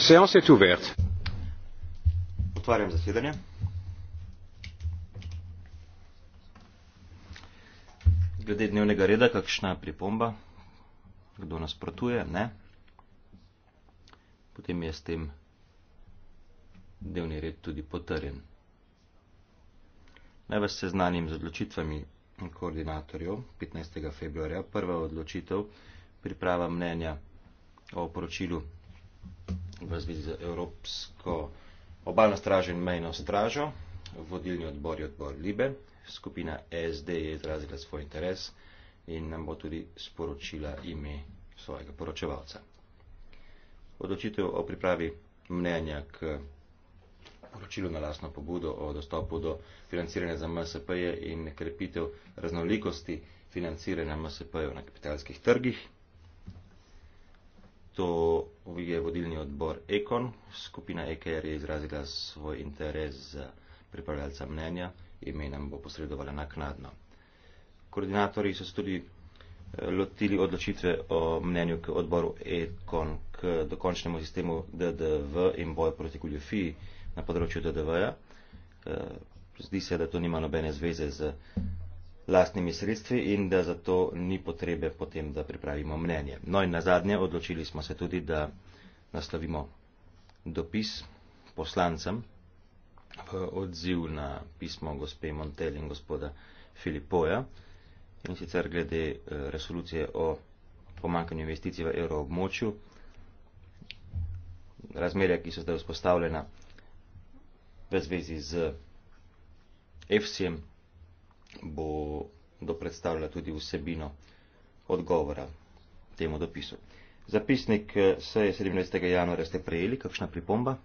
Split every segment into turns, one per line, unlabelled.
séance est ouverte. Otvarjam zasedanje. Glede dnevnega reda, kakšna pripomba? Kdo nasprotuje? Ne. Potem je s tem dnevni red tudi potrjen. Naj vas seznanim z odločitvami koordinatorjev 15. februarja. Prva odločitev, priprava mnenja o poročilu v zvezi z Evropsko obalno stražo in mejno stražo. Vodilni odbor je odbor Libe, skupina SD je izrazila svoj interes in nam bo tudi sporočila ime svojega poročevalca. Odločitev o pripravi mnenja k poročilu na lastno pobudo o dostopu do financiranja za MSP-je in krepitev raznolikosti financiranja MSP-jev na kapitalskih trgih to je vodilni odbor Ekon. Skupina EKR je izrazila svoj interes za pripravljalca mnenja, ime nam bo posredovala naknadno. Koordinatorji so se tudi eh, lotili odločitve o mnenju k odboru Ekon k dokončnemu sistemu DDV in boju proti goljofiji na področju DDV-ja. Eh, zdi se, da to nima nobene zveze z lastnimi sredstvi in da zato ni potrebe potem, da pripravimo mnenje. No in na zadnje odločili smo se tudi, da naslovimo dopis poslancem v odziv na pismo gospe Montel in gospoda Filipoja in sicer glede eh, resolucije o pomankanju investicij v evroobmočju, razmerja, ki so zdaj vzpostavljena v zvezi z EFSI-em, bo dopredstavila tudi vsebino odgovora temu dopisu. Zapisnik eh, seje 17. januarja ste prejeli, kakšna pripomba?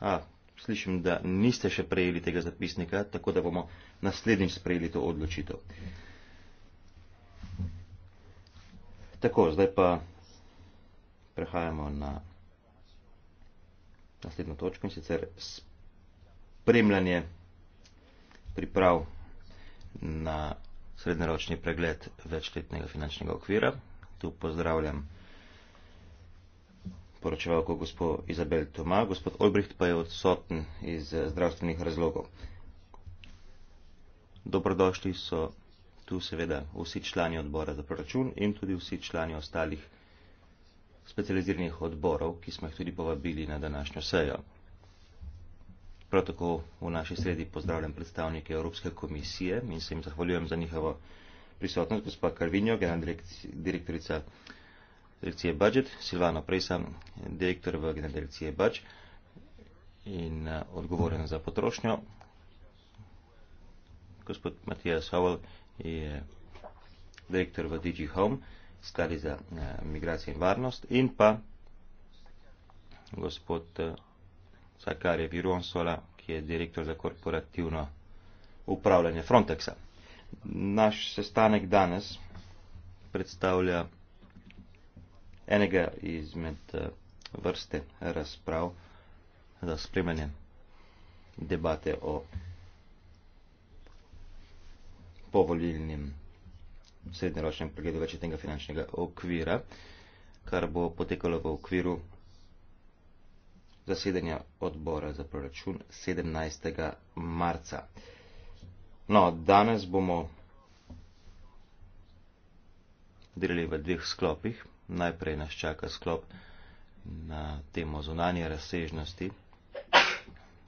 A, slišim, da niste še prejeli tega zapisnika, tako da bomo naslednjič sprejeli to odločitev. Tako, zdaj pa prehajamo na naslednjo točko in sicer spremljanje priprav na srednjeročni pregled večletnega finančnega okvira. Tu pozdravljam poročevalko gospo Izabel Toma, gospod Olbricht pa je odsoten iz zdravstvenih razlogov. Dobrodošli so tu seveda vsi člani odbora za proračun in tudi vsi člani ostalih specializiranih odborov, ki smo jih tudi povabili na današnjo sejo. Prav tako v naši sredi pozdravljam predstavnike Evropske komisije in se jim zahvaljujem za njihovo prisotnost, gospa Karvinjo, generalna direktorica direkcije Budget, Silvano Presan, direktor v generalne direkcije Budget in eh, odgovoren za potrošnjo, gospod Matija Sovel je direktor v DG Home stali za eh, migracije in varnost in pa gospod eh, Sakarje Vironsola, ki je direktor za korporativno upravljanje Frontexa. Naš sestanek danes predstavlja enega izmed eh, vrste razprav za spremljanje debate o povoljenim srednjeročnem pregledu večetnega finančnega okvira, kar bo potekalo v okviru zasedanja odbora za proračun 17. marca. No, danes bomo delali v dveh sklopih. Najprej nas čaka sklop na temo zunanje razsežnosti.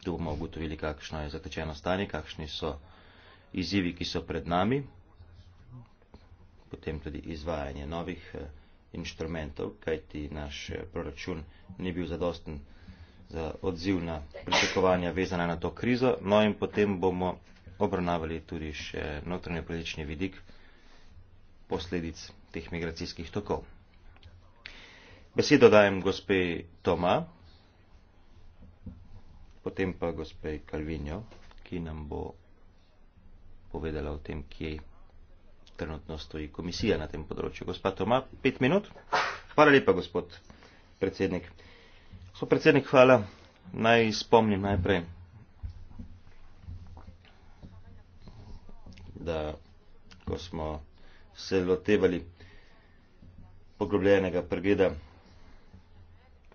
Tu bomo ugotovili, kakšno je zatečeno stanje, kakšni so izzivi, ki so pred nami, potem tudi izvajanje novih eh, inštrumentov, kajti naš eh, proračun ni bil zadosten za odziv na pričakovanja vezana na to krizo. No in potem bomo obravnavali tudi še notranje politični vidik posledic teh migracijskih tokov. Besedo dajem gospe Toma, potem pa gospe Kalvinjo, ki nam bo povedala o tem, kje trenutno stoji komisija na tem področju. Gospod Toma, pet minut. Hvala lepa, gospod predsednik. Gospod predsednik, hvala. Naj spomnim najprej, da ko smo se lotevali poglobljenega pregleda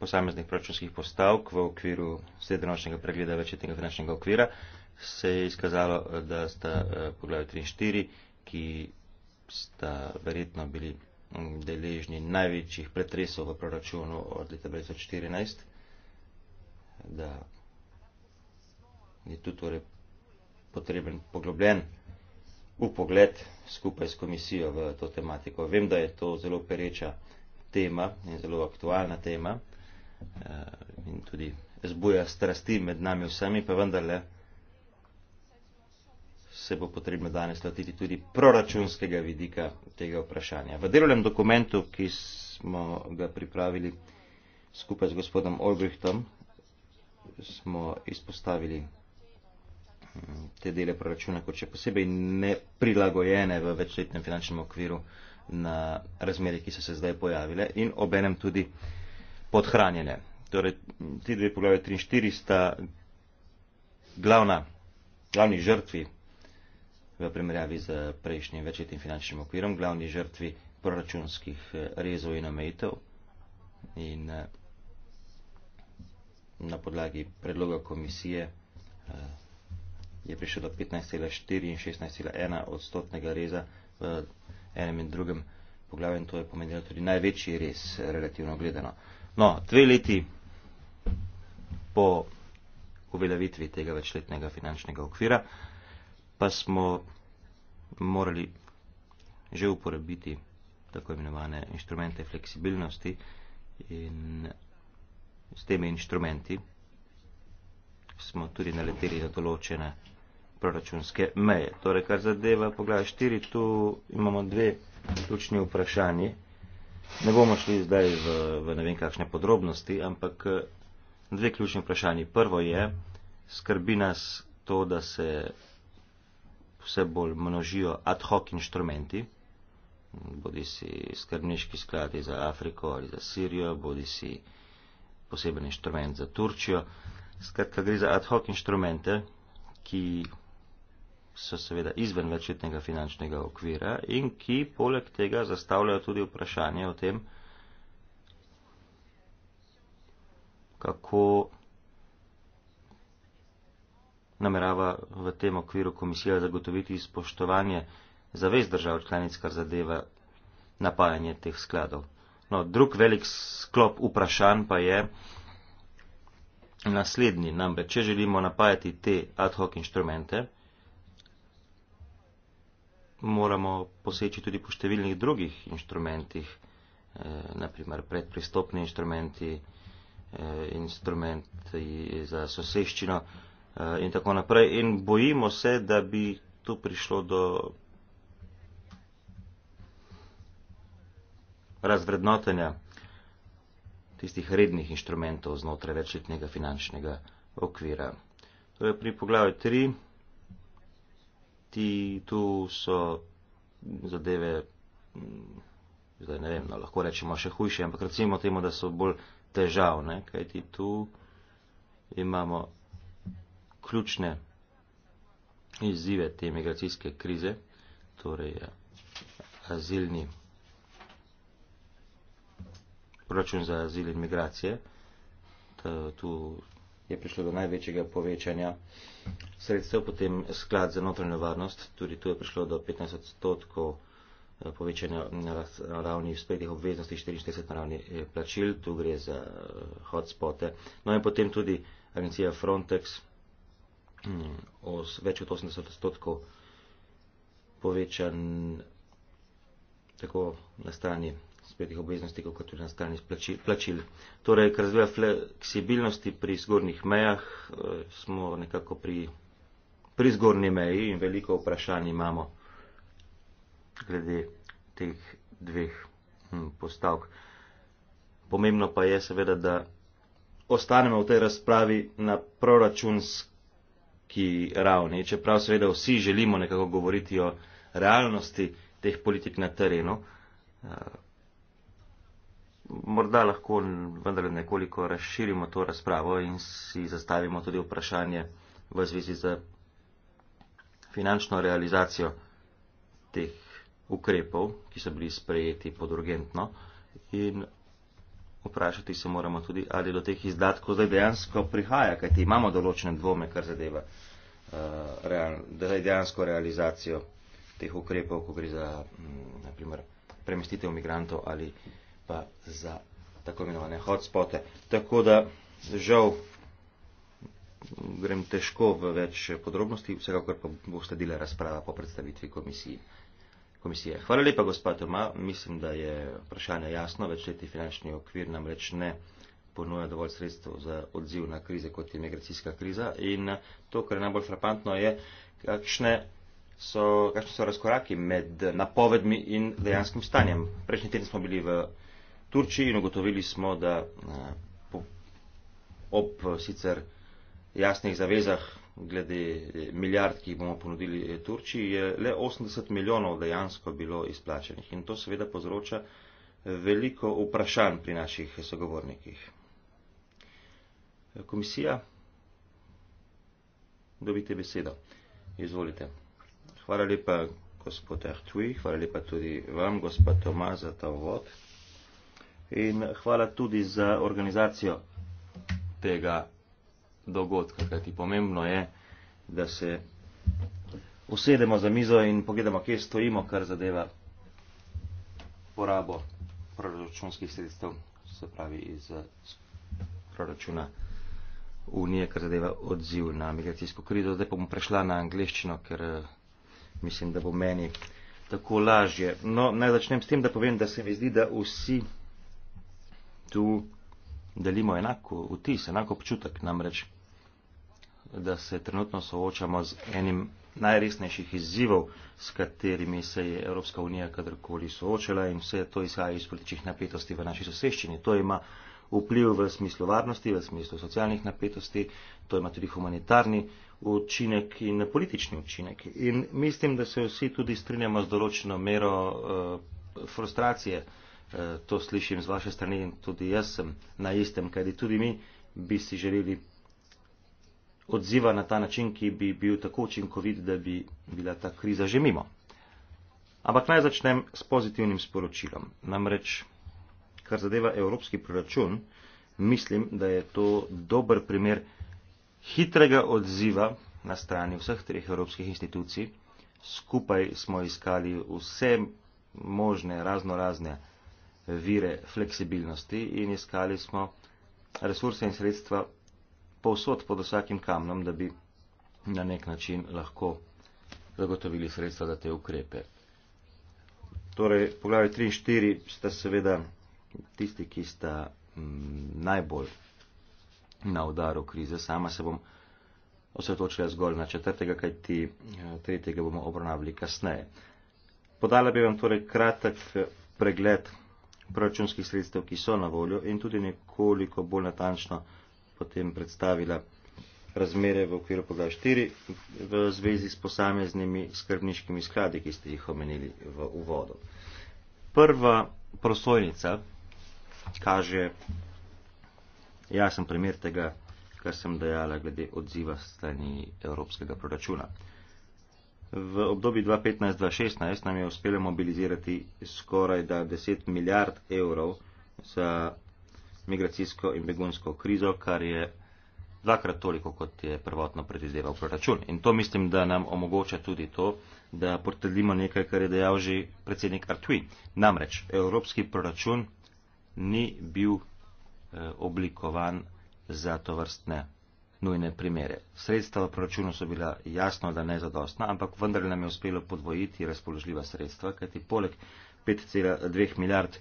posameznih proračunskih postavk v okviru sedenočnega pregleda večetnega finančnega okvira, se je izkazalo, da sta eh, poglavje 3 in 4, ki sta verjetno bili deležni največjih pretresov v proračunu od leta 2014, da je tu torej potreben poglobljen upogled skupaj s komisijo v to tematiko. Vem, da je to zelo pereča tema in zelo aktualna tema eh, in tudi zbuja strasti med nami vsemi, pa vendarle se bo potrebno danes lotiti tudi proračunskega vidika tega vprašanja. V delovnem dokumentu, ki smo ga pripravili skupaj z gospodom Olbrichtom, smo izpostavili hm, te dele proračuna kot še posebej neprilagojene v večletnem finančnem okviru na razmere, ki so se zdaj pojavile in obenem tudi podhranjene. Torej, ti dve poglavje 3 in 4 sta glavna, glavni žrtvi v primerjavi z prejšnjim večletnim finančnim okvirom glavni žrtvi proračunskih eh, rezov in omejitev. In eh, na podlagi predloga komisije eh, je prišel do 15,4 in 16,1 odstotnega reza v enem in drugem poglavju in to je pomenilo tudi največji res relativno gledano. No, dve leti po uveljavitvi tega večletnega finančnega okvira uh, pa smo morali že uporabiti tako imenovane inštrumente fleksibilnosti in s temi inštrumenti smo tudi naleteli na določene proračunske meje. Torej, kar zadeva poglavje 4, tu imamo dve ključni vprašanji. Ne bomo šli zdaj v, v ne vem kakšne podrobnosti, ampak eh, dve ključni vprašanji. Prvo je, skrbi nas to, da se vse bolj množijo ad hoc inštrumenti, bodi si skrbniški skladi za Afriko ali za Sirijo, bodi si poseben inštrument za Turčijo. Skratka, gre za ad hoc inštrumente, ki so seveda izven večletnega finančnega okvira in ki poleg tega zastavljajo tudi vprašanje o tem, kako namerava v tem okviru komisija zagotoviti spoštovanje zavez držav članic, kar zadeva napajanje teh skladov. No, drug velik sklop vprašanj pa je naslednji, namreč, če želimo napajati te ad hoc inštrumente, moramo poseči tudi po številnih drugih inštrumentih, eh, naprimer predpristopni inštrumenti, eh, instrumenti za soseščino, eh, Eh, in tako naprej. In bojimo se, da bi tu prišlo do razvrednotenja tistih rednih inštrumentov znotraj večletnega finančnega okvira. To je pri poglavju 3. Ti, tu so zadeve, mm, zdaj ne vem, no, lahko rečemo še hujše, ampak recimo temu, da so bolj težavne, kajti tu imamo ključne izzive te migracijske krize, torej eh, azilni proračun za azil in migracije. To, tu je prišlo do največjega povečanja sredstev, potem sklad za notranjo varnost, tudi tu je prišlo do 15 odstotkov eh, povečanja na ravni sprejetih obveznosti, 44 na ravni eh, plačil, tu gre za hotspote. No in potem tudi agencija Frontex, Mm, os, več kot 80 odstotkov povečan tako na strani spletnih obveznosti, kot tudi na strani plačil. plačil. Torej, kar zveja fleksibilnosti pri zgornjih mejah, eh, smo nekako pri, pri zgornji meji in veliko vprašanj imamo glede teh dveh hm, postavk. Pomembno pa je seveda, da ostanemo v tej razpravi na proračunsk ki ravni, čeprav seveda vsi želimo nekako govoriti o realnosti teh politik na terenu. Eh, morda lahko vendarle nekoliko razširimo to razpravo in si zastavimo tudi vprašanje v zvezi z finančno realizacijo teh ukrepov, ki so bili sprejeti podurgentno in vprašati se moramo tudi, ali do teh izdatkov zdaj dejansko prihaja, kajti imamo določene dvome, kar zadeva uh, real, zdaj dejansko realizacijo teh ukrepov, ko gre za m, mm, naprimer, premestitev migrantov ali pa za tako imenovane hotspote. Tako da žal grem težko v več podrobnosti, vsekakor pa bo sledila razprava po predstavitvi komisiji komisije. Hvala lepa, gospod Toma. Mislim, da je vprašanje jasno. Večletni finančni okvir namreč ne ponuja dovolj sredstev za odziv na krize, kot je migracijska kriza. In to, kar je najbolj frapantno, je, kakšne so, kakšne so razkoraki med napovedmi in dejanskim stanjem. Prejšnji teden smo bili v Turčiji in ugotovili smo, da eh, po, ob sicer jasnih zavezah glede eh, milijard, ki jih bomo ponudili eh, Turčiji, je le 80 milijonov dejansko bilo izplačenih. In to seveda povzroča eh, veliko vprašanj pri naših sogovornikih. Komisija, dobite besedo. Izvolite. Hvala lepa, gospod Artui, hvala lepa tudi vam, gospod Toma, za ta vod. In hvala tudi za organizacijo tega dogodka. Kajti pomembno je, da se usedemo za mizo in pogledamo, kje stojimo, kar zadeva porabo proračunskih sredstev, se pravi iz proračuna Unije, kar zadeva odziv na migracijsko krizo. Zdaj pa bom prešla na angliščino, ker mislim, da bo meni tako lažje. No, naj začnem s tem, da povem, da se mi zdi, da vsi tu delimo enako vtis, enako občutek, namreč da se trenutno soočamo z enim najresnejših izzivov, s katerimi se je Evropska unija kadarkoli soočala in vse to izhaja iz političnih napetosti v naši soseščini. To ima vpliv v smislu varnosti, v smislu socialnih napetosti, to ima tudi humanitarni učinek in politični učinek. In mislim, da se vsi tudi strinjamo z določeno mero uh, frustracije. Uh, to slišim z vaše strani in tudi jaz sem na istem, kajti tudi mi bi si želeli odziva na ta način, ki bi bil tako učinkovit, da bi bila ta kriza že mimo. Ampak naj začnem s pozitivnim sporočilom. Namreč, kar zadeva evropski proračun, mislim, da je to dober primer hitrega odziva na strani vseh treh evropskih institucij. Skupaj smo iskali vse možne razno razne vire fleksibilnosti in iskali smo resurse in sredstva povsod pod vsakim kamnom, da bi na nek način lahko zagotovili sredstva za te ukrepe. Torej, poglavje 3 in 4 sta seveda tisti, ki sta mm, najbolj na udaru krize. Sama se bom osredotočila zgolj na četrtega, kaj ti eh, tretjega bomo obravnavali kasneje. Podala bi vam torej kratek eh, pregled proračunskih sredstev, ki so na voljo in tudi nekoliko bolj natančno potem predstavila razmere v okviru poglavja 4 v zvezi s posameznimi skrbniškimi skladi, ki ste jih omenili v uvodu. Prva prosojnica kaže jasen primer tega, kar sem dejala glede odziva strani evropskega proračuna. V obdobju 2015-2016 nam je uspelo mobilizirati skoraj da 10 milijard evrov za migracijsko in begunsko krizo, kar je dvakrat toliko, kot je prvotno predvideval proračun. In to mislim, da nam omogoča tudi to, da potrdimo nekaj, kar je dejal že predsednik Artui. Namreč, evropski proračun ni bil eh, oblikovan za to vrstne nujne primere. Sredstva v proračunu so bila jasno, da nezadostna, ampak vendar nam je uspelo podvojiti razpoložljiva sredstva, kajti poleg 5,2 milijard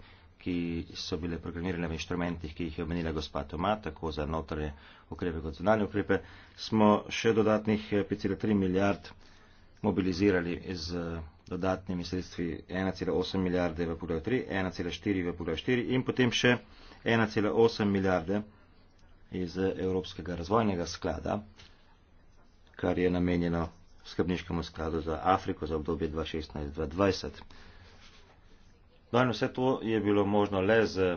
ki so bile programirane v inštrumentih, ki jih je omenila gospa Toma, tako za notranje ukrepe kot zunanje ukrepe, smo še dodatnih 5,3 eh, milijard mobilizirali z eh, dodatnimi sredstvi 1,8 milijarde v pogledu 3, 1,4 v pogledu 4 in potem še 1,8 milijarde iz Evropskega razvojnega sklada, kar je namenjeno skrbniškemu skladu za Afriko za obdobje 2016-2020. Zdaj, vse to je bilo možno le z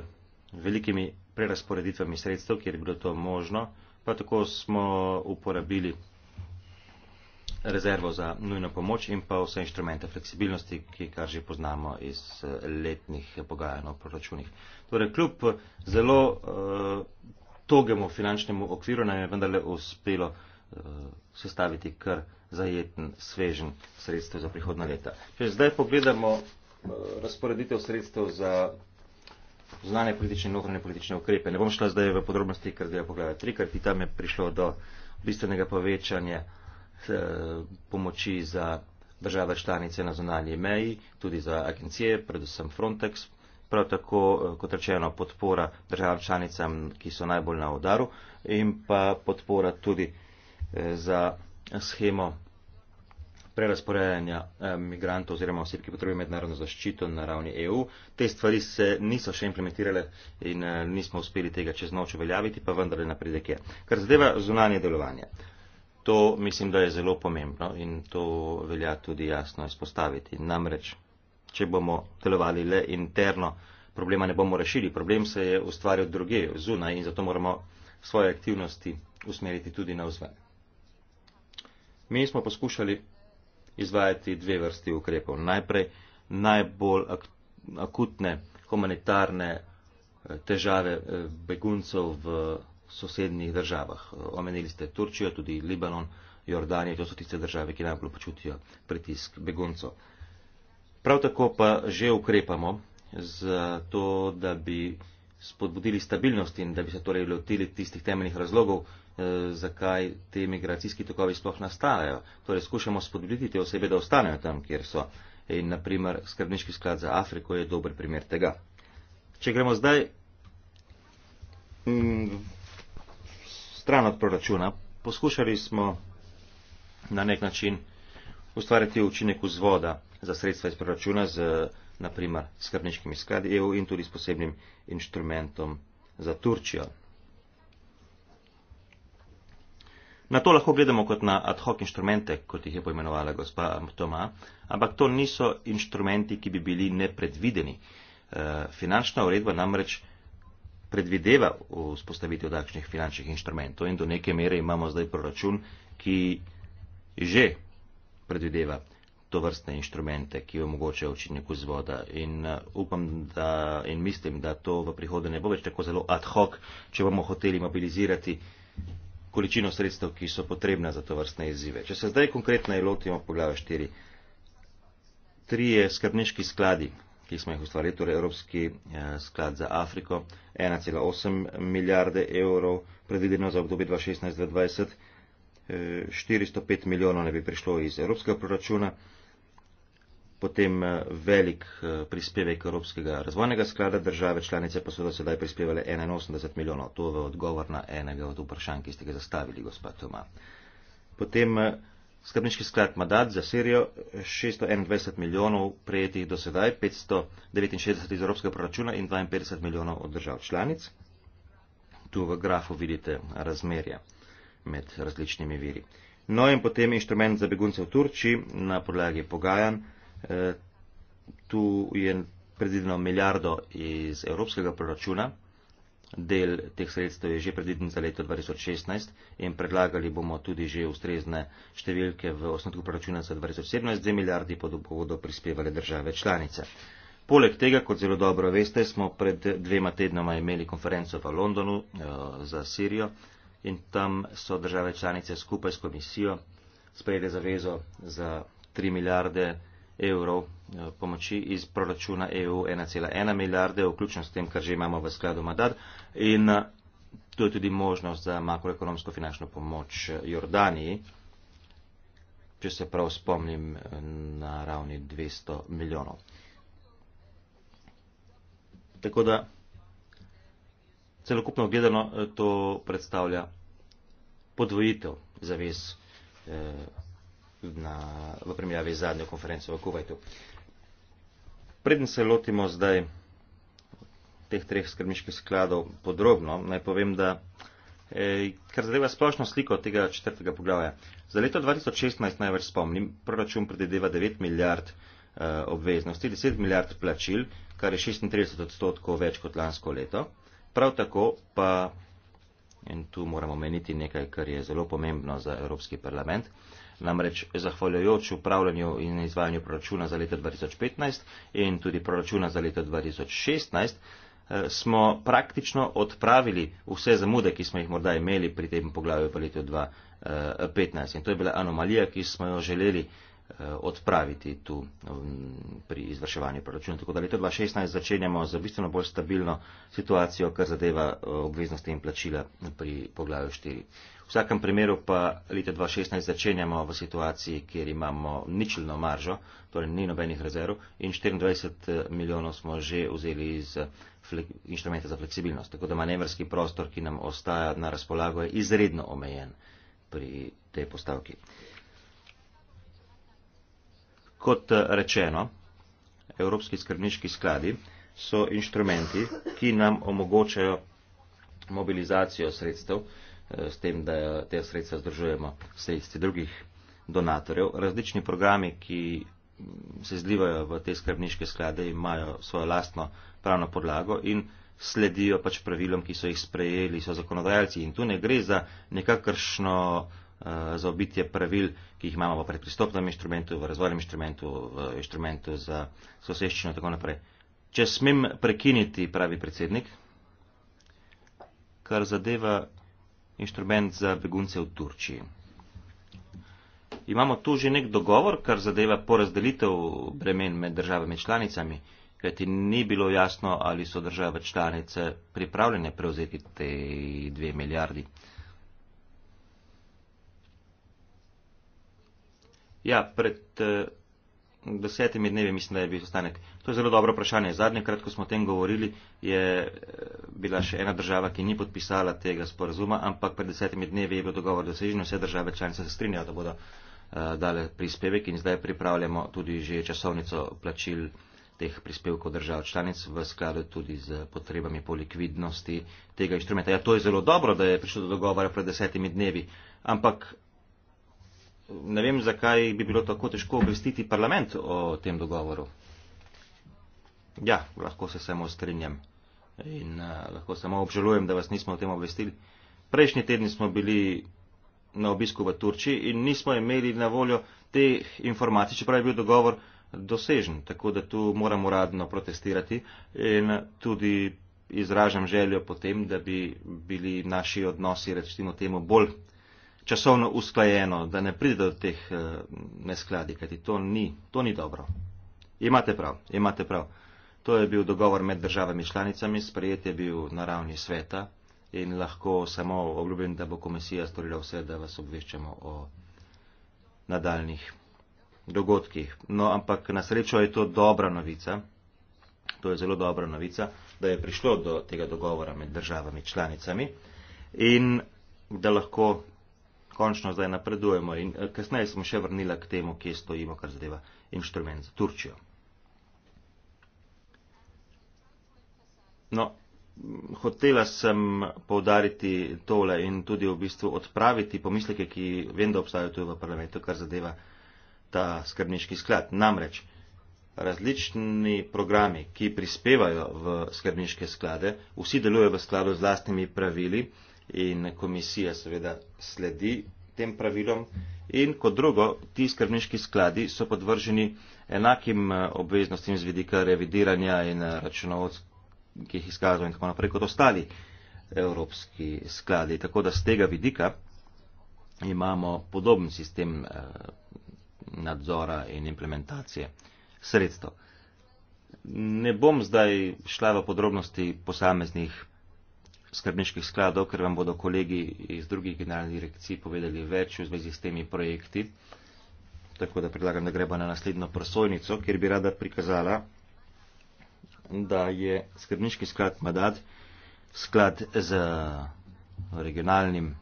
velikimi prerasporeditvami sredstev, kjer je bilo to možno, pa tako smo uporabili rezervo za nujno pomoč in pa vse inštrumente fleksibilnosti, ki kar že poznamo iz letnih pogajanj o proračunih. Torej, kljub zelo uh, togemu finančnemu okviru nam je vendarle uspelo uh, sestaviti kar zajeten svežen sredstev za prihodna leta. Če zdaj pogledamo Eh, razporeditev sredstev za znane politične in ohranje politične ukrepe. Ne bom šla zdaj v podrobnosti, ker zdaj pogledaj tri, ker ti tam je prišlo do bistvenega povečanja eh, pomoči za države članice na zonalji meji, tudi za agencije, predvsem Frontex, prav tako, eh, kot rečeno, podpora državam članicam, ki so najbolj na udaru in pa podpora tudi eh, za schemo prerasporedanja eh, migrantov oziroma oseb, ki potrebujejo mednarodno zaščito na ravni EU. Te stvari se niso še implementirale in eh, nismo uspeli tega čez noč uveljaviti, pa vendarle napredek je. Kar zadeva zunanje delovanje. To mislim, da je zelo pomembno in to velja tudi jasno izpostaviti. Namreč, če bomo delovali le interno, problema ne bomo rešili. Problem se je ustvaril druge, zunaj in zato moramo svoje aktivnosti usmeriti tudi na vzven. Mi smo poskušali izvajati dve vrsti ukrepov. Najprej najbolj ak akutne humanitarne eh, težave eh, beguncev v sosednjih državah. Omenili ste Turčijo, tudi Libanon, Jordanijo, to so tiste države, ki najbolj počutijo pritisk beguncev. Prav tako pa že ukrepamo za to, da bi spodbudili stabilnost in da bi se torej lotili tistih temeljnih razlogov, Eh, zakaj te migracijski tokovi sploh nastajajo. Torej, skušamo spodbuditi te osebe, da ostanejo tam, kjer so. In, naprimer, skrbniški sklad za Afriko je dober primer tega. Če gremo zdaj m, mm, stran od proračuna, poskušali smo na nek način ustvariti učinek vzvoda za sredstva iz proračuna z, naprimer, skrbniškimi skladi EU in tudi s posebnim inštrumentom za Turčijo. Na to lahko gledamo kot na ad hoc inštrumente, kot jih je poimenovala gospa Toma, ampak to niso inštrumenti, ki bi bili nepredvideni. Eh, finančna uredba namreč predvideva vzpostavitev takšnih finančnih inštrumentov in do neke mere imamo zdaj proračun, ki že predvideva to vrstne inštrumente, ki omogočajo učinjeku zvoda. In eh, upam da, in mislim, da to v prihodnje ne bo več tako zelo ad hoc, če bomo hoteli mobilizirati količino sredstev, ki so potrebna za to vrstne izzive. Če se zdaj konkretno lotimo poglavja 4, tri je skrbniški skladi, ki smo jih ustvarili, torej Evropski eh, sklad za Afriko, 1,8 milijarde evrov, predvideno za obdobje 2016-2020, eh, 405 milijonov ne bi prišlo iz evropskega proračuna, potem eh, velik eh, prispevek Evropskega razvojnega sklada, države članice pa so do sedaj prispevale 81 milijonov. To je odgovor na enega od vprašanj, ki ste ga zastavili, gospod Toma. Potem eh, skrbniški sklad Madad za Sirijo, 621 milijonov prejetih do sedaj, 569 iz Evropskega proračuna in 52 milijonov od držav članic. Tu v grafu vidite razmerje med različnimi viri. No in potem inštrument za begunce v Turčiji na podlagi pogajanj. E, tu je predvideno milijardo iz evropskega proračuna, del teh sredstev je že predviden za leto 2016 in predlagali bomo tudi že ustrezne številke v osnutku proračuna za 2017, 2 milijardi pa bodo prispevali države članice. Poleg tega, kot zelo dobro veste, smo pred dvema tednoma imeli konferenco v Londonu e, za Sirijo in tam so države članice skupaj s komisijo sprejeli zavezo za 3 milijarde evrov eh, pomoči iz proračuna EU 1,1 milijarde, vključno s tem, kar že imamo v skladu Madar. In eh, to je tudi možnost za makroekonomsko finančno pomoč eh, Jordaniji, če se prav spomnim, na ravni 200 milijonov. Tako da celokupno gledano to predstavlja podvojitev zavez. Eh, na, v primerjavi z zadnjo konferenco v Kuwaitu. Preden se lotimo zdaj teh treh skrbniških skladov podrobno, naj povem, da eh, kar zadeva splošno sliko tega četrtega poglavja. Za leto 2016 največ spomnim, proračun predvideva 9 milijard eh, obveznosti, 10 milijard plačil, kar je 36 odstotkov več kot lansko leto. Prav tako pa, in tu moramo meniti nekaj, kar je zelo pomembno za Evropski parlament, namreč zahvaljujoč upravljanju in izvajanju proračuna za leto 2015 in tudi proračuna za leto 2016 eh, smo praktično odpravili vse zamude, ki smo jih morda imeli pri tem poglavju v letu 2015. In to je bila anomalija, ki smo jo želeli eh, odpraviti tu mm, pri izvrševanju proračuna. Tako da leto 2016 začenjamo z bistveno bolj stabilno situacijo, kar zadeva eh, obveznosti in plačila pri poglavju 4. V vsakem primeru pa leta 2016 začenjamo v situaciji, kjer imamo ničelno maržo, torej ni nobenih rezerv in 24 eh, milijonov smo že vzeli iz inštrumenta za fleksibilnost. Tako da manevrski prostor, ki nam ostaja na razpolago, je izredno omejen pri tej postavki. Kot eh, rečeno, Evropski skrbniški skladi so inštrumenti, ki nam omogočajo mobilizacijo sredstev, s tem, da te sredstva združujemo s sredstvi drugih donatorjev. Različni programi, ki se zlivajo v te skrbniške sklade, imajo svojo lastno pravno podlago in sledijo pač pravilom, ki so jih sprejeli, so zakonodajalci in tu ne gre za nekakršno eh, za obitje pravil, ki jih imamo v predpristopnem inštrumentu, v razvojnem inštrumentu, v inštrumentu za soseščino in tako naprej. Če smem prekiniti, pravi predsednik, kar zadeva inštrument za begunce v Turčiji. Imamo tu že nek dogovor, kar zadeva porazdelitev bremen med državami članicami, kajti ni bilo jasno, ali so države članice pripravljene prevzeti te dve milijardi. Ja, pred eh, desetimi dnevi, mislim, da je bil sestanek. To je zelo dobro vprašanje. Zadnje krat, ko smo o tem govorili, je eh, bila še ena država, ki ni podpisala tega sporazuma, ampak pred desetimi dnevi je bil dogovor dosežen, vse države članice se strinjajo, da bodo uh, dale prispevek in zdaj pripravljamo tudi že časovnico plačil teh prispevkov držav članic v skladu tudi z potrebami po likvidnosti tega inštrumenta. Ja, to je zelo dobro, da je prišlo do dogovora pred desetimi dnevi, ampak ne vem, zakaj bi bilo tako težko obvestiti parlament o tem dogovoru. Ja, lahko se samo strinjam in uh, lahko samo obžalujem, da vas nismo o tem obvestili. Prejšnji teden smo bili na obisku v Turčiji in nismo imeli na voljo teh informacij, čeprav je bil dogovor dosežen, tako da tu moram uradno protestirati in tudi izražam željo potem, da bi bili naši odnosi, recimo temu, bolj časovno usklajeno, da ne pride do teh eh, neskladij, kajti to ni, to ni dobro. Imate prav, imate prav. To je bil dogovor med državami članicami, sprejet je bil na ravni sveta in lahko samo obljubim, da bo komisija storila vse, da vas obveščamo o nadaljnih dogodkih. No, ampak na srečo je to dobra novica, to je zelo dobra novica, da je prišlo do tega dogovora med državami članicami in da lahko končno zdaj napredujemo in eh, kasneje smo še vrnila k temu, kje stojimo, kar zadeva inštrument za Turčijo. No, hotela sem povdariti tole in tudi v bistvu odpraviti pomisleke, ki vem, da obstajajo tu v parlamentu, kar zadeva ta skrbniški sklad. Namreč različni programi, ki prispevajo v skrbniške sklade, vsi delujejo v skladu z lastnimi pravili in komisija seveda sledi tem pravilom. In kot drugo, ti skrbniški skladi so podvrženi enakim eh, obveznostim z vidika revidiranja in eh, računovodskih izkazov in tako naprej kot ostali evropski skladi. Tako da z tega vidika imamo podoben sistem eh, nadzora in implementacije sredstev. Ne bom zdaj šla v podrobnosti posameznih skrbniških skladov, ker vam bodo kolegi iz drugih generalnih direkcij povedali več v zvezi s temi projekti. Tako da predlagam, da gremo na naslednjo prosojnico, kjer bi rada prikazala, da je skrbniški sklad Madad sklad z regionalnim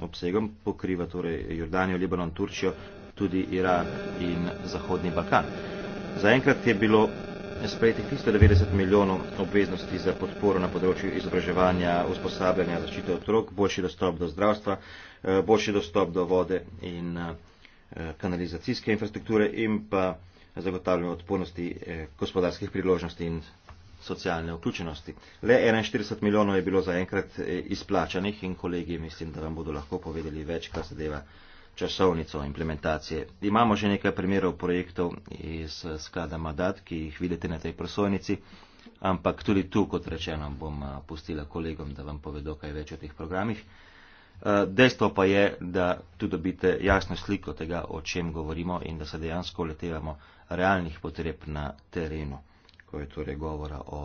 obsegom, pokriva torej Jordanijo, Libanon, Turčijo, tudi Irak in Zahodni Balkan. Zaenkrat je bilo sprejetih tristo devetdeset milijonov obveznosti za podporo na področju izobraževanja usposabljanja zaščite otrok boljši dostop do zdravstva eh, boljši dostop do vode in eh, kanalizacijske infrastrukture in pa zagotavljanje odpornosti eh, gospodarskih priložnosti in socialne vključenosti. Le 41 milijonov je bilo zaenkrat izplačanih in kolegi mislim, da vam bodo lahko povedali več, kar se deva časovnico implementacije. Imamo že nekaj primerov projektov iz sklada Madat, ki jih vidite na tej prosojnici, ampak tudi tu, kot rečeno, bom pustila kolegom, da vam povedo kaj več o teh programih. Dejstvo pa je, da tu dobite jasno sliko tega, o čem govorimo in da se dejansko letevamo realnih potreb na terenu, ko je torej govora o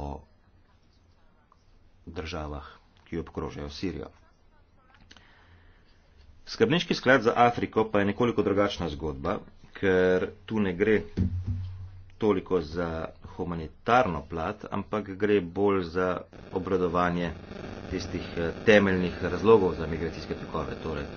državah, ki obkrožajo Sirijo. Skrbniški sklad za Afriko pa je nekoliko drugačna zgodba, ker tu ne gre toliko za humanitarno plat, ampak gre bolj za obradovanje tistih eh, temeljnih razlogov za migracijske tekove, torej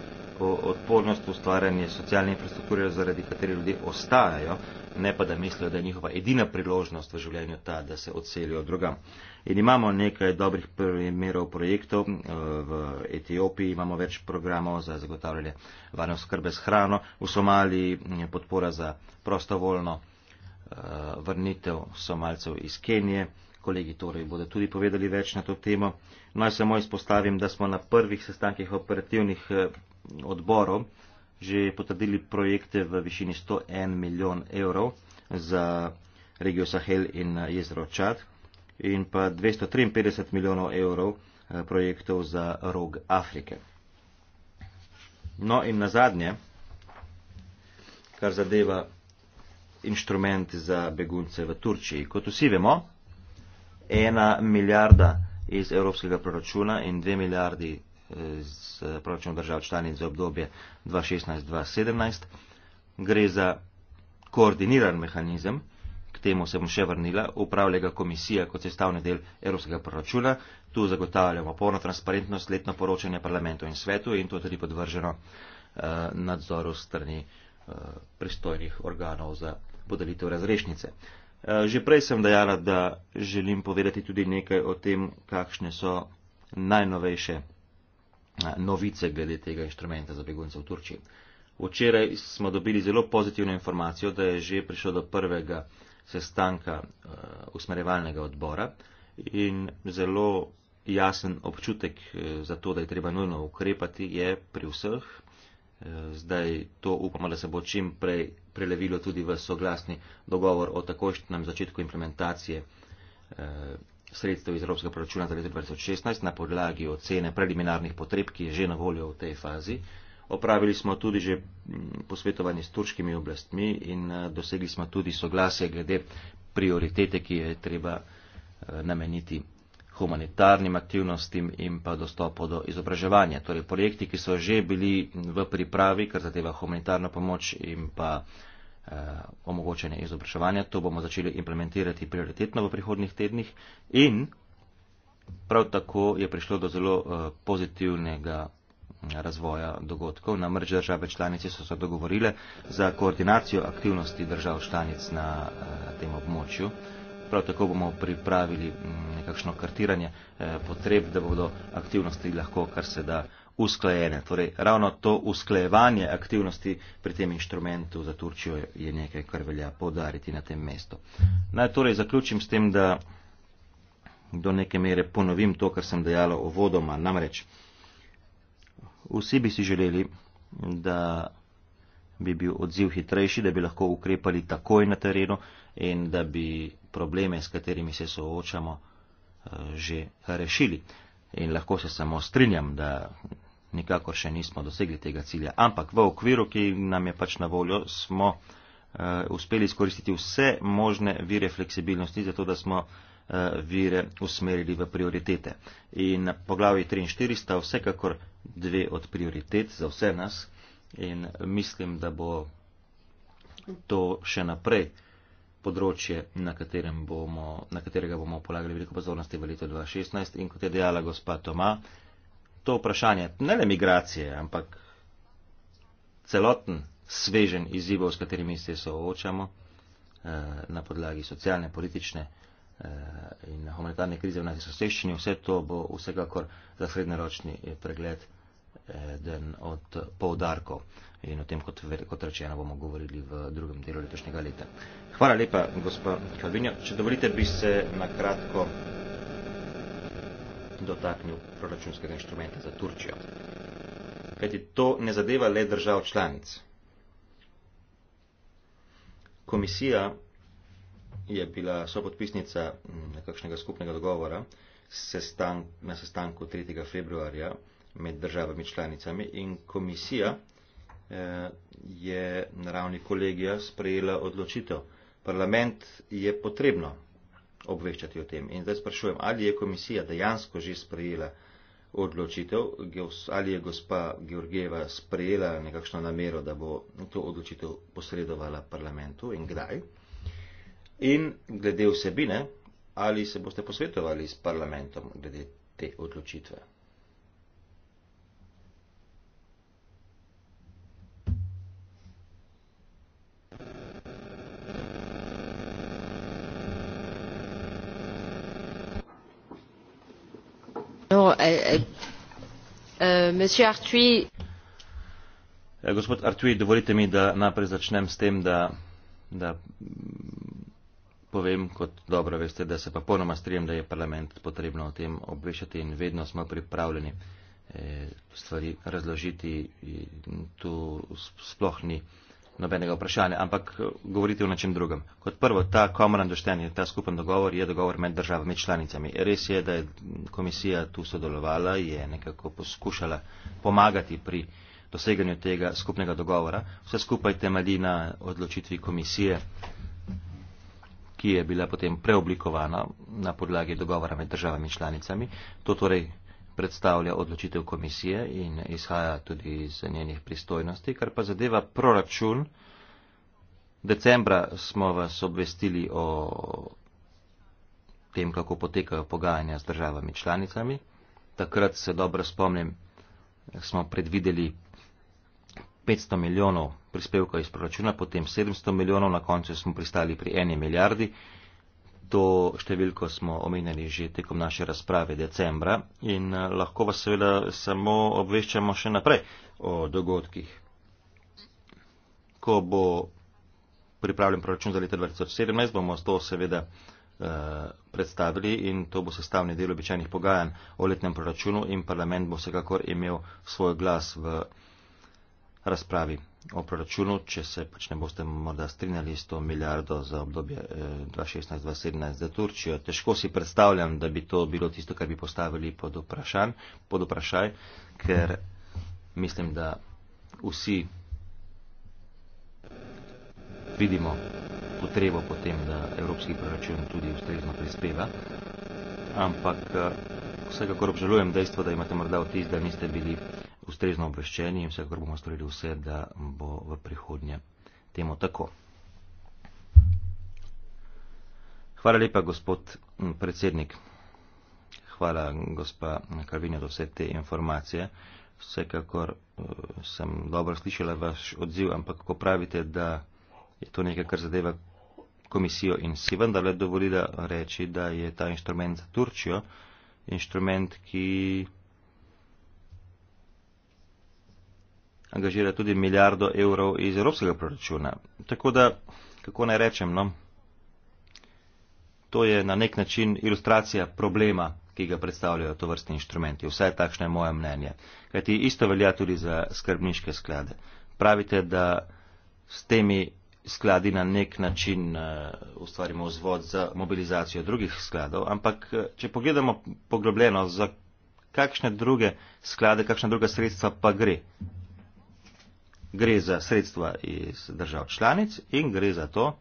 odpornost, ustvarjanje socialne infrastrukture, zaradi katere ljudje ostajajo ne pa da mislijo, da je njihova edina priložnost v življenju ta, da se odselijo drugam. In imamo nekaj dobrih primerov projektov. Eh, v Etiopiji imamo več programov za zagotavljanje varne oskrbe s hrano. V Somaliji mm, je podpora za prostovoljno eh, vrnitev somalcev iz Kenije. Kolegi torej bodo tudi povedali več na to temo. Naj no, samo izpostavim, da smo na prvih sestankih operativnih eh, odborov že potrdili projekte v višini 101 milijon evrov za regijo Sahel in eh, jezero Čad in pa 253 milijonov evrov eh, projektov za rog Afrike. No in na zadnje, kar zadeva inštrument za begunce v Turčiji. Kot vsi vemo, ena milijarda iz evropskega proračuna in dve milijardi z proračun držav članic za obdobje 2016-2017. Gre za koordiniran mehanizem, k temu se bom še vrnila, upravlja ga komisija kot sestavni del evropskega proračuna. Tu zagotavljamo polno transparentnost, letno poročanje parlamentu in svetu in to tudi podvrženo eh, nadzoru strani eh, pristojnih organov za podelitev razrešnice. Eh, že prej sem dejala, da želim povedati tudi nekaj o tem, kakšne so najnovejše Eh, novice glede tega inštrumenta za begunce v Turčiji. Včeraj smo dobili zelo pozitivno informacijo, da je že prišlo do prvega sestanka uh, usmerjevalnega odbora in zelo jasen občutek eh, za to, da je treba nujno ukrepati, je pri vseh. Zdaj to upamo, da se bo čim prej prelevilo tudi v soglasni dogovor o takošnjem začetku implementacije. Uh, sredstev iz Evropskega proračuna za leto 2016 na podlagi ocene preliminarnih potreb, ki je že na voljo v tej fazi. Opravili smo tudi že mm, posvetovanje s turškimi oblastmi in eh, dosegli smo tudi soglasje glede prioritete, ki je treba eh, nameniti humanitarnim aktivnostim in pa dostopu do izobraževanja. Torej projekti, ki so že bili v pripravi, kar zadeva humanitarno pomoč in pa uh, eh, omogočanje izobraževanja. To bomo začeli implementirati prioritetno v prihodnih tednih in prav tako je prišlo do zelo eh, pozitivnega mm, razvoja dogodkov. Namreč države članice so se dogovorile za koordinacijo aktivnosti držav članic na eh, tem območju. Prav tako bomo pripravili mm, nekakšno kartiranje eh, potreb, da bodo aktivnosti lahko kar se da usklajene. Torej, ravno to usklajevanje aktivnosti pri tem inštrumentu za Turčijo je nekaj, kar velja povdariti na tem mestu. Naj torej zaključim s tem, da do neke mere ponovim to, kar sem dejalo o vodoma. Namreč, vsi bi si želeli, da bi bil odziv hitrejši, da bi lahko ukrepali takoj na terenu in da bi probleme, s katerimi se soočamo, eh, že rešili. In lahko se samo strinjam, da nikako še nismo dosegli tega cilja. Ampak v okviru, ki nam je pač na voljo, smo uh, uspeli izkoristiti vse možne vire fleksibilnosti, zato da smo uh, vire usmerili v prioritete. In poglavi 3 in 4 sta vsekakor dve od prioritet za vse nas in mislim, da bo to še naprej področje, na, bomo, na katerega bomo polagali veliko pozornosti v letu 2016 in kot je dejala gospa Toma, to vprašanje, ne le migracije, ampak celoten svežen izzivov, s katerimi se soočamo eh, na podlagi socialne, politične eh, in humanitarne krize v naši soseščini. Vse to bo vsekakor za srednjeročni eh, pregled eden od poudarkov in o tem, kot, kot rečeno, bomo govorili v drugem delu letošnjega leta. Hvala lepa, gospod Kalvinjo. Če dovolite, bi se na kratko dotaknil proračunskega inštrumenta za Turčijo. Kajti to ne zadeva le držav članic. Komisija je bila sopodpisnica nekakšnega skupnega dogovora na sestanku 3. februarja med državami članicami in komisija eh, je na ravni kolegija sprejela odločitev. Parlament je potrebno obveščati o tem. In zdaj sprašujem, ali je komisija dejansko že sprejela odločitev, ali je gospa Georgieva sprejela nekakšno namero, da bo to odločitev posredovala parlamentu in kdaj. In glede vsebine, ali se boste posvetovali s parlamentom glede te odločitve.
Euh, euh, euh,
ja, gospod Artui, dovolite mi, da naprej začnem s tem, da, da povem, kot dobro veste, da se pa ponoma strijem, da je parlament potrebno o tem obvešati in vedno smo pripravljeni eh, stvari razložiti. Tu sploh ni nobenega vprašanja, ampak eh, govoriti o nečem drugem. Kot prvo, ta common understanding, ta skupen dogovor je dogovor med državami članicami. Res je, da je komisija tu sodelovala, je nekako poskušala pomagati pri doseganju tega skupnega dogovora. Vse skupaj temelji na odločitvi komisije, ki je bila potem preoblikovana na podlagi dogovora med državami članicami. To torej predstavlja odločitev komisije in izhaja tudi iz njenih pristojnosti, kar pa zadeva proračun. Decembra smo vas obvestili o tem, kako potekajo pogajanja z državami članicami. Takrat se dobro spomnim, smo predvideli 500 milijonov prispevka iz proračuna, potem 700 milijonov, na koncu smo pristali pri eni milijardi. To številko smo omenjali že tekom naše razprave decembra in eh, lahko vas seveda samo obveščamo še naprej o dogodkih. Ko bo pripravljen proračun za leto 2017, bomo to seveda eh, predstavili in to bo sestavni del običajnih pogajanj o letnem proračunu in parlament bo vsekakor imel svoj glas v razpravi o proračunu, če se pač ne boste morda strinjali s to milijardo za obdobje 2016-2017 eh, za Turčijo. Težko si predstavljam, da bi to bilo tisto, kar bi postavili pod, vprašan, pod vprašaj, ker mislim, da vsi vidimo potrebo potem, da evropski proračun tudi ustrezno prispeva. Ampak eh, vsekakor obžalujem dejstvo, da imate morda vtis, da niste bili ustrezno obveščeni in vsekakor bomo storili vse, da bo v prihodnje temu tako. Hvala lepa, gospod predsednik. Hvala, gospa Kavinja, za vse te informacije. Vsekakor e, sem dobro slišala vaš odziv, ampak ko pravite, da je to nekaj, kar zadeva komisijo in si vendarle dovolila reči, da je ta inštrument za Turčijo, inštrument, ki angažira tudi milijardo evrov iz evropskega proračuna. Tako da, kako naj rečem, no, to je na nek način ilustracija problema, ki ga predstavljajo to vrstni inštrumenti. Vse takšno je moje mnenje. Kajti isto velja tudi za skrbniške sklade. Pravite, da s temi skladi na nek način uh, ustvarimo vzvod za mobilizacijo drugih skladov, ampak eh, če pogledamo poglobljeno, za kakšne druge sklade, kakšna druga sredstva pa gre. Gre za sredstva iz držav članic in gre za to,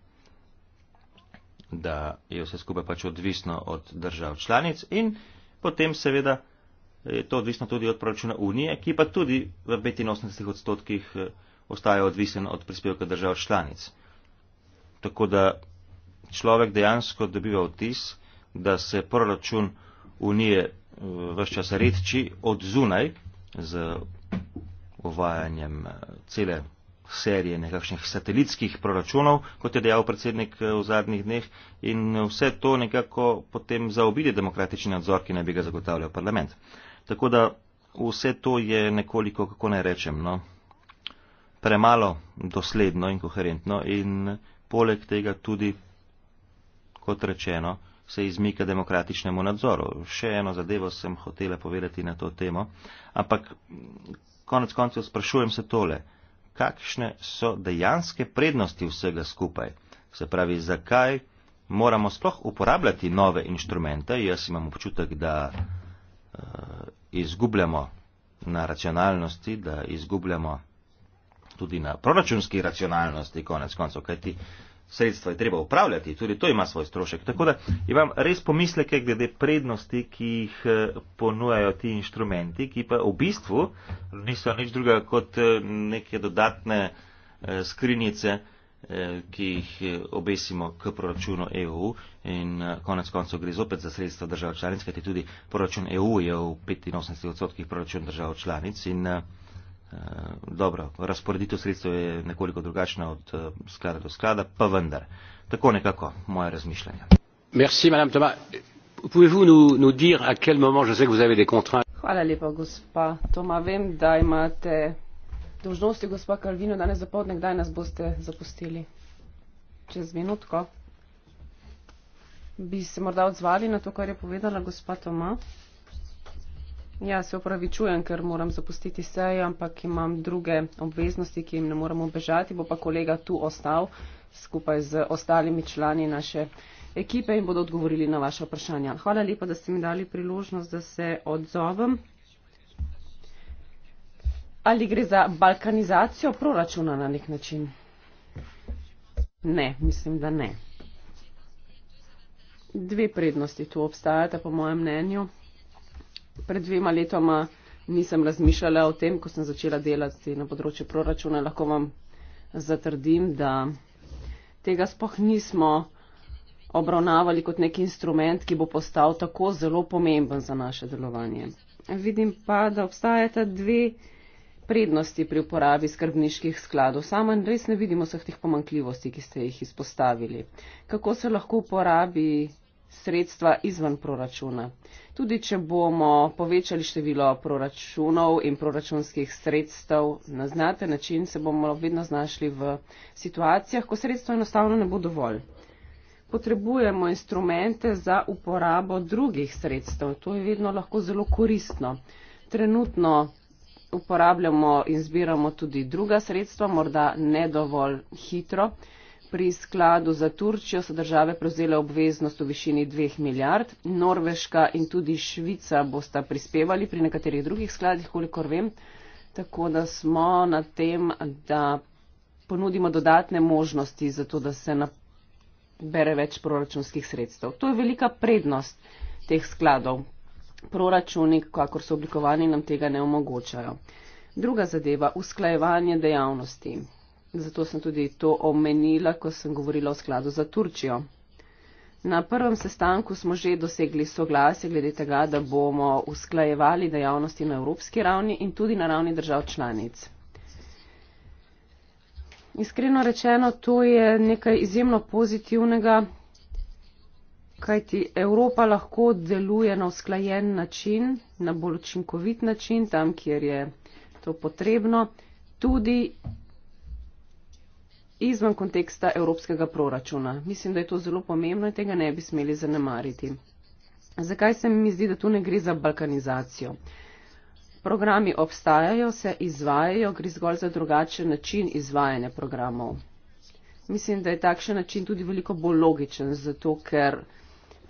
da je vse skupaj pač odvisno od držav članic in potem seveda je to odvisno tudi od proračuna Unije, ki pa tudi v 85 odstotkih uh, ostaja odvisen od prispevka držav članic. Tako da človek dejansko dobiva vtis, da se proračun unije eh, vse čas redči od zunaj z uvajanjem eh, cele serije nekakšnih satelitskih proračunov, kot je dejal predsednik eh, v zadnjih dneh, in vse to nekako potem zaobide demokratični nadzor, ki naj bi ga zagotavljal parlament. Tako da vse to je nekoliko, kako naj rečem, no, premalo dosledno in koherentno in poleg tega tudi, kot rečeno, se izmika demokratičnemu nadzoru. Še eno zadevo sem hotela povedati na to temo, ampak konec koncev sprašujem se tole, kakšne so dejanske prednosti vsega skupaj? Se pravi, zakaj moramo sploh uporabljati nove inštrumente? Jaz imam občutek, da uh, izgubljamo na racionalnosti, da izgubljamo tudi na proračunski racionalnosti, konec koncev, kajti sredstva je treba upravljati, tudi to ima svoj strošek. Tako da imam res pomisleke glede prednosti, ki jih eh, ponujajo ti inštrumenti, ki pa v bistvu niso nič druga kot eh, neke dodatne eh, skrinjice, ki jih obesimo k proračunu EU in konec koncev gre zopet za sredstva držav članic, kajti tudi proračun EU je v 85 odstotkih proračun držav članic. In, Eh, dobro, razporeditev sredstev je nekoliko drugačna od eh, sklada do sklada, pa vendar. Tako nekako moje razmišljanje. Merci, madame Toma. Pouvez-vous nous, nous dire à quel moment, je sais que vous avez des contraintes.
Hvala lepa, gospa Toma. Vem, da imate dožnosti, gospa Kalvino, danes zapovdne, kdaj nas boste zapustili. Čez minutko. Bi se morda odzvali na to, kar je povedala gospa Toma? Ja, se opravičujem, ker moram zapustiti sejo, ampak imam druge obveznosti, ki jim ne moramo bežati. Bo pa kolega tu ostal skupaj z ostalimi člani naše ekipe in bodo odgovorili na vaše vprašanja. Hvala lepa, da ste mi dali priložnost, da se odzovem. Ali gre za balkanizacijo proračuna na nek način? Ne, mislim, da ne. Dve prednosti tu obstajata, po mojem mnenju pred dvema letoma nisem razmišljala o tem, ko sem začela delati na področju proračuna, lahko vam zatrdim, da tega spoh nismo obravnavali kot nek instrument, ki bo postal tako zelo pomemben za naše delovanje. Vidim pa, da obstajata dve prednosti pri uporabi skrbniških skladov. Sama res ne vidimo vseh teh pomankljivosti, ki ste jih izpostavili. Kako se lahko uporabi sredstva izven proračuna. Tudi, če bomo povečali število proračunov in proračunskih sredstev na znate način, se bomo vedno znašli v situacijah, ko sredstva enostavno ne bo dovolj. Potrebujemo instrumente za uporabo drugih sredstev. To je vedno lahko zelo koristno. Trenutno uporabljamo in zbiramo tudi druga sredstva, morda ne dovolj hitro. Pri skladu za Turčijo so države prevzele obveznost v višini 2 milijard. Norveška in tudi Švica bosta prispevali pri nekaterih drugih skladih, kolikor vem. Tako da smo na tem, da ponudimo dodatne možnosti za to, da se nabere več proračunskih sredstev. To je velika prednost teh skladov. Proračuni, kakor so oblikovani, nam tega ne omogočajo. Druga zadeva, usklajevanje dejavnosti zato sem tudi to omenila, ko sem govorila o skladu za Turčijo. Na prvem sestanku smo že dosegli soglasje glede tega, da bomo usklajevali dejavnosti na evropski ravni in tudi na ravni držav članic. Iskreno rečeno, to je nekaj izjemno pozitivnega, kajti Evropa lahko deluje na usklajen način, na bolj učinkovit način, tam, kjer je to potrebno, tudi izven konteksta evropskega proračuna. Mislim, da je to zelo pomembno in tega ne bi smeli zanemariti. Zakaj se mi zdi, da tu ne gre za balkanizacijo? Programi obstajajo, se izvajajo, gre zgolj za drugačen način izvajanja programov. Mislim, da je takšen način tudi veliko bolj logičen, zato ker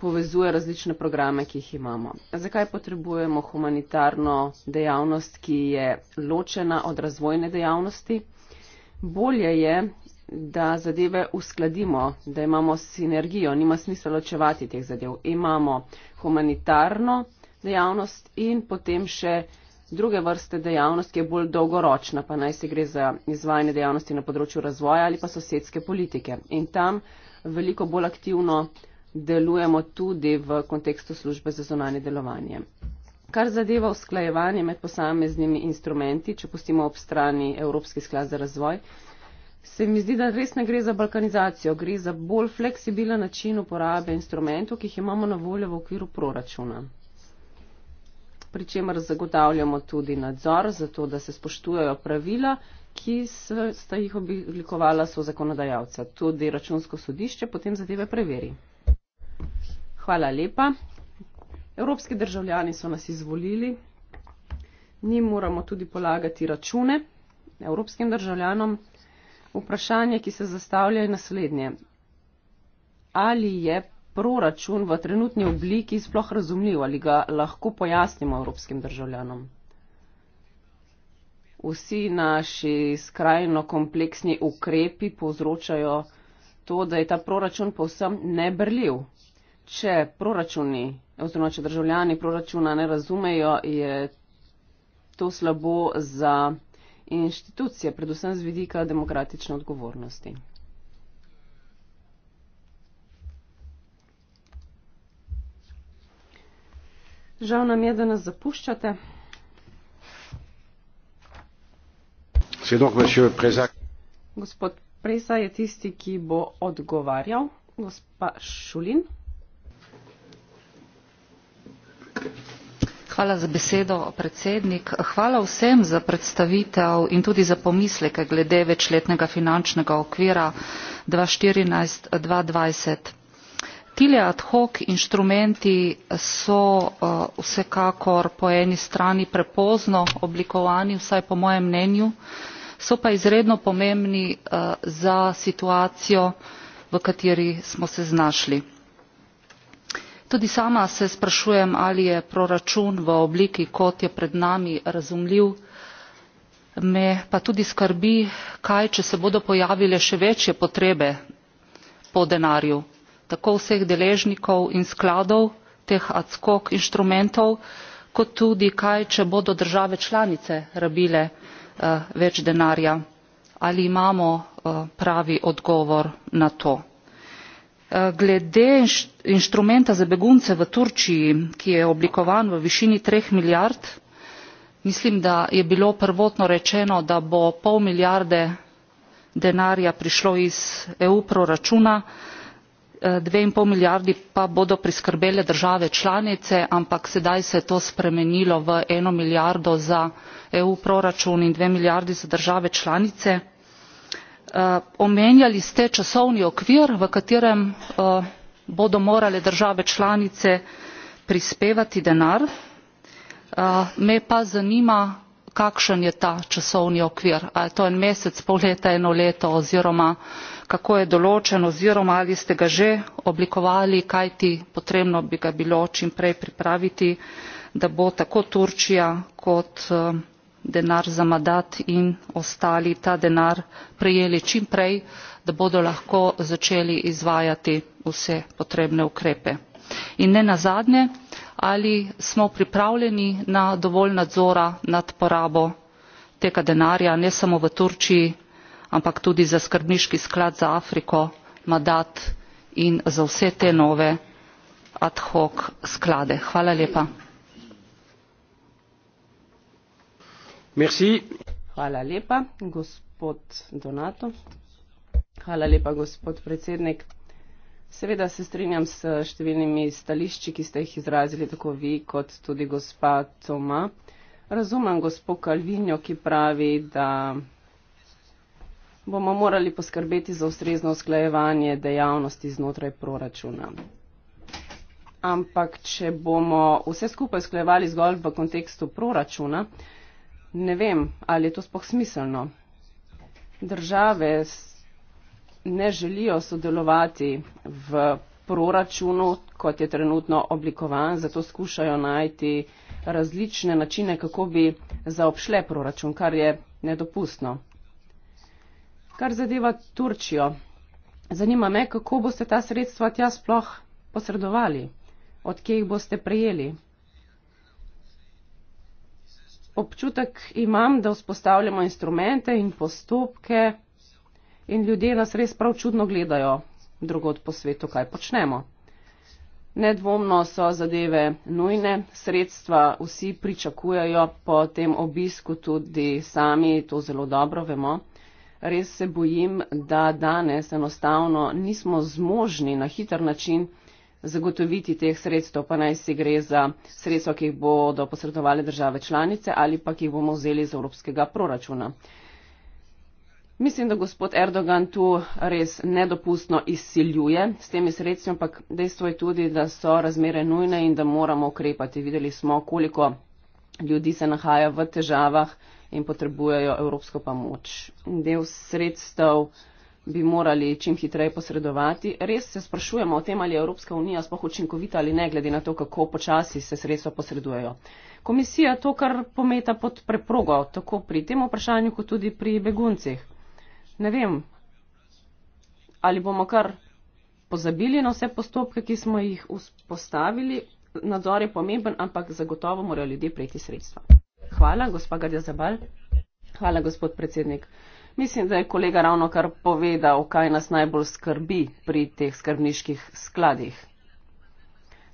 povezuje različne programe, ki jih imamo. Zakaj potrebujemo humanitarno dejavnost, ki je ločena od razvojne dejavnosti? Bolje je, da zadeve uskladimo, da imamo sinergijo, nima smisla ločevati teh zadev. Imamo humanitarno dejavnost in potem še druge vrste dejavnosti, ki je bolj dolgoročna, pa naj se gre za izvajanje dejavnosti na področju razvoja ali pa sosedske politike. In tam veliko bolj aktivno delujemo tudi v kontekstu službe za zonanje delovanje. Kar zadeva usklajevanje med posameznimi instrumenti, če pustimo ob strani Evropski sklad za razvoj, se mi zdi, da res ne gre za balkanizacijo, gre za bolj fleksibilen način uporabe instrumentov, ki jih imamo na voljo v okviru proračuna. Pričemer zagotavljamo tudi nadzor, zato da se spoštujejo pravila, ki sta jih oblikovala so zakonodajalca. Tudi računsko sodišče potem zadeve preveri. Hvala lepa. Evropski državljani so nas izvolili. Njim moramo tudi polagati račune evropskim državljanom. Vprašanje, ki se zastavlja, je naslednje. Ali je proračun v trenutni obliki sploh razumljiv ali ga lahko pojasnimo evropskim državljanom? Vsi naši skrajno kompleksni ukrepi povzročajo to, da je ta proračun povsem nebrljiv. Če proračuni oziroma če državljani proračuna ne razumejo, je to slabo za inštitucije, predvsem z vidika demokratične odgovornosti. Žal nam je, da nas zapuščate. Gospod Presa je tisti, ki bo odgovarjal. Gospa Šulin.
Thank you hvala vsem za predstavitev in tudi za pomisleke glede večletnega finančnega okvira. tile ad hoc inštrumenti so eh, vsekakor po eni strani prepozno oblikovani vsaj po mojem mnenju so pa izredno pomembni eh, za situacijo v kateri smo se znašli tudi sama se sprašujem ali je proračun v obliki kot je pred nami razumljiv me pa tudi skrbi kaj če se bodo pojavile še večje potrebe po denarju tako vseh deležnikov in skladov teh ad hoc inštrumentov kot tudi kaj če bodo države članice rabile eh, več denarja ali imamo eh, pravi odgovor na to. Eh, glede inštrumenta za begunce v turčiji ki je oblikovan v višini treh milijard mislim da je bilo prvotno rečeno da bo pol milijarde denarja prišlo iz eu proračuna eh, dve in pol milijardi pa bodo priskrbele države članice ampak sedaj se je to spremenilo v eno milijardo za eu proračun in dve milijardi za države članice. Eh, omenjali ste časovni okvir v katerem eh, bodo morale države članice prispevati denar eh, me pa zanima kakšen je ta časovni okvir a je to en mesec pol leta eno leto oziroma kako je določen oziroma ali ste ga že oblikovali kajti potrebno bi ga bilo čim prej pripraviti da bo tako turčija kot denar za madad in ostali ta denar prejeli čim prej, da bodo lahko začeli izvajati vse potrebne ukrepe. In ne nazadnje, ali smo pripravljeni na dovolj nadzora nad porabo tega denarja, ne samo v Turčiji, ampak tudi za skrbniški sklad za Afriko, madat in za vse te nove ad hoc sklade. Hvala lepa.
Merci. Hvala lepa, gospod Donato. Hvala lepa, gospod predsednik. Seveda se strinjam s številnimi stališči, ki ste jih izrazili tako vi kot tudi gospa Toma. Razumem gospo Kalvinjo, ki pravi, da bomo morali poskrbeti za ustrezno usklajevanje dejavnosti znotraj proračuna. Ampak, če bomo vse skupaj usklajevali zgolj v kontekstu proračuna, ne vem, ali je to spoh smiselno. Države ne želijo sodelovati v proračunu, kot je trenutno oblikovan, zato skušajo najti različne načine, kako bi zaobšle proračun, kar je nedopustno. Kar zadeva Turčijo, zanima me, kako boste ta sredstva tja sploh posredovali, odkje jih boste prejeli občutek imam, da vzpostavljamo instrumente in postopke in ljudje nas res prav čudno gledajo drugod po svetu, kaj počnemo. Nedvomno so zadeve nujne, sredstva vsi pričakujejo po tem obisku, tudi sami to zelo dobro vemo. Res se bojim, da danes enostavno nismo zmožni na hiter način zagotoviti teh sredstev, pa naj si gre za sredstva, ki jih bodo posredovali države članice ali pa ki jih bomo vzeli iz evropskega proračuna. Mislim, da gospod Erdogan tu res nedopustno izsiljuje s temi sredstvi, ampak dejstvo je tudi, da so razmere nujne in da moramo ukrepati. Videli smo, koliko ljudi se nahaja v težavah in potrebujejo evropsko pomoč. Del sredstev bi morali čim hitreje posredovati. Res se sprašujemo o tem, ali je Evropska unija spoh učinkovita ali ne, glede na to, kako počasi se sredstva posredujejo. Komisija to kar pometa pod preprogo, tako pri tem vprašanju, kot tudi pri beguncih. Ne vem, ali bomo kar pozabili na vse postopke, ki smo jih vzpostavili. Nadzor je pomemben, ampak zagotovo morajo ljudje prejti sredstva. Hvala, gospod Gadja Zabal. Hvala, gospod predsednik. Mislim, da je kolega ravno kar povedal, kaj nas najbolj skrbi pri teh skrbniških skladih.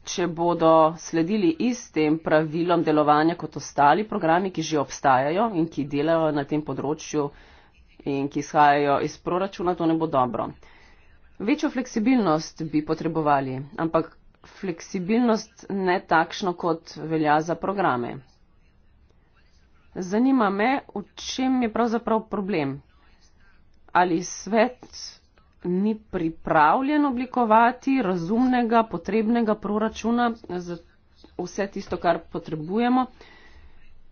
Če bodo sledili istim pravilom delovanja kot ostali programi, ki že obstajajo in ki delajo na tem področju in ki izhajajo iz proračuna, to ne bo dobro. Večjo fleksibilnost bi potrebovali, ampak fleksibilnost ne takšno, kot velja za programe. Zanima me, v čem je pravzaprav problem ali svet ni pripravljen oblikovati razumnega, potrebnega proračuna za vse tisto, kar potrebujemo.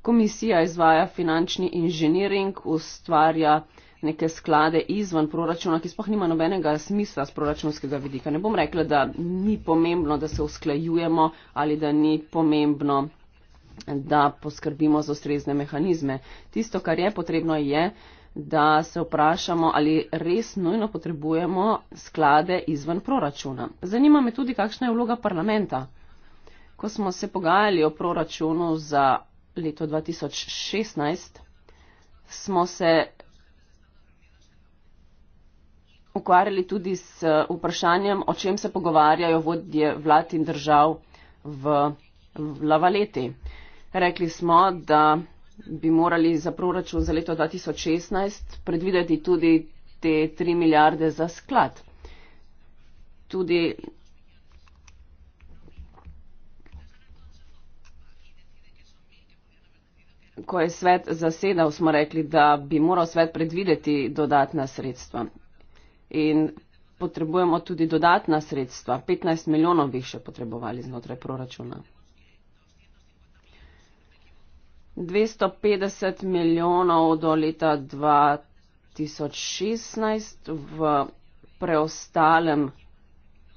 Komisija izvaja finančni inženiring, ustvarja neke sklade izvan proračuna, ki sploh nima nobenega smisla z proračunskega vidika. Ne bom rekla, da ni pomembno, da se usklajujemo ali da ni pomembno, da poskrbimo za ustrezne mehanizme. Tisto, kar je potrebno, je, da se vprašamo, ali res nujno potrebujemo sklade izven proračuna. Zanima me tudi, kakšna je vloga parlamenta. Ko smo se pogajali o proračunu za leto 2016, smo se ukvarjali tudi s vprašanjem, o čem se pogovarjajo vodje vlad in držav v, v lavaleti. Rekli smo, da bi morali za proračun za leto 2016 predvideti tudi te 3 milijarde za sklad. Tudi ko je svet zasedal, smo rekli, da bi moral svet predvideti dodatna sredstva. In potrebujemo tudi dodatna sredstva, 15 milijonov bi jih še potrebovali znotraj proračuna. 250 milijonov do leta 2016, v preostalem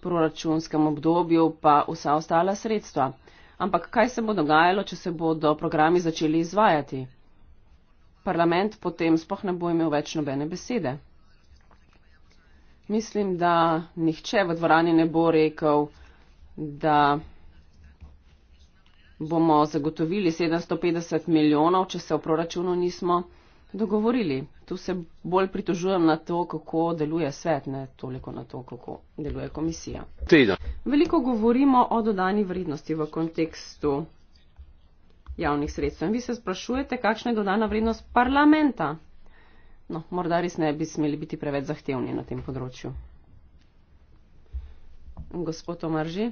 proračunskem obdobju pa vsa ostala sredstva. Ampak kaj se bo dogajalo, če se bodo programi začeli izvajati? Parlament potem spoh ne bo imel več nobene besede. Mislim, da nihče v dvorani ne bo rekel, da bomo zagotovili 750 milijonov, če se v proračunu nismo dogovorili. Tu se bolj pritožujem na to, kako deluje svet, ne toliko na to, kako deluje komisija. Teda. Veliko govorimo o dodani vrednosti v kontekstu javnih sredstev. In vi se sprašujete, kakšna je dodana vrednost parlamenta. No, morda res ne bi smeli biti preveč zahtevni na tem področju. Gospod Omarži.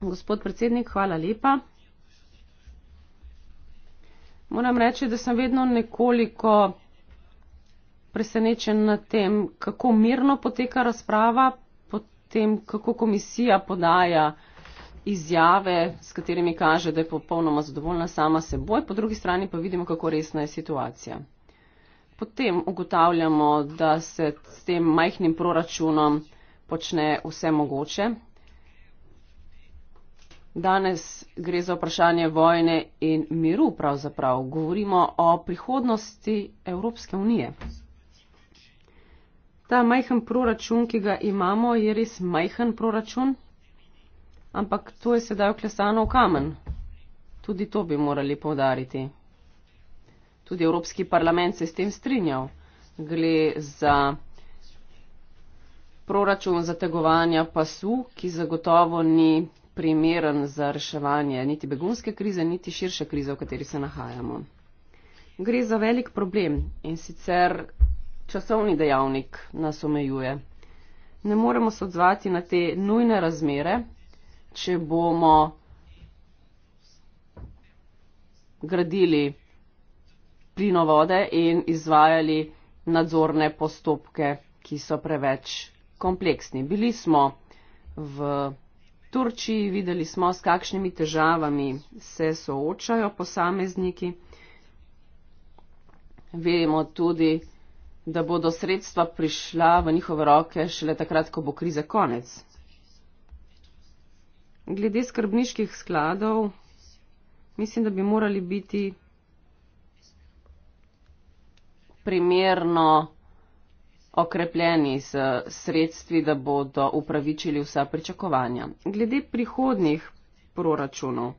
Gospod predsednik, hvala lepa. Moram reči, da sem vedno nekoliko presenečen nad tem, kako mirno poteka razprava, potem kako komisija podaja izjave, s katerimi kaže, da je popolnoma zadovoljna sama seboj, po drugi strani pa vidimo, kako resna je situacija. Potem ugotavljamo, da se s tem majhnim proračunom počne vse mogoče, Danes gre za vprašanje vojne in miru pravzaprav. Govorimo o prihodnosti Evropske unije. Ta majhen proračun, ki ga imamo, je res majhen proračun, ampak to je sedaj oklesano v kamen. Tudi to bi morali povdariti. Tudi Evropski parlament se s tem strinjal. Gre za proračun zategovanja pasu, ki zagotovo ni primeren za reševanje niti begunske krize, niti širše krize, v kateri se nahajamo. Gre za velik problem in sicer časovni dejavnik nas omejuje. Ne moremo se odzvati na te nujne razmere, če bomo gradili plinovode in izvajali nadzorne postopke, ki so preveč kompleksni. Bili smo v Turčiji videli smo, s kakšnimi težavami se soočajo posamezniki. Vemo tudi, da bodo sredstva prišla v njihove roke šele takrat, ko bo kriza konec. Glede skrbniških skladov, mislim, da bi morali biti primerno okrepljeni s sredstvi, da bodo upravičili vsa pričakovanja. Glede prihodnih proračunov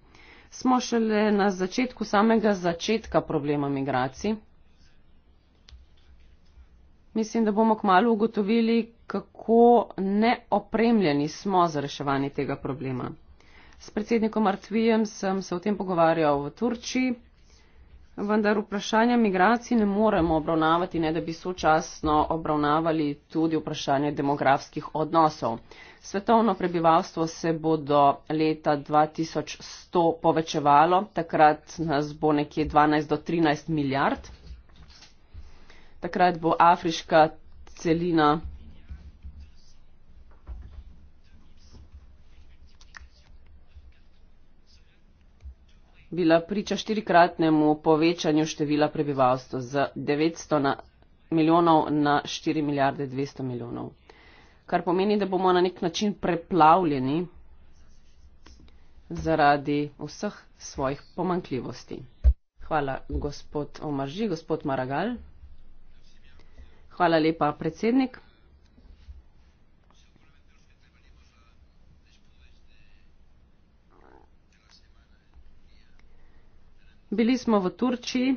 smo šele na začetku samega začetka problema migracij. Mislim, da bomo kmalo ugotovili, kako neopremljeni smo za reševanje tega problema. S predsednikom Artvijem sem se o tem pogovarjal v Turčiji vendar vprašanja migracij ne moremo obravnavati, ne da bi sočasno obravnavali tudi vprašanje demografskih odnosov. Svetovno prebivalstvo se bo do leta 2100 povečevalo, takrat nas bo nekje 12 do 13 milijard. Takrat bo afriška celina bila priča štirikratnemu povečanju števila prebivalstva z 900 na, milijonov na 4 milijarde 200 milijonov. Kar pomeni, da bomo na nek način preplavljeni zaradi vseh svojih pomankljivosti. Hvala, gospod Omarži, gospod Maragal. Hvala lepa, predsednik. Bili smo v Turčiji,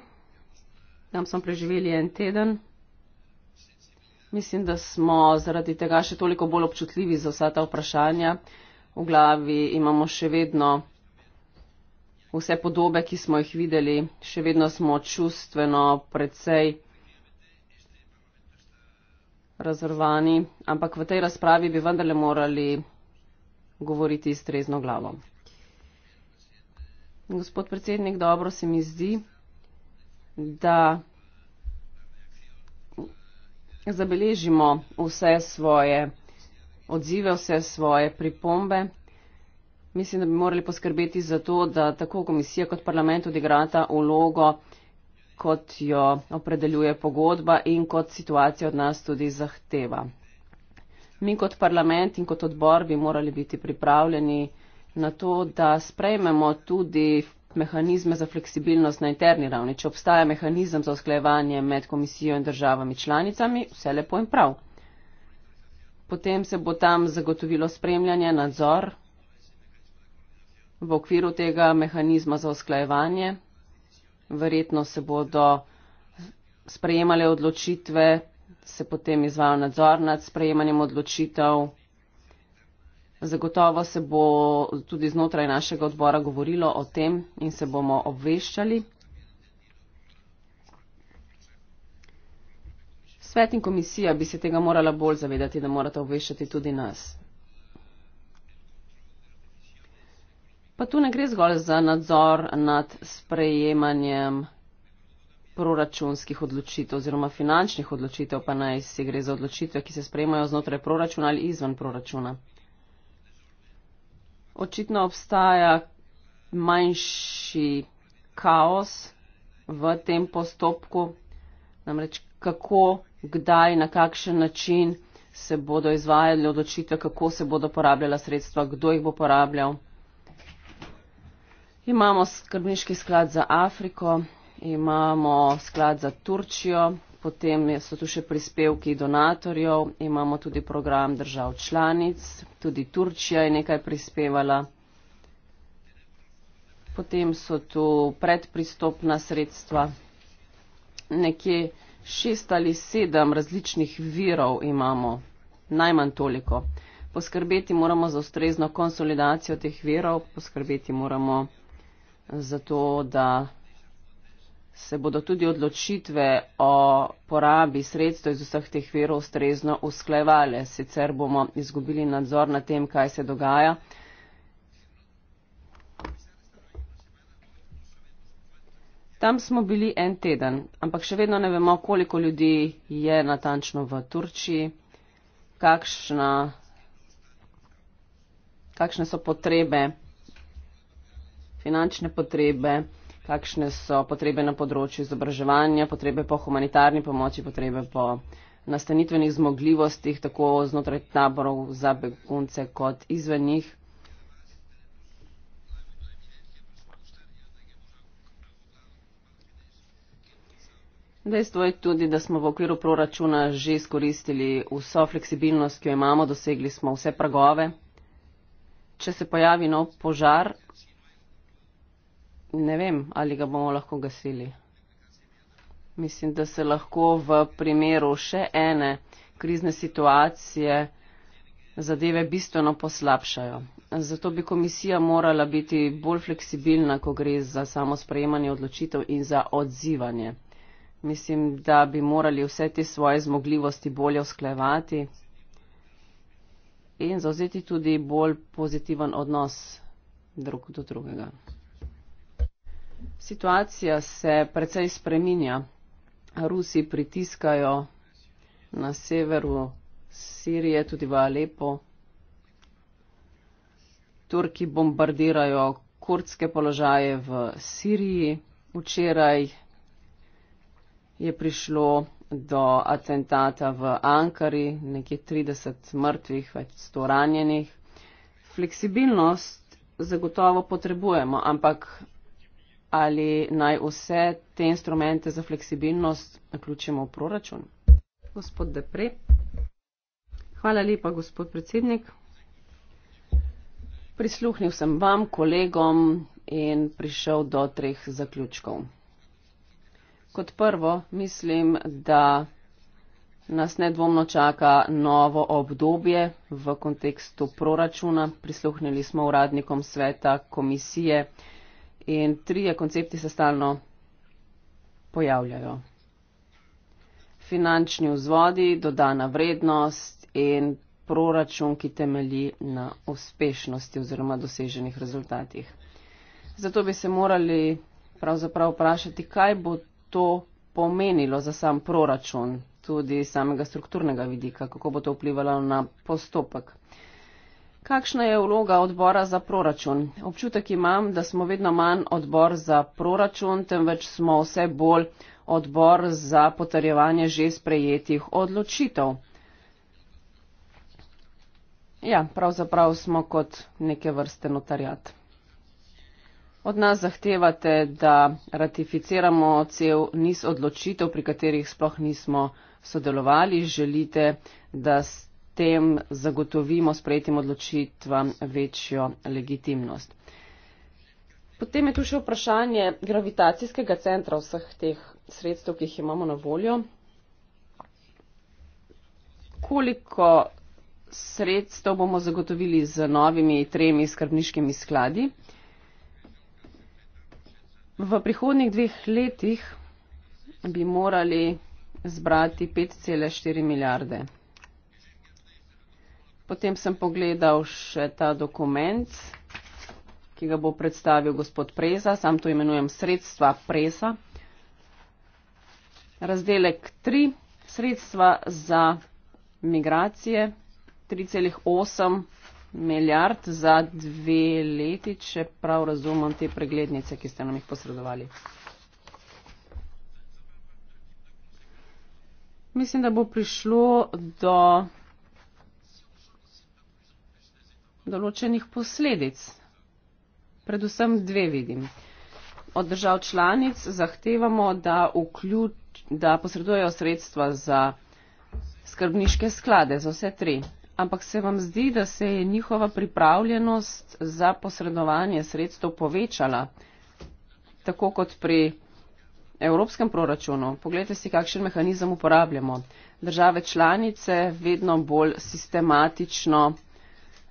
tam smo preživeli en teden. Mislim, da smo zaradi tega še toliko bolj občutljivi za vsa ta vprašanja. V glavi imamo še vedno vse podobe, ki smo jih videli, še vedno smo čustveno precej razrvani, ampak v tej razpravi bi vendarle morali govoriti iztrezno glavo. Gospod predsednik, dobro se mi zdi, da zabeležimo vse svoje odzive, vse svoje pripombe. Mislim, da bi morali poskrbeti za to, da tako komisija kot parlament odigrata vlogo, kot jo opredeljuje pogodba in kot situacija od nas tudi zahteva. Mi kot parlament in kot odbor bi morali biti pripravljeni na to, da sprejmemo tudi mehanizme za fleksibilnost na interni ravni. Če obstaja mehanizem za usklajevanje med komisijo in državami članicami, vse lepo in prav. Potem se bo tam zagotovilo spremljanje, nadzor v okviru tega mehanizma za usklajevanje. Verjetno se bodo sprejemale odločitve, se potem izvajo nadzor nad sprejemanjem odločitev Zagotovo se bo tudi znotraj našega odbora govorilo o tem in se bomo obveščali. Svet in komisija bi se tega morala bolj zavedati, da morata obveščati tudi nas. Pa tu ne gre zgolj za nadzor nad sprejemanjem proračunskih odločitev oziroma finančnih odločitev, pa naj se gre za odločitve, ki se sprejmajo znotraj proračuna ali izven proračuna očitno obstaja manjši kaos v tem postopku, namreč kako, kdaj, na kakšen način se bodo izvajali odločitve, kako se bodo porabljala sredstva, kdo jih bo porabljal. Imamo skrbniški sklad za Afriko, imamo sklad za Turčijo, potem so tu še prispevki donatorjev, imamo tudi program držav članic, tudi Turčija je nekaj prispevala. Potem so tu predpristopna sredstva, nekje šest ali sedem različnih virov imamo, najmanj toliko. Poskrbeti moramo za ustrezno konsolidacijo teh virov, poskrbeti moramo za to, da se bodo tudi odločitve o porabi sredstva iz vseh teh virov ustrezno usklajevale, sicer bomo izgubili nadzor nad tem, kaj se dogaja. Tam smo bili en teden, ampak še vedno ne vemo, koliko ljudi je natančno v Turčiji, kakšna, kakšne so potrebe, finančne potrebe kakšne so potrebe na področju izobraževanja, potrebe po humanitarni pomoči, potrebe po nastanitvenih zmogljivostih, tako znotraj taborov za begunce kot izven njih. Dejstvo je tudi, da smo v okviru proračuna že izkoristili vso fleksibilnost, ki jo imamo, dosegli smo vse pragove. Če se pojavi nov požar, ne vem, ali ga bomo lahko gasili. Mislim, da se lahko v primeru še ene krizne situacije zadeve bistveno poslabšajo. Zato bi komisija morala biti bolj fleksibilna, ko gre za samo sprejemanje odločitev in za odzivanje. Mislim, da bi morali vse te svoje zmogljivosti bolje usklevati in zauzeti tudi bolj pozitiven odnos drug do drugega. Situacija se precej spreminja. Rusi pritiskajo na severu Sirije, tudi v Alepo. Turki bombardirajo kurdske položaje v Siriji. Včeraj je prišlo do atentata v Ankari, nekje 30 mrtvih, več 100 ranjenih. Fleksibilnost zagotovo potrebujemo, ampak ali naj vse te instrumente za fleksibilnost vključimo v proračun. Gospod Depre. Hvala lepa, gospod predsednik. Prisluhnil sem vam, kolegom in prišel do treh zaključkov. Kot prvo, mislim, da nas nedvomno čaka novo obdobje v kontekstu proračuna. Prisluhnili smo uradnikom sveta komisije in trije koncepti se stalno pojavljajo. Finančni vzvodi, dodana vrednost in proračun, ki temelji na uspešnosti oziroma doseženih rezultatih. Zato bi se morali pravzaprav vprašati, kaj bo to pomenilo za sam proračun, tudi samega strukturnega vidika, kako bo to vplivalo na postopek. Kakšna je vloga odbora za proračun? Občutek imam, da smo vedno manj odbor za proračun, temveč smo vse bolj odbor za potrjevanje že sprejetih odločitev. Ja, pravzaprav smo kot neke vrste notarjat. Od nas zahtevate, da ratificiramo cel niz odločitev, pri katerih sploh nismo sodelovali. Želite, da ste tem zagotovimo sprejetim odločitvam večjo legitimnost. Potem je tu še vprašanje gravitacijskega centra vseh teh sredstev, ki jih imamo na voljo. Koliko sredstev bomo zagotovili z novimi tremi skrbniškimi skladi? V prihodnih dveh letih bi morali zbrati 5,4 milijarde Potem sem pogledal še ta dokument, ki ga bo predstavil gospod Preza, sam to imenujem sredstva Preza. Razdelek 3, sredstva za migracije, 3,8 milijard za dve leti, če prav razumem te preglednice, ki ste nam jih posredovali. Mislim, da bo prišlo do določenih posledic. Predvsem dve vidim. Od držav članic zahtevamo, da, vključ, da posredujejo sredstva za skrbniške sklade, za vse tri. Ampak se vam zdi, da se je njihova pripravljenost za posredovanje sredstev povečala, tako kot pri evropskem proračunu. Poglejte si, kakšen mehanizem uporabljamo. Države članice vedno bolj sistematično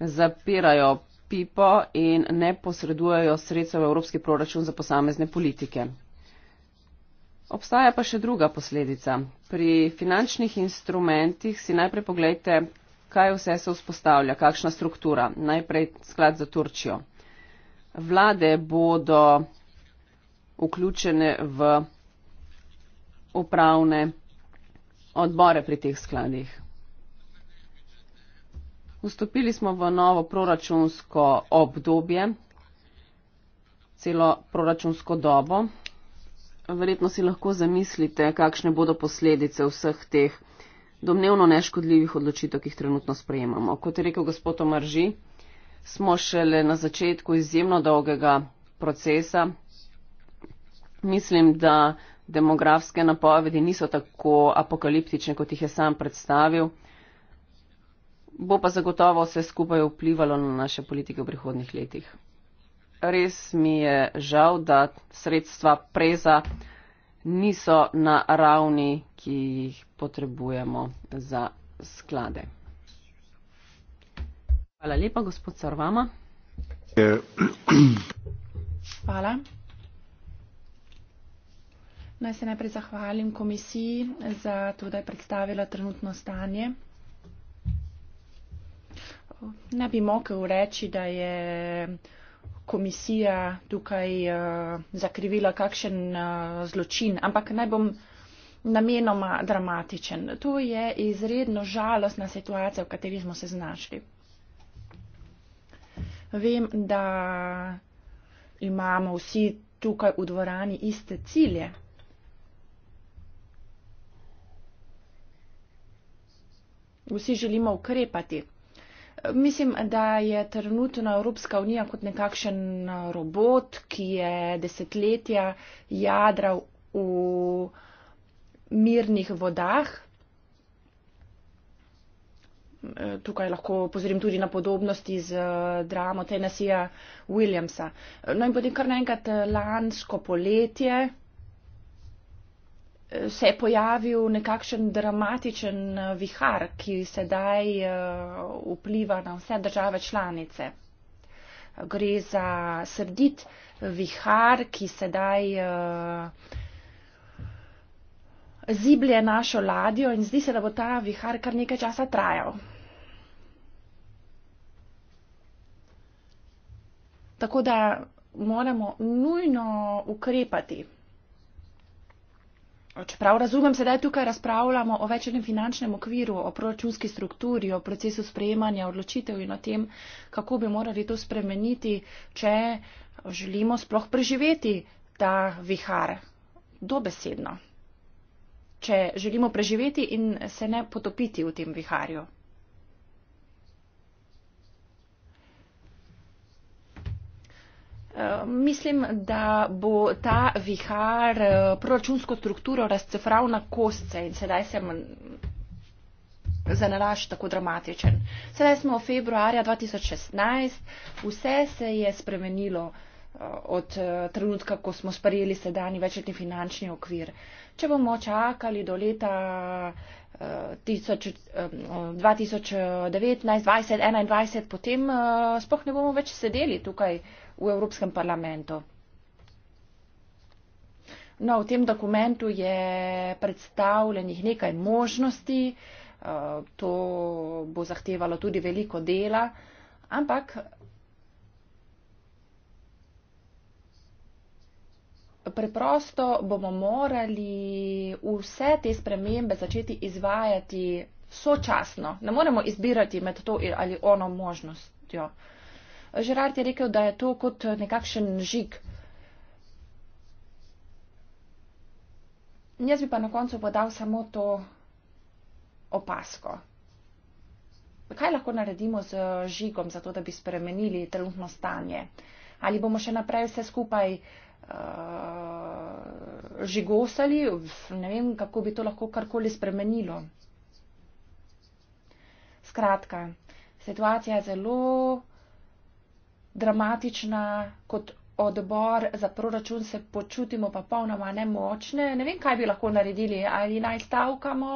zapirajo pipo in ne posredujejo sredstva v evropski proračun za posamezne politike. Obstaja pa še druga posledica. Pri finančnih instrumentih si najprej pogledajte, kaj vse se vzpostavlja, kakšna struktura. Najprej sklad za Turčijo. Vlade bodo vključene v upravne odbore pri teh skladih. Vstopili smo v novo proračunsko obdobje, celo proračunsko dobo. Verjetno si lahko zamislite, kakšne bodo posledice vseh teh domnevno neškodljivih odločitev, ki jih trenutno sprejemamo. Kot je rekel gospod Omarži, smo šele na začetku izjemno dolgega procesa. Mislim, da demografske napovedi niso tako apokaliptične, kot jih je sam predstavil bo pa zagotovo vse skupaj vplivalo na naše politike v prihodnih letih. Res mi je žal, da sredstva preza niso na ravni, ki jih potrebujemo za sklade. Hvala lepa, gospod Sarvama. Hvala. Naj se najprej
zahvalim komisiji za to, da je predstavila trenutno stanje. Ne bi mogel reči, da je komisija tukaj uh, zakrivila kakšen uh, zločin, ampak naj bom namenoma dramatičen. To je izredno žalostna situacija, v kateri smo se znašli. Vem, da imamo vsi tukaj v dvorani iste cilje. Vsi želimo ukrepati. Mislim, da je trenutno Evropska unija kot nekakšen robot, ki je desetletja jadral v mirnih vodah. E, tukaj lahko pozorim tudi na podobnosti z dramo Tennessee Williamsa. No in potem kar naenkrat lansko poletje se je pojavil nekakšen dramatičen eh, vihar, ki sedaj eh, vpliva na vse države članice. Gre za srdit vihar, ki sedaj eh, ziblje našo ladjo in zdi se, da bo ta vihar kar nekaj časa trajal. Tako da moramo nujno ukrepati. Čeprav razumem, da tukaj razpravljamo o večjem finančnem okviru, o proračunski strukturi, o procesu sprejemanja odločitev in o tem, kako bi morali to spremeniti, če želimo sploh preživeti ta vihar dobesedno. Če želimo preživeti in se ne potopiti v tem viharju. Eh, mislim, da bo ta vihar eh, proračunsko strukturo razcefral na kostce in sedaj sem zanaraš tako dramatičen. Sedaj smo v februarja 2016, vse se je spremenilo eh, od trenutka, ko smo sprejeli sedajni večletni finančni okvir. Če bomo čakali do leta 2019, 2021, potem sploh ne bomo več sedeli tukaj v Evropskem parlamentu. No, v tem dokumentu je predstavljenih nekaj možnosti, eh, to bo zahtevalo tudi veliko dela, ampak preprosto bomo morali vse te spremembe začeti izvajati sočasno. Ne moremo izbirati med to ali ono možnostjo. Ja. Žerard je rekel, da je to kot nekakšen žig. Jaz bi pa na koncu podal samo to opasko. Kaj lahko naredimo z žigom, zato da bi spremenili trenutno stanje? Ali bomo še naprej vse skupaj uh, žigosali? Ne vem, kako bi to lahko karkoli spremenilo. Skratka, situacija je zelo dramatična, kot odbor za proračun se počutimo pa polnoma nemočne. Ne vem, kaj bi lahko naredili, ali naj stavkamo,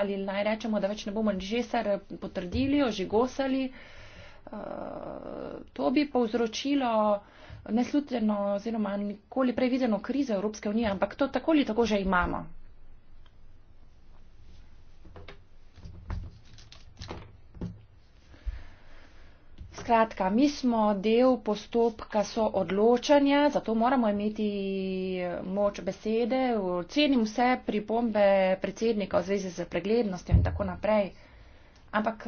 ali naj rečemo, da več ne bomo ničesar potrdili, ožigosali. Eh, to bi povzročilo nesluteno oziroma nikoli prevideno krizo Evropske unije, ampak to tako ali tako že imamo. skratka, mi smo del postopka soodločanja, zato moramo imeti moč besede. Cenim vse pripombe predsednika v zvezi z preglednostjo in tako naprej. Ampak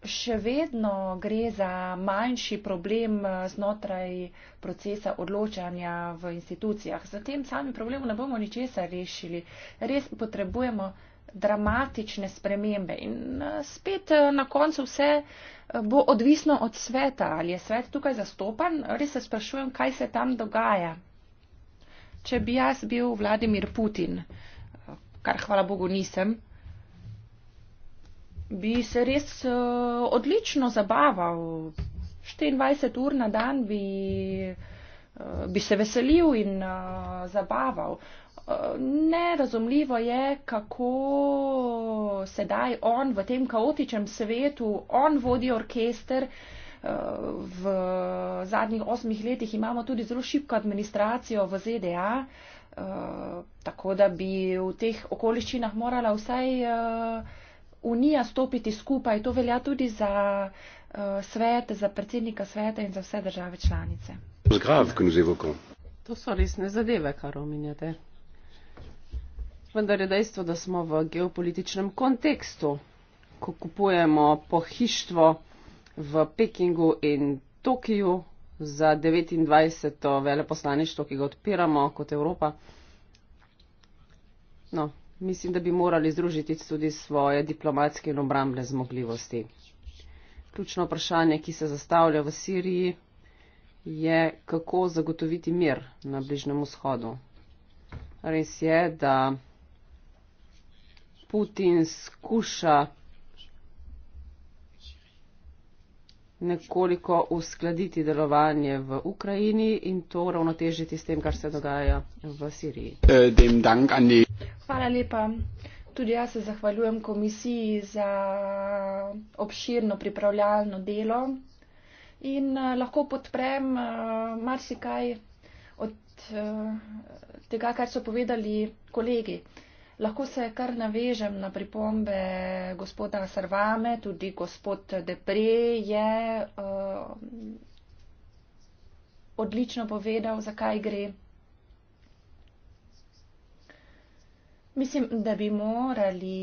še vedno gre za manjši problem znotraj procesa odločanja v institucijah. Zatem sami problemu ne bomo ničesa rešili. Res potrebujemo dramatične spremembe. In eh, spet eh, na koncu vse eh, bo odvisno od sveta, ali je svet tukaj zastopan. Res se sprašujem, kaj se tam dogaja. Če bi jaz bil Vladimir Putin, kar hvala Bogu nisem, bi se res odlično zabaval. 24 ur na dan bi, bi se veselil in zabaval nerazumljivo je, kako sedaj on v tem kaotičnem svetu, on vodi orkester. Eh, v zadnjih osmih letih imamo tudi zelo šibko administracijo v ZDA, eh, tako da bi v teh okoliščinah morala vsaj eh, Unija stopiti skupaj. To velja tudi za svet, za predsednika sveta in za vse
države članice. To so resne zadeve, kar omenjate vendar je dejstvo, da smo v geopolitičnem kontekstu, ko kupujemo pohištvo v Pekingu in Tokiju za 29. veleposlaništvo, ki ga odpiramo kot Evropa. No, mislim, da bi morali združiti tudi svoje diplomatske in obrambne zmogljivosti. Ključno vprašanje, ki se zastavlja v Siriji, je, kako zagotoviti mir na Bližnjem vzhodu. Res je, da Putin skuša nekoliko uskladiti delovanje v Ukrajini in to ravnotežiti s tem, kar se dogaja v Siriji.
Hvala lepa. Tudi jaz se zahvaljujem komisiji za obširno pripravljalno delo in eh, lahko podprem eh, marsikaj od eh, tega, kar so povedali kolegi. Lahko se kar navežem na pripombe gospoda Sarvame, tudi gospod Depre je uh, odlično povedal, zakaj gre. Mislim, da bi morali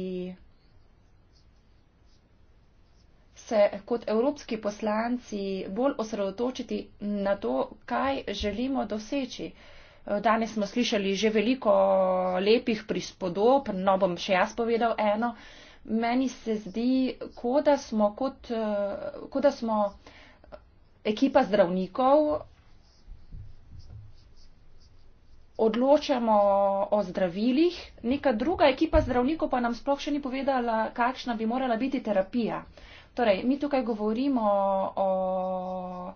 se kot evropski poslanci bolj osredotočiti na to, kaj želimo doseči. Uh, Danes smo slišali že veliko lepih prispodob, no bom še jaz povedal eno. Meni se zdi, kot da smo, kot, eh, kot da smo ekipa zdravnikov, odločamo o zdravilih, neka druga ekipa zdravnikov pa nam sploh še ni povedala, kakšna bi morala biti terapija. Torej, mi tukaj govorimo o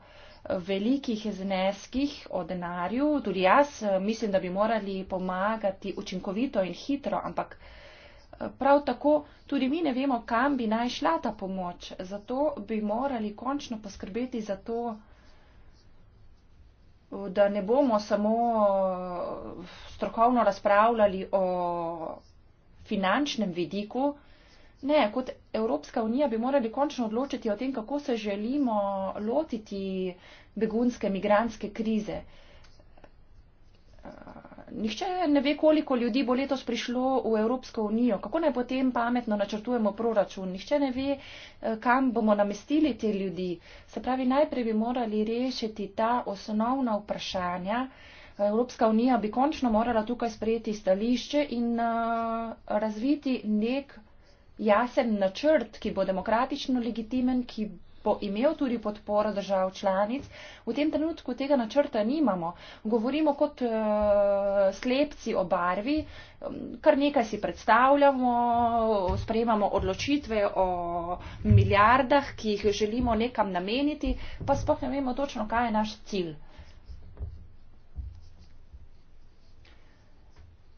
velikih zneskih o denarju. Tudi jaz eh, mislim, da bi morali pomagati učinkovito in hitro, ampak eh, prav tako tudi mi ne vemo, kam bi naj šla ta pomoč. Zato bi morali končno poskrbeti za to, da ne bomo samo eh, strokovno razpravljali o finančnem vidiku. Ne, kot Evropska unija bi morali končno odločiti o tem, kako se želimo lotiti begunske, migranske krize. Eh, nihče ne ve, koliko ljudi bo letos prišlo v Evropsko unijo, kako naj potem pametno načrtujemo proračun. Nihče ne ve, eh, kam bomo namestili te ljudi. Se pravi, najprej bi morali rešiti ta osnovna vprašanja. Evropska unija bi končno morala tukaj sprejeti stališče in uh, razviti nek jasen načrt, ki bo demokratično legitimen, ki bo imel tudi podporo držav članic. V tem trenutku tega načrta nimamo. Govorimo kot uh, slepci o barvi, kar nekaj si predstavljamo, sprejemamo odločitve o milijardah, ki jih želimo nekam nameniti, pa sploh ne vemo točno, kaj je naš cilj.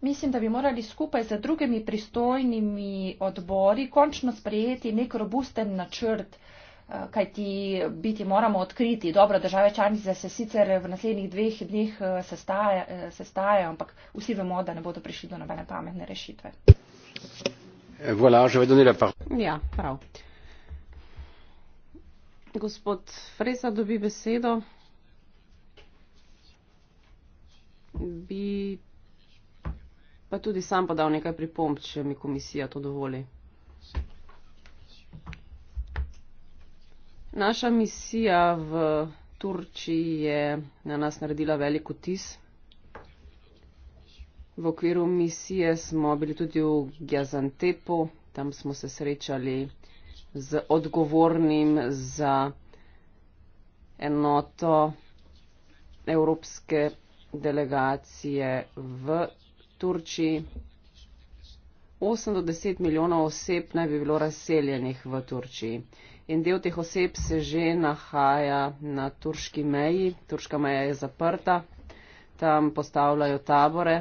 Mislim, da bi morali skupaj z drugimi pristojnimi odbori končno sprejeti nek robusten načrt, eh, kaj ti biti moramo odkriti. Dobro, države članice se sicer v naslednjih dveh dneh eh, eh, sestajajo, sestaja, ampak vsi vemo, da ne bodo prišli do nobene pametne rešitve.
Voilà, je vais donner la parole.
Ja, prav. Gospod Freza dobi besedo. Bi pa tudi sam podal nekaj pripomb, če mi komisija to dovoli. Naša misija v Turčiji je na nas naredila velik otis. V okviru misije smo bili tudi v Gjazantepu, tam smo se srečali z odgovornim za enoto evropske delegacije v Turčiji. 8 do 10 milijonov oseb naj bi bilo razseljenih v Turčiji. In del teh oseb se že nahaja na turški meji. Turška meja je zaprta, tam postavljajo tabore.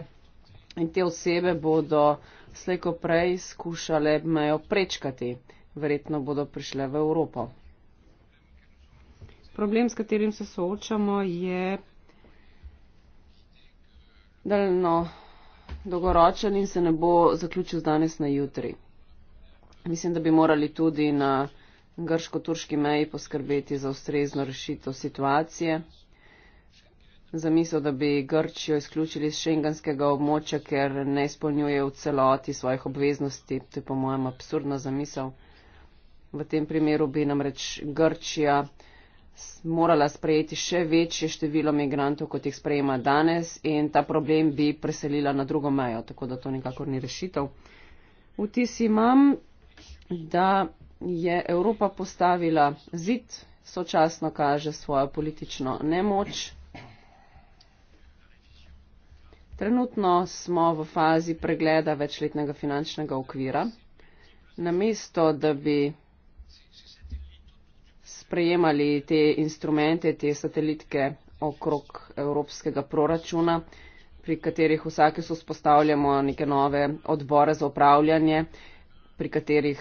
In te osebe bodo slejko prej skušale mejo prečkati. Verjetno bodo prišle v Evropo. Problem, s katerim se soočamo, je daljno dolgoročen in se ne bo zaključil danes na jutri. Mislim, da bi morali tudi na grško-turški meji poskrbeti za ustrezno rešitev situacije. Zamisel, da bi Grčijo izključili iz šengenskega območja, ker ne izpolnjuje v celoti svojih obveznosti, to je po mojem absurdna zamisel. V tem primeru bi namreč Grčija morala sprejeti še večje število migrantov, kot jih sprejema danes in ta problem bi preselila na drugo mejo, tako da to nikakor ni rešitev. Vtis imam, da je Evropa postavila zid, sočasno kaže svojo politično nemoč. Trenutno smo v fazi pregleda večletnega finančnega okvira. Namesto, da bi sprejemali te instrumente, te satelitke okrog evropskega proračuna, pri katerih vsake so spostavljamo neke nove odbore za upravljanje, pri katerih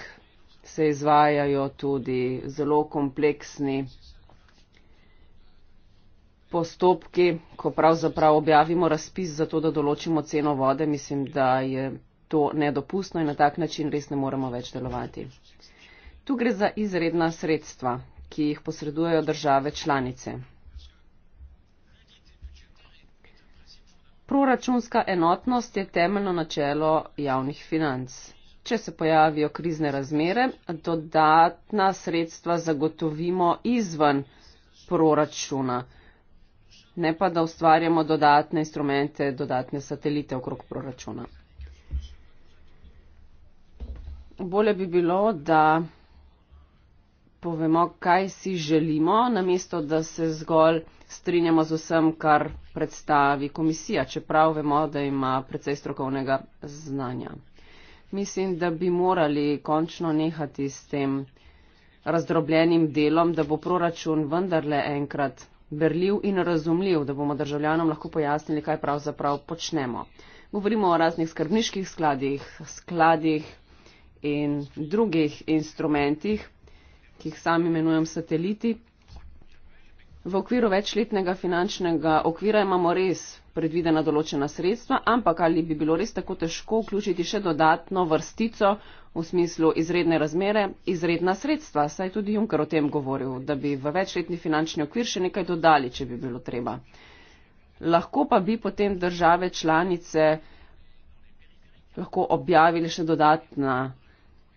se izvajajo tudi zelo kompleksni postopki, ko pravzaprav objavimo razpis za to, da določimo ceno vode, mislim, da je to nedopustno in na tak način res ne moremo več delovati. Tu gre za izredna sredstva, ki jih posredujejo države članice. Proračunska enotnost je temeljno načelo javnih financ. Če se pojavijo krizne razmere, dodatna sredstva zagotovimo izven proračuna, ne pa da ustvarjamo dodatne instrumente, dodatne satelite okrog proračuna. Bolje bi bilo, da povemo, kaj si želimo, namesto da se zgolj strinjamo z vsem, kar predstavi komisija, čeprav vemo, da ima precej strokovnega znanja. Mislim, da bi morali končno nehati s tem razdrobljenim delom, da bo proračun vendarle enkrat berljiv in razumljiv, da bomo državljanom lahko pojasnili, kaj pravzaprav počnemo. Govorimo o raznih skrbniških skladih, skladih in drugih instrumentih, ki jih sami imenujem sateliti. V okviru večletnega finančnega okvira imamo res predvidena določena sredstva, ampak ali bi bilo res tako težko vključiti še dodatno vrstico v smislu izredne razmere, izredna sredstva, saj tudi Junker o tem govoril, da bi v večletni finančni okvir še nekaj dodali, če bi bilo treba. Lahko pa bi potem države članice lahko objavili še dodatna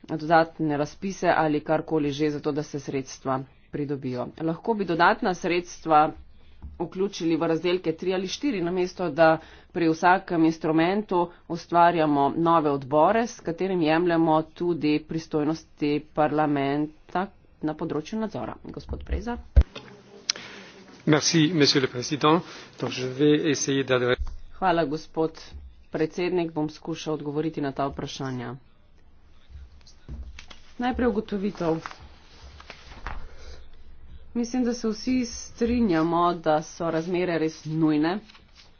dodatne razpise ali karkoli že za to, da se sredstva pridobijo. Lahko bi dodatna sredstva vključili v razdelke tri ali štiri, namesto da pri vsakem instrumentu ustvarjamo nove odbore, s katerim jemljamo tudi pristojnosti parlamenta na področju nadzora. Gospod Preza. Merci, Hvala, gospod predsednik. Bom skušal odgovoriti na ta vprašanja. Najprej ugotovitev. Mislim, da se vsi strinjamo, da so razmere res nujne,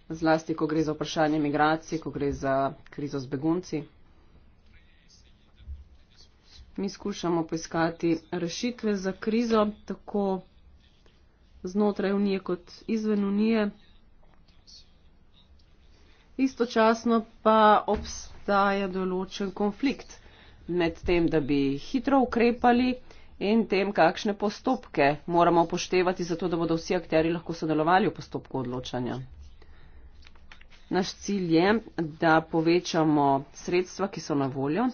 zlasti, ko gre za vprašanje migracij, ko gre za krizo z begunci. Mi skušamo poiskati rešitve za krizo, tako znotraj unije kot izven unije. Istočasno pa obstaja določen konflikt med tem, da bi hitro ukrepali in tem, kakšne postopke moramo upoštevati, zato da bodo vsi akteri lahko sodelovali v postopku odločanja. Naš cilj je, da povečamo sredstva, ki so na voljo.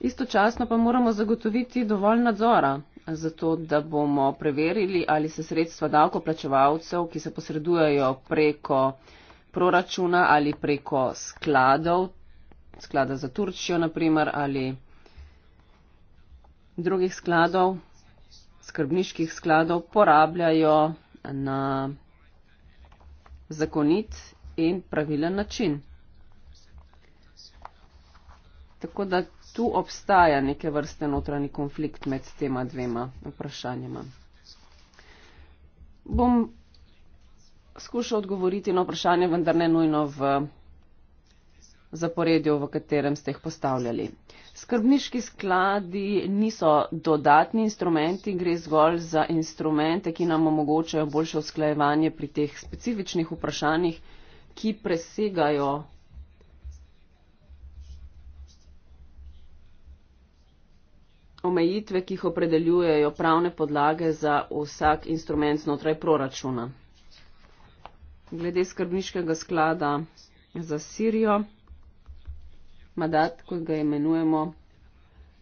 Istočasno pa moramo zagotoviti dovolj nadzora, zato da bomo preverili, ali se sredstva davkoplačevalcev, ki se posredujejo preko proračuna ali preko skladov, sklada za Turčijo, naprimer, ali drugih skladov, skrbniških skladov, porabljajo na zakonit in pravilen način. Tako da tu obstaja neke vrste notranji konflikt med tema dvema vprašanjima. Bom skušal odgovoriti na vprašanje, vendar ne nujno v zaporedju, v katerem ste jih postavljali. Skrbniški skladi niso dodatni instrumenti, gre zgolj za instrumente, ki nam omogočajo boljše usklajevanje pri teh specifičnih vprašanjih, ki presegajo omejitve, ki jih opredeljujejo pravne podlage za vsak instrument znotraj proračuna. Glede skrbniškega sklada za Sirijo. Madat, kot ga imenujemo,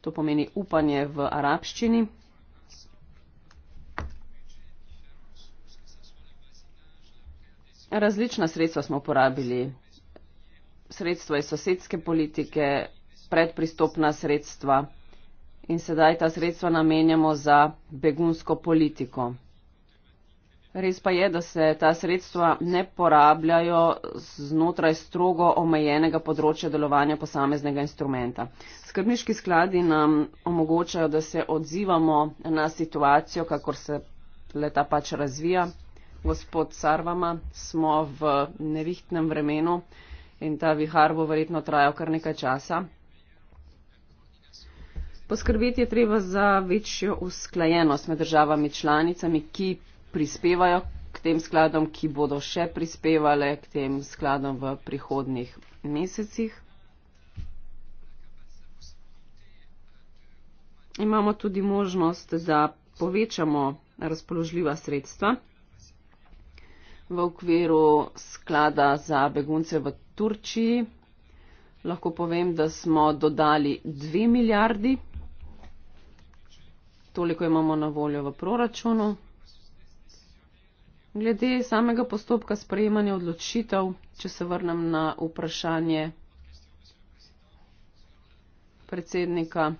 to pomeni upanje v arabščini. Različna sredstva smo uporabili. Sredstva iz sosedske politike, predpristopna sredstva in sedaj ta sredstva namenjamo za begunsko politiko. Res pa je, da se ta sredstva ne porabljajo znotraj strogo omejenega področja delovanja posameznega instrumenta. Skrbniški skladi nam omogočajo, da se odzivamo na situacijo, kakor se leta pač razvija. Gospod Sarvama, smo v nevihtnem vremenu in ta vihar bo verjetno trajal kar nekaj časa. Poskrbeti je treba za večjo usklajenost med državami članicami, ki prispevajo k tem skladom, ki bodo še prispevale k tem skladom v prihodnih mesecih. Imamo tudi možnost, da povečamo razpoložljiva sredstva v okviru sklada za begunce v Turčiji. Lahko povem, da smo dodali 2 milijardi. Toliko imamo na voljo v proračunu. Glede samega postopka sprejemanja odločitev, če se vrnem na vprašanje predsednika,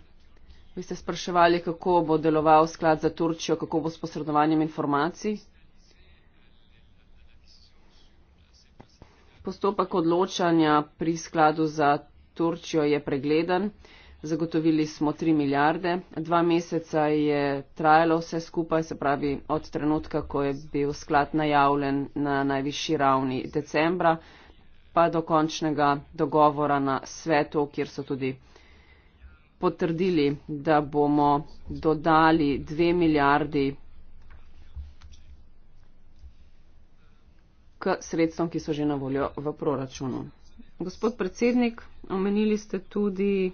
vi ste spraševali, kako bo deloval sklad za Turčijo, kako bo s posredovanjem informacij. Postopek odločanja pri skladu za Turčijo je pregleden zagotovili smo 3 milijarde. Dva meseca je trajalo vse skupaj, se pravi od trenutka, ko je bil sklad najavljen na najvišji ravni decembra, pa do končnega dogovora na svetu, kjer so tudi potrdili, da bomo dodali 2 milijardi k sredstvom, ki so že na voljo v proračunu. Gospod predsednik, omenili ste tudi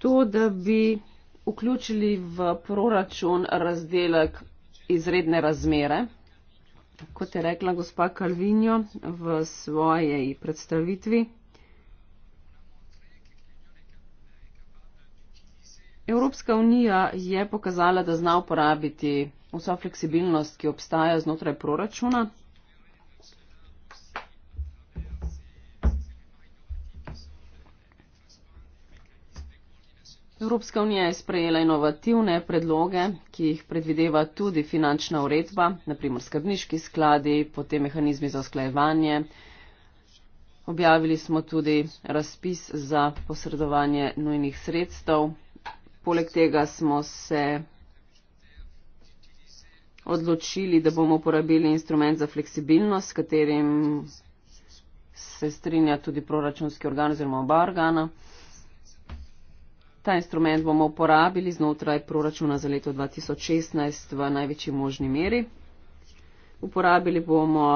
to, da bi vključili v proračun razdelek izredne razmere. Kot je rekla gospa Kalvinjo v svojej predstavitvi, Evropska unija je pokazala, da zna uporabiti vso fleksibilnost, ki obstaja znotraj proračuna Evropska unija je sprejela inovativne predloge, ki jih predvideva tudi finančna uredba, naprimer skrbniški skladi, potem mehanizmi za usklajevanje. Objavili smo tudi razpis za posredovanje nujnih sredstev. Poleg tega smo se odločili, da bomo uporabili instrument za fleksibilnost, s katerim se strinja tudi proračunski organ oziroma oba organa. Ta instrument bomo uporabili znotraj proračuna za leto 2016 v največji možni meri. Uporabili bomo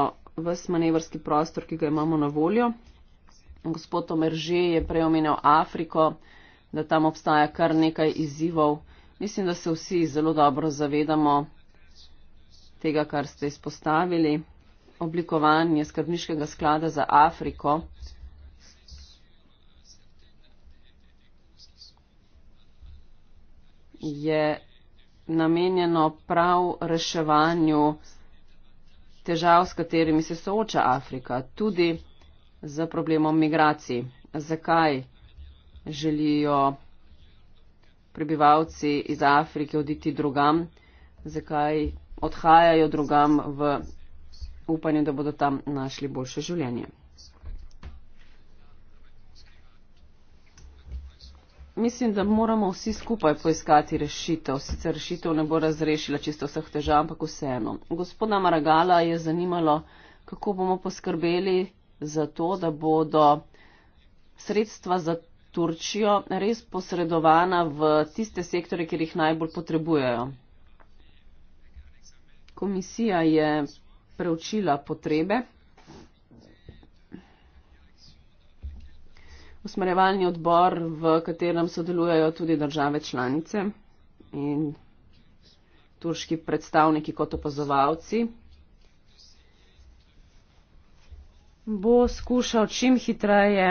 vse manevrski prostor, ki ga imamo na voljo. Gospod Omerže je prej omenil Afriko, da tam obstaja kar nekaj izzivov. Mislim, da se vsi zelo dobro zavedamo tega, kar ste izpostavili. Oblikovanje skrbniškega sklada za Afriko je namenjeno prav reševanju težav, s katerimi se sooča Afrika, tudi z problemom migracij. Zakaj želijo prebivalci iz Afrike oditi drugam, zakaj odhajajo drugam v upanju, da bodo tam našli boljše življenje. mislim, da moramo vsi skupaj poiskati rešitev. Sicer rešitev ne bo razrešila čisto vseh težav, ampak vseeno. Gospoda Maragala je zanimalo, kako bomo poskrbeli za to, da bodo sredstva za Turčijo res posredovana v tiste sektore, kjer jih najbolj potrebujejo. Komisija je preučila potrebe. usmerjevalni odbor, v katerem sodelujejo tudi države članice in turški predstavniki kot opazovalci, bo skušal čim hitreje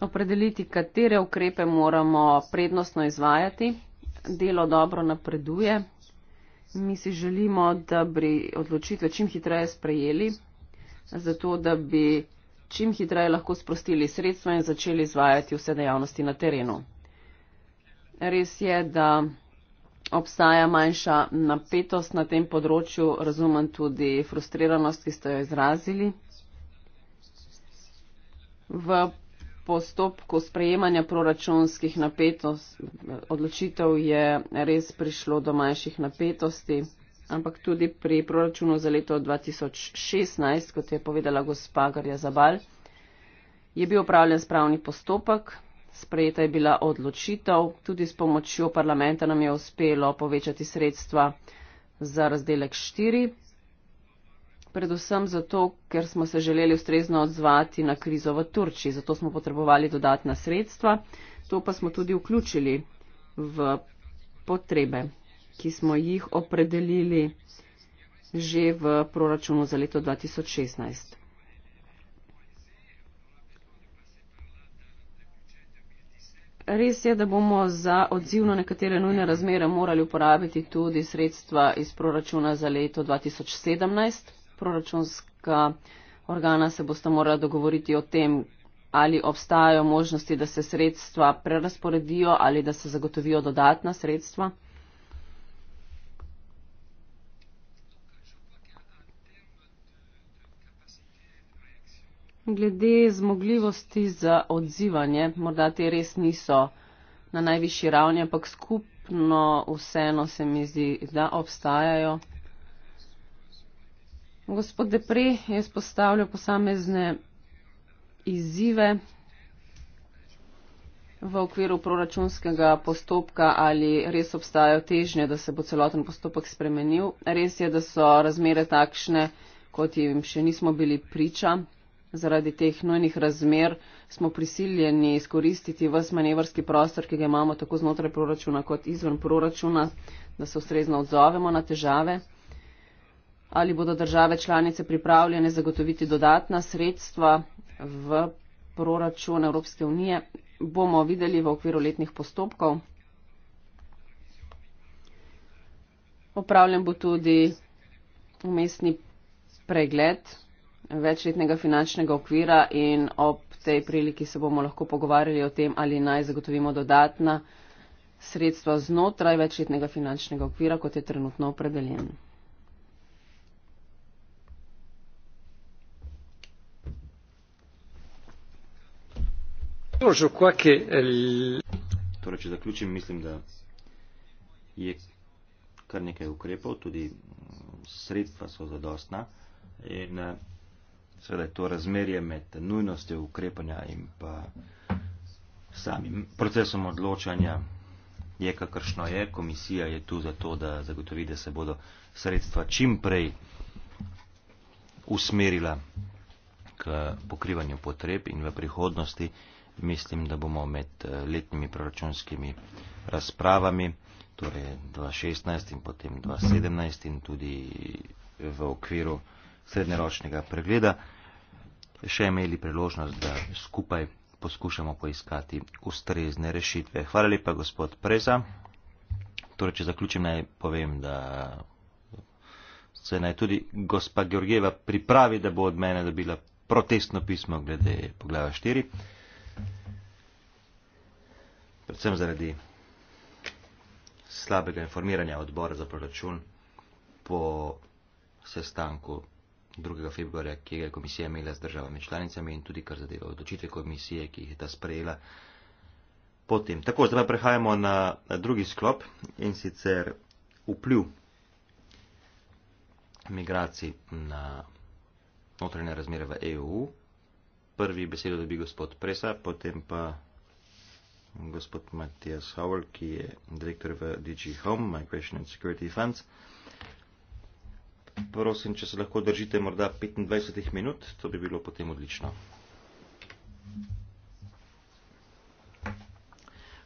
opredeliti, katere ukrepe moramo prednostno izvajati. Delo dobro napreduje. Mi si želimo, da bi odločitve čim hitreje sprejeli, zato da bi čim hitreje lahko sprostili sredstva in začeli izvajati vse dejavnosti na terenu. Res je, da obstaja manjša napetost na tem področju, razumem tudi frustriranost, ki ste jo izrazili. V postopku sprejemanja proračunskih napetost, odločitev je res prišlo do manjših napetosti ampak tudi pri proračunu za leto 2016, kot je povedala gospa Garja Zabal, je bil upravljen spravni postopek, sprejeta je bila odločitev, tudi s pomočjo parlamenta nam je uspelo povečati sredstva za razdelek 4, predvsem zato, ker smo se želeli ustrezno odzvati na krizo v Turčiji, zato smo potrebovali dodatna sredstva, to pa smo tudi vključili v potrebe ki smo jih opredelili že v proračunu za leto 2016. Res je, da bomo za odziv na nekatere nujne razmere morali uporabiti tudi sredstva iz proračuna za leto 2017. Proračunska organa se bosta morala dogovoriti o tem, ali obstajajo možnosti, da se sredstva prerasporedijo ali da se zagotovijo dodatna sredstva. Glede zmogljivosti za odzivanje, morda te res niso na najvišji ravni, ampak skupno vseeno se mi zdi, da obstajajo. Gospod Depre je spostavljal posamezne izzive v okviru proračunskega postopka, ali res obstajajo težnje, da se bo celoten postopek spremenil. Res je, da so razmere takšne, kot jim še nismo bili priča zaradi teh nujnih razmer smo prisiljeni izkoristiti vas manevrski prostor, ki ga imamo tako znotraj proračuna kot izven proračuna, da se ustrezno odzovemo na težave. Ali bodo države članice pripravljene zagotoviti dodatna sredstva v proračun Evropske unije, bomo videli v okviru letnih postopkov. Opravljen bo tudi umestni pregled večletnega finančnega okvira in ob tej priliki se bomo lahko pogovarjali o tem, ali naj zagotovimo dodatna sredstva znotraj večletnega finančnega okvira, kot je trenutno opredeljen.
Torej, eh, torej če zaključim, mislim, da je kar nekaj ukrepov, tudi mm, sredstva so zadostna. In, eh, seveda je to razmerje med nujnostjo ukrepanja in pa samim procesom odločanja je kakršno je. Komisija je tu zato, da zagotovi, da se bodo sredstva čim prej usmerila k pokrivanju potreb in v prihodnosti mislim, da bomo med eh, letnimi proračunskimi razpravami, torej 2016 in potem 2017 in tudi v okviru srednjeročnega pregleda še imeli priložnost, da skupaj poskušamo poiskati ustrezne rešitve. Hvala lepa, gospod Preza. Torej, če zaključim, naj povem, da se naj tudi gospa Georgieva pripravi, da bo od mene dobila protestno pismo glede poglava 4. Predvsem zaradi slabega informiranja odbora za proračun po sestanku 2. februarja, ki ga je komisija imela z državami članicami in tudi kar zadeva odločitve komisije, ki jih je ta sprejela potem. Tako, zdaj pa prehajamo na drugi sklop in sicer vpliv migracij na notranje razmere v EU. Prvi besedo dobi gospod Presa, potem pa gospod Matijas Howell, ki je direktor v DG Home, Migration and Security Funds prosim, če se lahko držite morda 25 minut, to bi bilo potem odlično.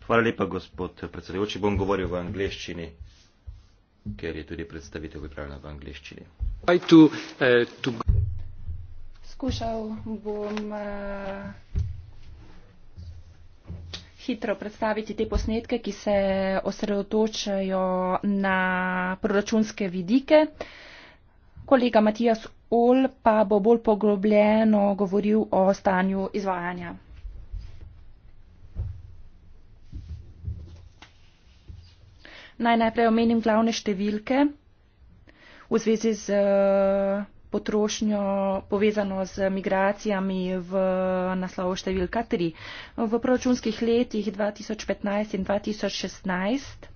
Hvala lepa, gospod predsedujoči. Bom govoril v angliščini, ker je tudi predstavitev pripravljena v angliščini. Eh,
Skušal bom eh, hitro predstaviti te posnetke, ki se osredotočajo na proračunske vidike. Uh, Kolega Matijas Ol pa bo bolj poglobljeno govoril o stanju izvajanja. Naj najprej omenim glavne številke v zvezi z eh, potrošnjo povezano z migracijami v naslovu številka 3. V proračunskih letih 2015 in 2016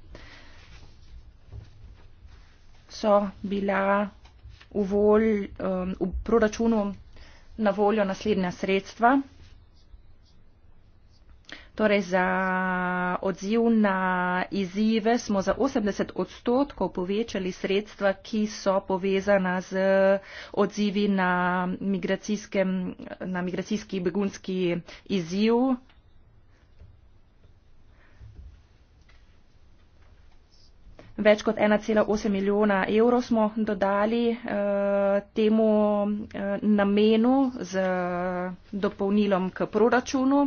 so bila v, vol, um, v proračunu na voljo naslednja sredstva. Torej za odziv na izzive smo za 80 odstotkov povečali sredstva, ki so povezana z odzivi na, na migracijski begunski izziv. Več kot 1,8 milijona evrov smo dodali eh, temu eh, namenu z eh, dopolnilom k proračunu.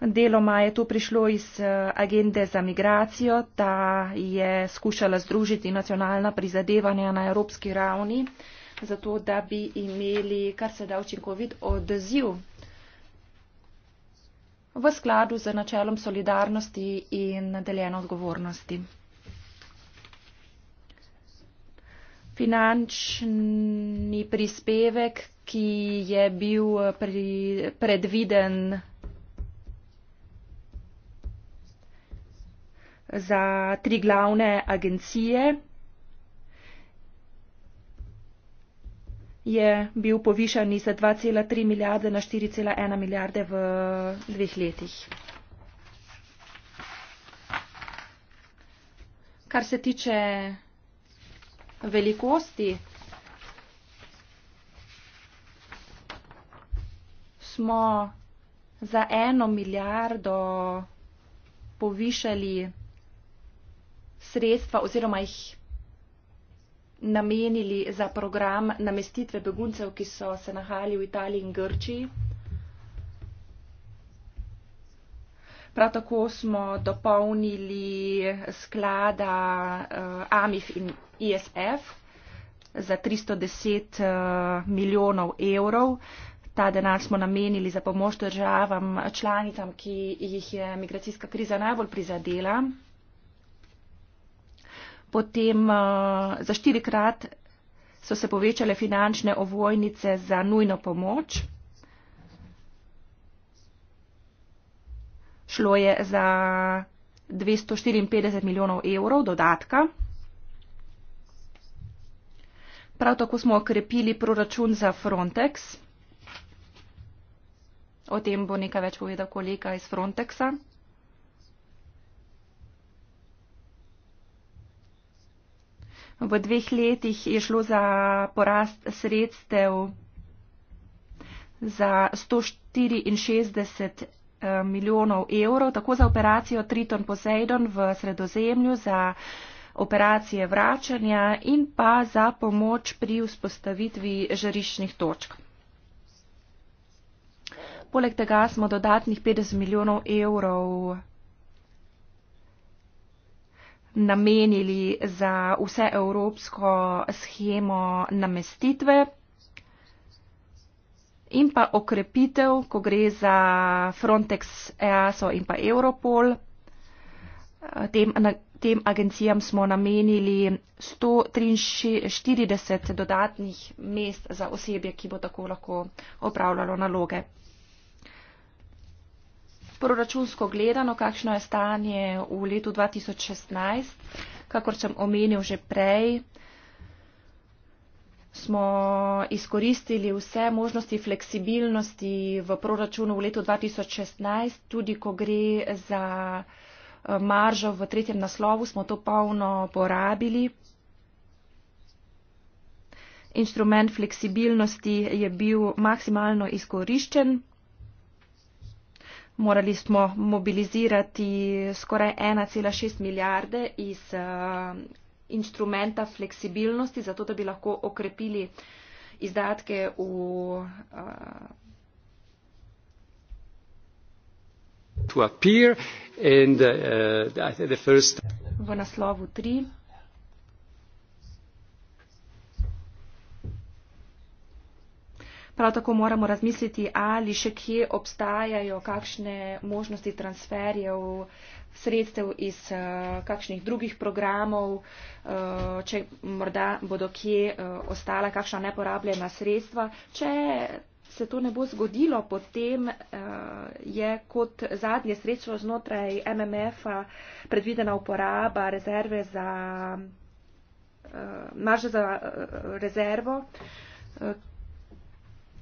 Deloma je to prišlo iz eh, agende za migracijo, ta je skušala združiti nacionalna prizadevanja na evropski ravni, zato da bi imeli kar se da učinkovit odziv v skladu z načelom solidarnosti in deljeno odgovornosti. Finančni prispevek, ki je bil pri, predviden za tri glavne agencije, je bil povišan iz 2,3 milijarde na 4,1 milijarde v dveh letih. Kar se tiče velikosti, smo za eno milijardo povišali sredstva oziroma jih namenili za program namestitve beguncev, ki so se nahajali v Italiji in Grčiji. Prav tako smo dopolnili sklada uh, AMIF in ISF za 310 uh, eh, milijonov evrov. Ta denar smo namenili za pomoč državam članicam, ki jih je migracijska kriza najbolj prizadela potem uh, za štirikrat so se povečale finančne ovojnice za nujno pomoč. Šlo je za 254 milijonov evrov dodatka. Prav tako smo okrepili proračun za Frontex. O tem bo nekaj več povedal kolega iz Frontexa. v dveh letih je šlo za porast sredstev za 164 eh, milijonov evrov, tako za operacijo Triton Poseidon v sredozemlju, za operacije vračanja in pa za pomoč pri vzpostavitvi žariščnih točk. Poleg tega smo dodatnih 50 milijonov evrov namenili za vse evropsko schemo namestitve in pa okrepitev, ko gre za Frontex, EASO in pa Europol. Tem, tem agencijam smo namenili 143 dodatnih mest za osebje, ki bo tako lahko opravljalo naloge proračunsko gledano, kakšno je stanje v letu 2016, kakor sem omenil že prej, smo izkoristili vse možnosti fleksibilnosti v proračunu v letu 2016, tudi ko gre za eh, maržo v tretjem naslovu, smo to polno porabili. Instrument fleksibilnosti je bil maksimalno izkoriščen morali smo mobilizirati skoraj 1,6 milijarde iz uh, eh, instrumenta fleksibilnosti, zato da bi lahko okrepili izdatke v. Uh,
To appear and uh, the first.
V naslovu 3. Prav tako moramo razmisliti, ali še kje obstajajo kakšne možnosti transferjev sredstev iz uh, kakšnih drugih programov, uh, če morda bodo kje uh, ostala kakšna neporabljena sredstva. Če se to ne bo zgodilo, potem uh, je kot zadnje sredstvo znotraj MMF-a predvidena uporaba rezerve za, uh, marže za uh, rezervo, uh,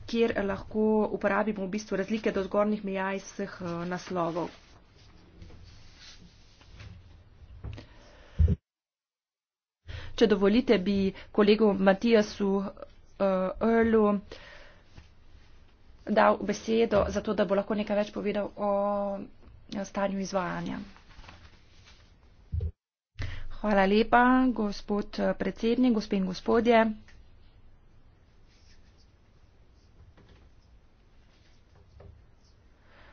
kjer lahko uporabimo v bistvu razlike do zgornjih meja iz vseh eh, naslovov. Če dovolite, bi kolegu Matijasu uh, eh, Earlu dal besedo, zato da bo lahko nekaj več povedal o eh, stanju izvajanja. Hvala lepa, gospod predsednik, gospe in gospodje.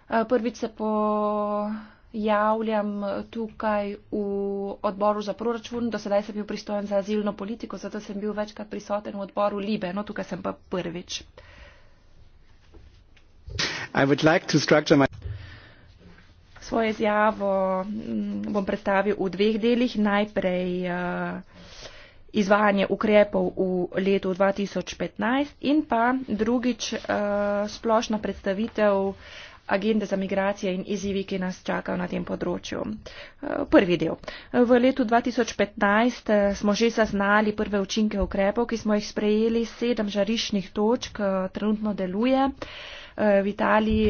Eh, prvič se pojavljam tukaj v odboru za proračun, do sedaj sem bil pristojen za azilno politiko, zato sem bil večkrat prisoten v odboru Libe, no tukaj sem pa prvič.
Like my...
Svojo izjavo mm, bom predstavil v dveh delih. Najprej eh, izvajanje ukrepov v letu 2015 in pa drugič eh, splošna predstavitev agende za migracije in izzivi, ki nas čakajo na tem področju. Eh, prvi del. Eh, v letu 2015 eh, smo že zaznali prve učinke ukrepov, ki smo jih sprejeli, sedem žariščnih točk trenutno deluje v Italiji,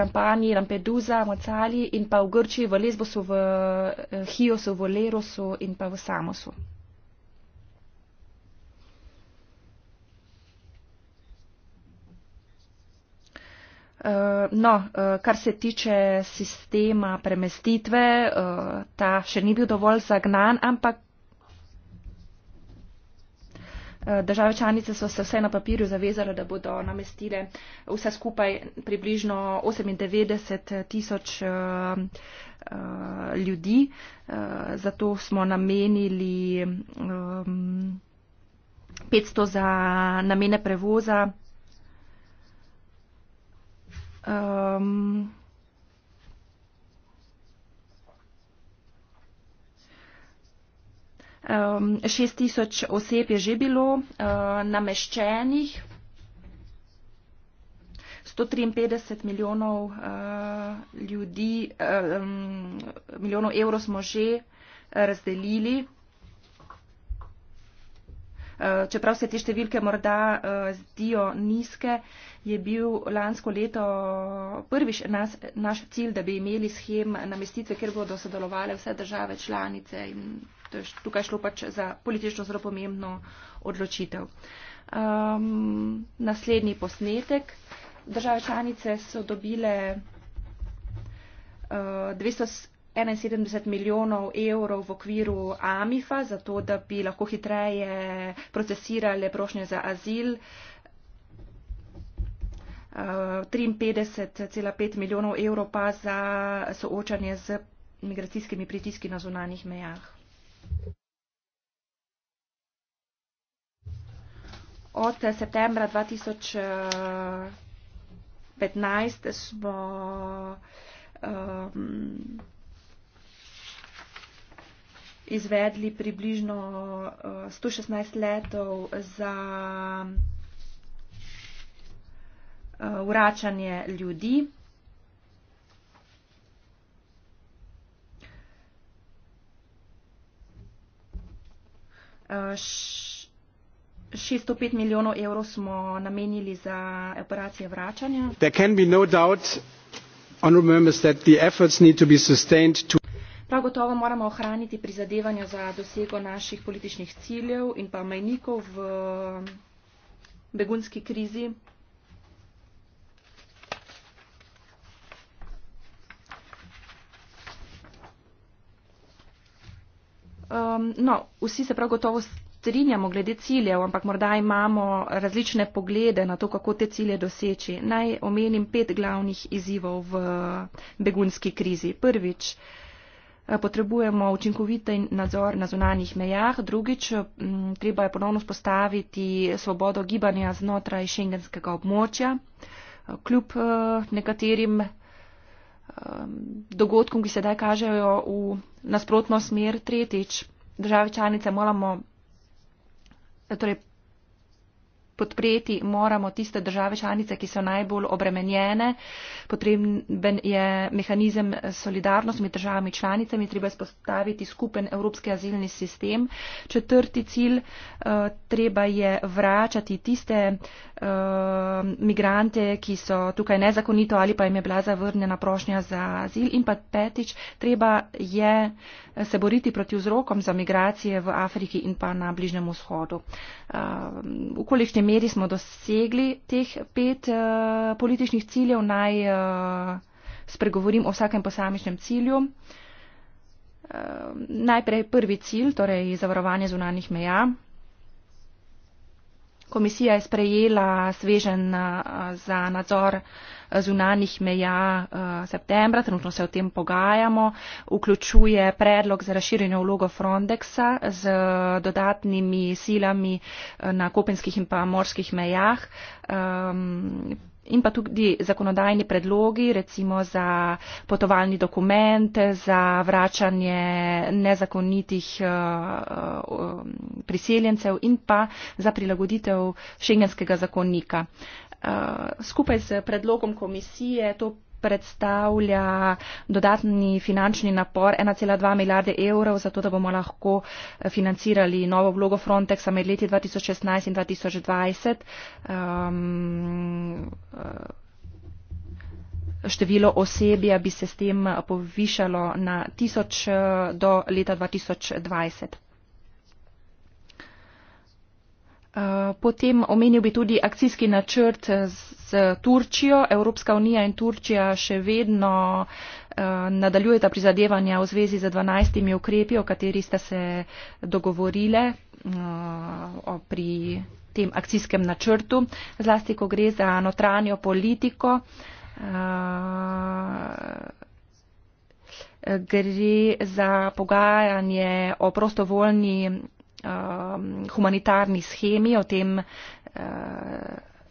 Rampani, Lampedusa, Mocali in pa v Grčiji, v Lesbosu, v Hiosu, v Lerosu in pa v Samosu. Eh, no, eh, kar se tiče sistema premestitve, eh, ta še ni bil dovolj zagnan, ampak države članice so se vse na papirju zavezale, da bodo namestile vse skupaj približno 98 tisoč ljudi. Zato smo namenili 500 za namene prevoza. Um, um, šest tisoč oseb je že bilo uh, nameščenih. 153 milijonov uh, ljudi, uh, um, milijonov evrov smo že uh, razdelili čeprav se te številke morda eh, zdijo nizke, je bil lansko leto prviš nas, naš cilj, da bi imeli schem namestitve, kjer bodo sodelovali vse države članice in je tukaj šlo pač za politično zelo pomembno odločitev. Um, naslednji posnetek. Države članice so dobile uh, eh, 200. 71 milijonov evrov v okviru AMIF-a, zato da bi lahko hitreje procesirale prošnje za azil. 53,5 eh, milijonov evrov pa za soočanje z migracijskimi pritiski na zunanjih mejah. Od eh, septembra 2015 eh, smo um, izvedli približno 116 eh, letov za eh, vračanje ljudi. Euro eh, smo namenili za operacije vračanja.
There can be no doubt, honourable members, that the efforts need to be sustained to
Prav gotovo moramo ohraniti prizadevanja za dosego naših političnih ciljev in pa majnikov v begunski krizi. Um, no, vsi se prav gotovo strinjamo glede ciljev, ampak morda imamo različne poglede na to, kako te cilje doseči. Naj omenim pet glavnih izzivov v begunski krizi. Prvič, uh, Eh, potrebujemo učinkovite nadzor na zunanjih mejah. Drugič, eh, treba je ponovno spostaviti svobodo gibanja znotraj šengenskega območja. Eh, kljub nekaterim dogodkom, ki sedaj kažejo v nasprotno smer, tretjič, države članice moramo torej, podpreti moramo tiste države članice, ki so najbolj obremenjene. Potreben je mehanizem solidarnosti med državami članicami, treba je spostaviti skupen evropski azilni sistem. Četrti cilj, eh, treba je vračati tiste eh, migrante, ki so tukaj nezakonito ali pa jim je bila zavrnjena prošnja za azil. In pa petič, treba je eh, se boriti proti vzrokom za migracije v Afriki in pa na Bližnjem vzhodu. V kolikšnem nameri smo dosegli teh pet uh, političnih ciljev. Naj uh, spregovorim o vsakem posamičnem cilju. Uh, najprej prvi cilj, torej zavarovanje zunanih meja. Komisija je sprejela svežen eh, za nadzor eh, zunanih meja eh, septembra, trenutno se o tem pogajamo, vključuje predlog za razširjenje vlogo Frondexa z dodatnimi silami na kopenskih in pa morskih mejah in pa tudi zakonodajni predlogi, recimo za potovalni dokument, za vračanje nezakonitih eh, eh, priseljencev in pa za prilagoditev šengenskega zakonika. Eh, skupaj s predlogom komisije to predstavlja dodatni finančni napor 1,2 milijarde evrov, zato da bomo lahko eh, financirali novo vlogo Frontexa med leti 2016 in 2020. Um, ehm, eh, Število osebja bi se s tem povišalo na tisoč eh, do leta 2020. Eh, potem omenil bi tudi akcijski načrt z Turčijo. Evropska unija in Turčija še vedno eh, nadaljujeta prizadevanja v zvezi z 12 ukrepi, o kateri sta se dogovorile eh, pri tem akcijskem načrtu, zlasti ko gre za notranjo politiko. Gre za pogajanje o prostovoljni Um, humanitarni schemi, o tem uh,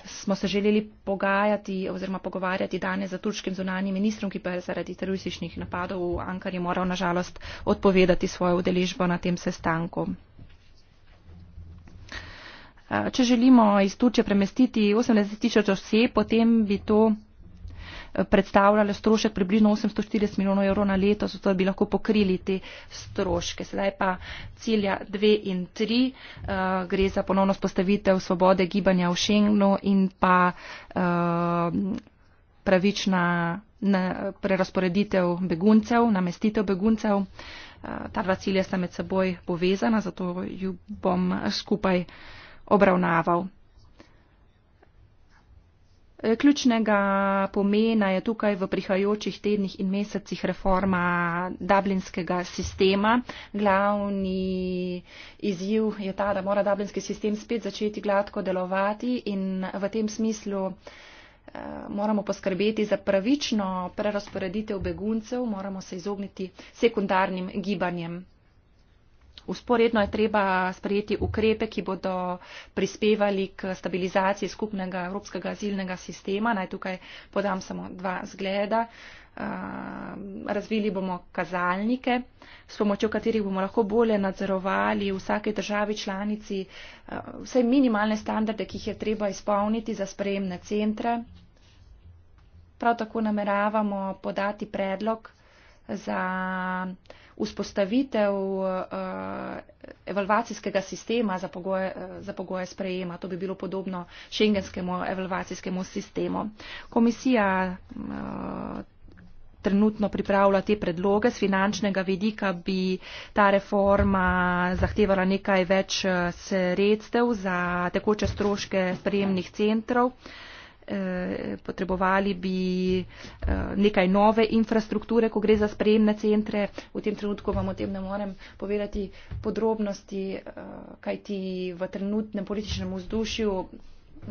smo se želeli pogajati oziroma pogovarjati danes za turškim zunanjim ministrom, ki pa je zaradi terorističnih napadov v Ankari moral nažalost odpovedati svojo udeležbo na tem sestanku. Uh, če želimo iz Turčije premestiti 80 tisoč oseb, potem bi to predstavljale strošek približno 840 milijonov evrov na leto, zato bi lahko pokrili te stroške. Sedaj pa cilja 2 in 3 uh, eh, gre za ponovno spostavitev svobode gibanja v Schengenu in pa uh, pravična na, prerasporeditev beguncev, namestitev beguncev. Eh, ta dva cilja sta med seboj povezana, zato ju bom skupaj obravnaval. Eh, ključnega pomena je tukaj v prihajajočih tednih in mesecih reforma dublinskega sistema. Glavni izjiv je ta, da mora dublinski sistem spet začeti gladko delovati in v tem smislu eh, moramo poskrbeti za pravično prerasporeditev beguncev, moramo se izogniti sekundarnim gibanjem. Usporedno je treba sprejeti ukrepe, ki bodo prispevali k stabilizaciji skupnega evropskega azilnega sistema. Naj tukaj podam samo dva zgleda. Ehm, razvili bomo kazalnike, s pomočjo katerih bomo lahko bolje nadzorovali vsake državi članici ehm, vse minimalne standarde, ki jih je treba izpolniti za sprejemne centre. Prav tako nameravamo podati predlog za vzpostavitev uh, evalvacijskega sistema za pogoje, uh, za pogoje sprejema. To bi bilo podobno šengenskemu evalvacijskemu sistemu. Komisija uh, trenutno pripravlja te predloge. Z finančnega vidika bi ta reforma zahtevala nekaj več sredstev za tekoče stroške sprejemnih centrov. Uh, Eh, potrebovali bi eh, nekaj nove infrastrukture, ko gre za sprejemne centre. V tem trenutku vam o tem ne morem povedati podrobnosti, eh, kajti v trenutnem političnem vzdušju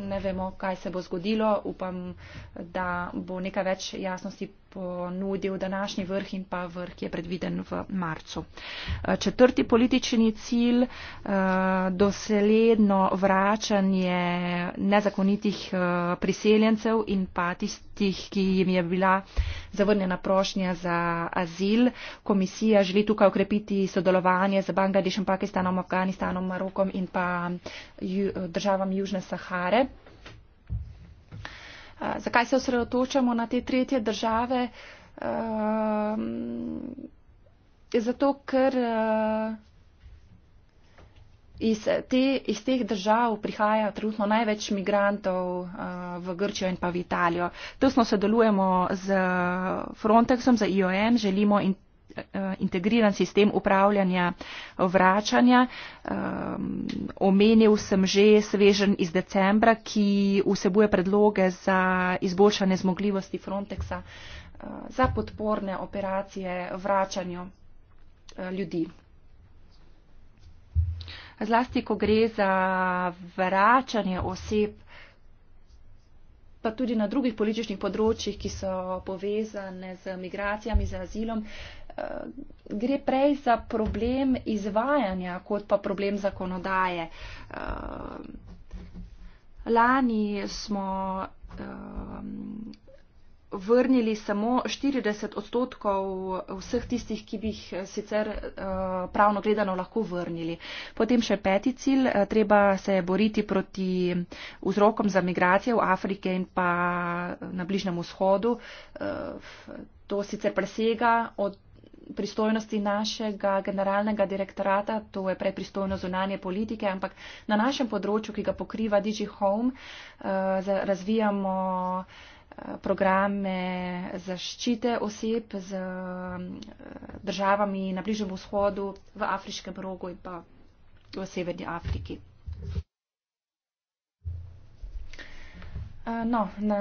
ne vemo, kaj se bo zgodilo. Upam, da bo nekaj več jasnosti ponudil današnji vrh in pa vrh, ki je predviden v marcu. Četrti politični cilj, eh, dosledno vračanje nezakonitih eh, priseljencev in pa tistih, ki jim je bila zavrnjena prošnja za azil. Komisija želi tukaj okrepiti sodelovanje z Bangladešem, Pakistanom, Afganistanom, Marokom in pa državam Južne Sahare. Eh, zakaj se osredotočamo na te tretje države? Uh, zato, ker uh, iz, te, iz teh držav prihaja trenutno največ migrantov uh, v Grčijo in pa v Italijo. Tesno sodelujemo z Frontexom, z IOM, želimo in Eh, integriran sistem upravljanja vračanja. Ehm, omenil sem že svežen iz decembra, ki vsebuje predloge za izboljšanje zmogljivosti Frontexa eh, za podporne operacije vračanju eh, ljudi. Zlasti, ko gre za vračanje oseb, pa tudi na drugih političnih področjih, ki so povezane z migracijami, z azilom, Eh, gre prej za problem izvajanja, kot pa problem zakonodaje. Eh, lani smo eh, vrnili samo 40 odstotkov vseh tistih, ki bi jih sicer pravno gledano lahko vrnili. Potem še peti cilj, treba se boriti proti vzrokom za migracije v Afrike in pa na Bližnem vzhodu. To sicer presega od pristojnosti našega generalnega direktorata, to je prepristojno zunanje politike, ampak na našem področju, ki ga pokriva Digi Home, eh, razvijamo eh, programe zaščite oseb z eh, državami na Bližnjem vzhodu, v Afriškem rogu in pa v Severni Afriki. No, na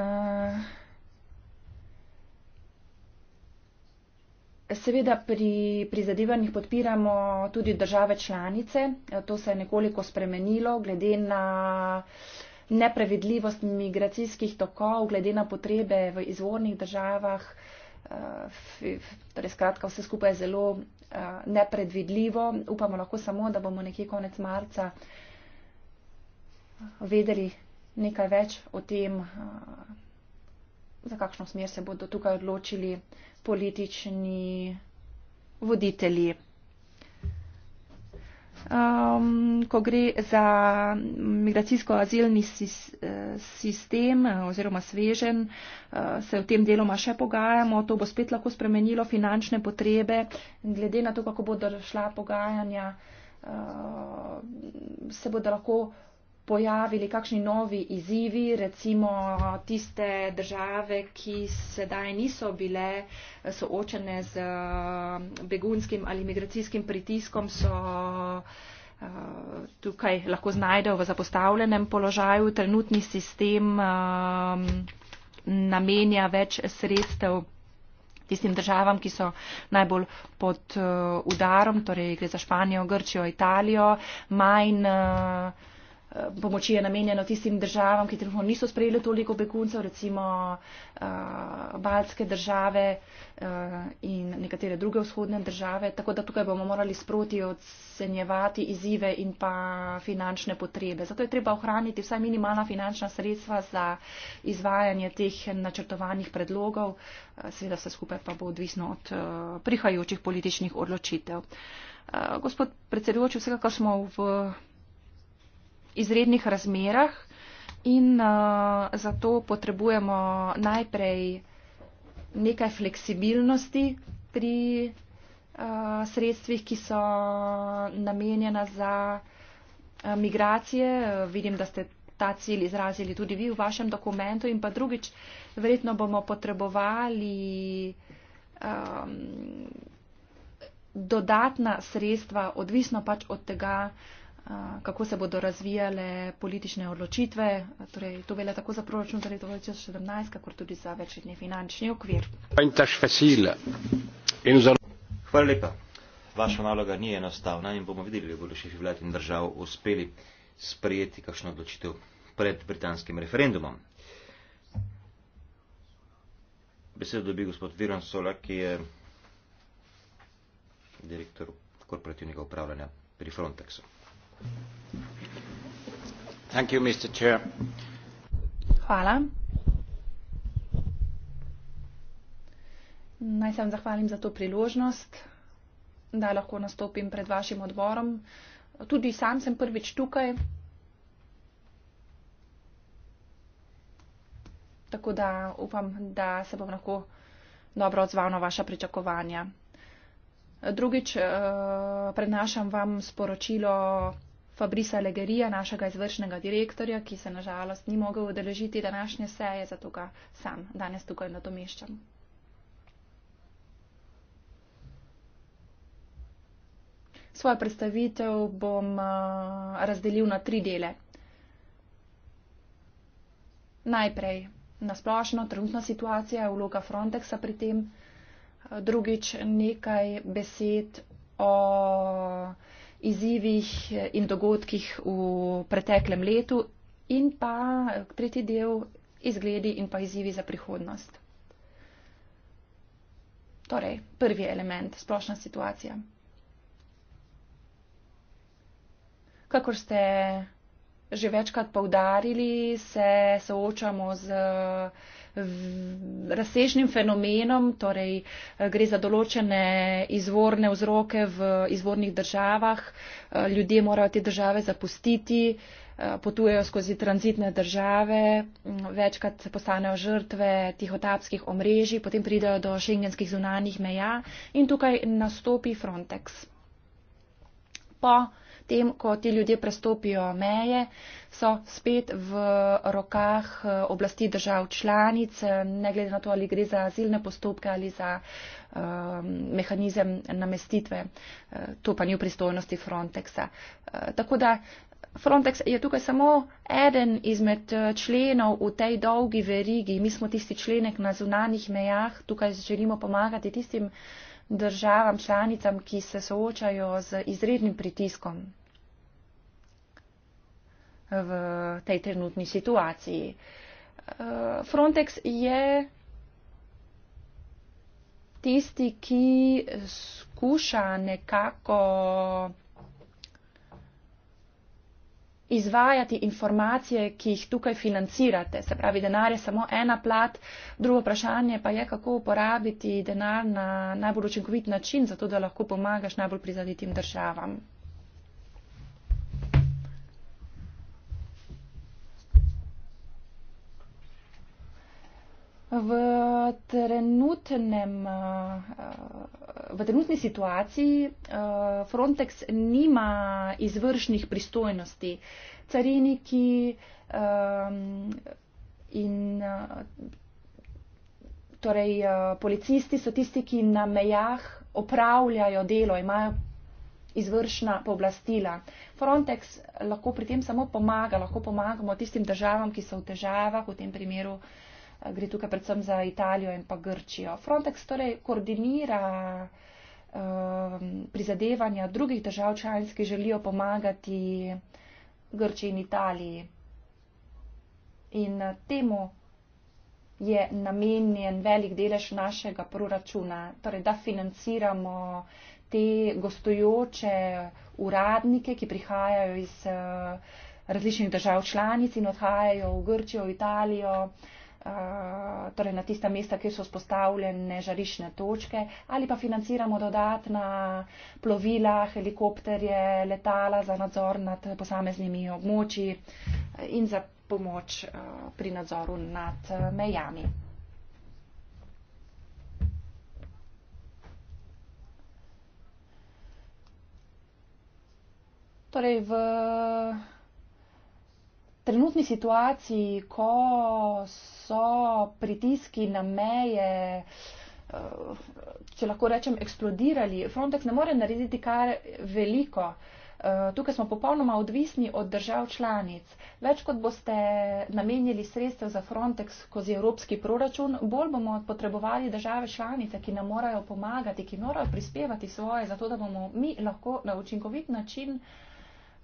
Seveda pri prizadevanjih podpiramo tudi države članice. To se je nekoliko spremenilo glede na nepravedljivost migracijskih tokov, glede na potrebe v izvornih državah. Eh, torej skratka, vse skupaj je zelo eh, nepredvidljivo. Upamo lahko samo, da bomo nekje konec marca eh, vedeli nekaj več o tem za kakšno smer se bodo tukaj odločili politični voditelji. Um, ko gre za migracijsko-azilni sistem eh, oziroma svežen, eh, se v tem deloma še pogajamo. To bo spet lahko spremenilo finančne potrebe. Glede na to, kako bodo šla pogajanja, eh, se bodo lahko pojavili kakšni novi izzivi, recimo tiste države, ki sedaj niso bile eh, soočene z eh, begunskim ali migracijskim pritiskom, so eh, tukaj lahko znajdejo v zapostavljenem položaju. Trenutni sistem namenja več sredstev tistim državam, ki so najbolj pod udarom, torej gre za Španijo, Grčijo, Italijo, manj uh, pomoči je namenjeno tistim državam, ki trenutno niso sprejeli toliko beguncev, recimo uh, baltske države uh, in nekatere druge vzhodne države. Tako da tukaj bomo morali sproti ocenjevati izzive in pa finančne potrebe. Zato je treba ohraniti vsaj minimalna finančna sredstva za izvajanje teh načrtovanih predlogov. Eh, seveda vse skupaj pa bo odvisno od uh, prihajajočih političnih odločitev. Uh, gospod predsedujoči, vsekakor smo v izrednih razmerah in uh, zato potrebujemo najprej nekaj fleksibilnosti pri uh, sredstvih, ki so namenjena za uh, migracije. Vidim, da ste ta cilj izrazili tudi vi v vašem dokumentu in pa drugič, verjetno bomo potrebovali um, dodatna sredstva, odvisno pač od tega, uh, kako se bodo razvijale politične odločitve, torej to velja tako za proračun za leto 2017, kakor tudi za večletni finančni okvir.
Hvala lepa. Vaša naloga ni enostavna in bomo videli, ali bodo šefi vlad in držav uspeli sprejeti kakšno odločitev pred britanskim referendumom. Besedo dobi gospod Viron Sola, ki je direktor korporativnega upravljanja pri Frontexu.
Naj se vam zahvalim za to priložnost, da lahko nastopim pred vašim odborom. Tudi sam sem prvič tukaj, tako da upam, da se bom lahko dobro odzval na vaša pričakovanja. Drugič eh, prenašam vam sporočilo. Fabrisa Legerija, našega izvršnega direktorja, ki se nažalost ni mogel udeležiti današnje seje, zato ga sam danes tukaj nadomeščam. Svojo predstavitev bom eh, razdelil na tri dele. Najprej na splošno trenutna situacija, vloga Frontexa pri tem. Eh, drugič nekaj besed o izzivih eh, in dogodkih v preteklem letu in pa tretji del izgledi in pa izzivi za prihodnost. Torej, prvi element, splošna situacija. Kakor ste že večkrat povdarili, se soočamo z razsežnim fenomenom, torej eh, gre za določene izvorne vzroke v izvornih državah, eh, ljudje morajo te države zapustiti, eh, potujejo skozi tranzitne države, večkrat postanejo žrtve tihotapskih omrežij, potem pridejo do šengenskih zunanjih meja in tukaj nastopi Frontex. Po tem, ko ti ljudje prestopijo meje, so spet v rokah eh, oblasti držav članic, eh, ne glede na to, ali gre za azilne postopke ali za um, mehanizem namestitve. Eh, to pa ni v pristojnosti Frontexa. Tako da Frontex je tukaj samo eden izmed členov v tej dolgi verigi. Mi smo tisti členek na zunanjih mejah, tukaj želimo pomagati tistim, državam članicam, ki se soočajo z izrednim pritiskom v tej trenutni situaciji. Eh, Frontex je tisti, ki skuša nekako izvajati informacije, ki jih tukaj financirate. Se pravi, denar je samo ena plat, drugo vprašanje pa je, kako uporabiti denar na najbolj učinkovit način, zato da lahko pomagaš najbolj prizaditim državam. V, trenutnem, v trenutni situaciji eh, Frontex nima izvršnih pristojnosti. Cariniki ehm, in eh, torej, eh, policisti so tisti, ki na mejah opravljajo delo, imajo izvršna pooblastila. Frontex lahko pri tem samo pomaga, lahko pomagamo tistim državam, ki so v težavah, v tem primeru. Eh, gre tukaj predvsem za Italijo in pa Grčijo. Frontex torej koordinira um, prizadevanja drugih držav članic, ki želijo pomagati Grčiji in Italiji. In eh, temu je namenjen velik delež našega proračuna, torej da financiramo te gostujoče uradnike, ki prihajajo iz eh, različnih držav članic in odhajajo v Grčijo, v Italijo, uh, Eh, torej na tista mesta, kjer so spostavljene žarišne točke, ali pa financiramo dodatna plovila, helikopterje, letala za nadzor nad posameznimi območji in za pomoč eh, pri nadzoru nad eh, mejami. Torej v trenutni situaciji, ko so pritiski na meje, eh, če lahko rečem, eksplodirali, Frontex ne more narediti kar veliko. Eh, tukaj smo popolnoma odvisni od držav članic. Več kot boste namenjali sredstev za Frontex skozi evropski proračun, bolj bomo potrebovali države članice, ki nam morajo pomagati, ki morajo prispevati svoje, zato da bomo mi lahko na učinkovit način uh,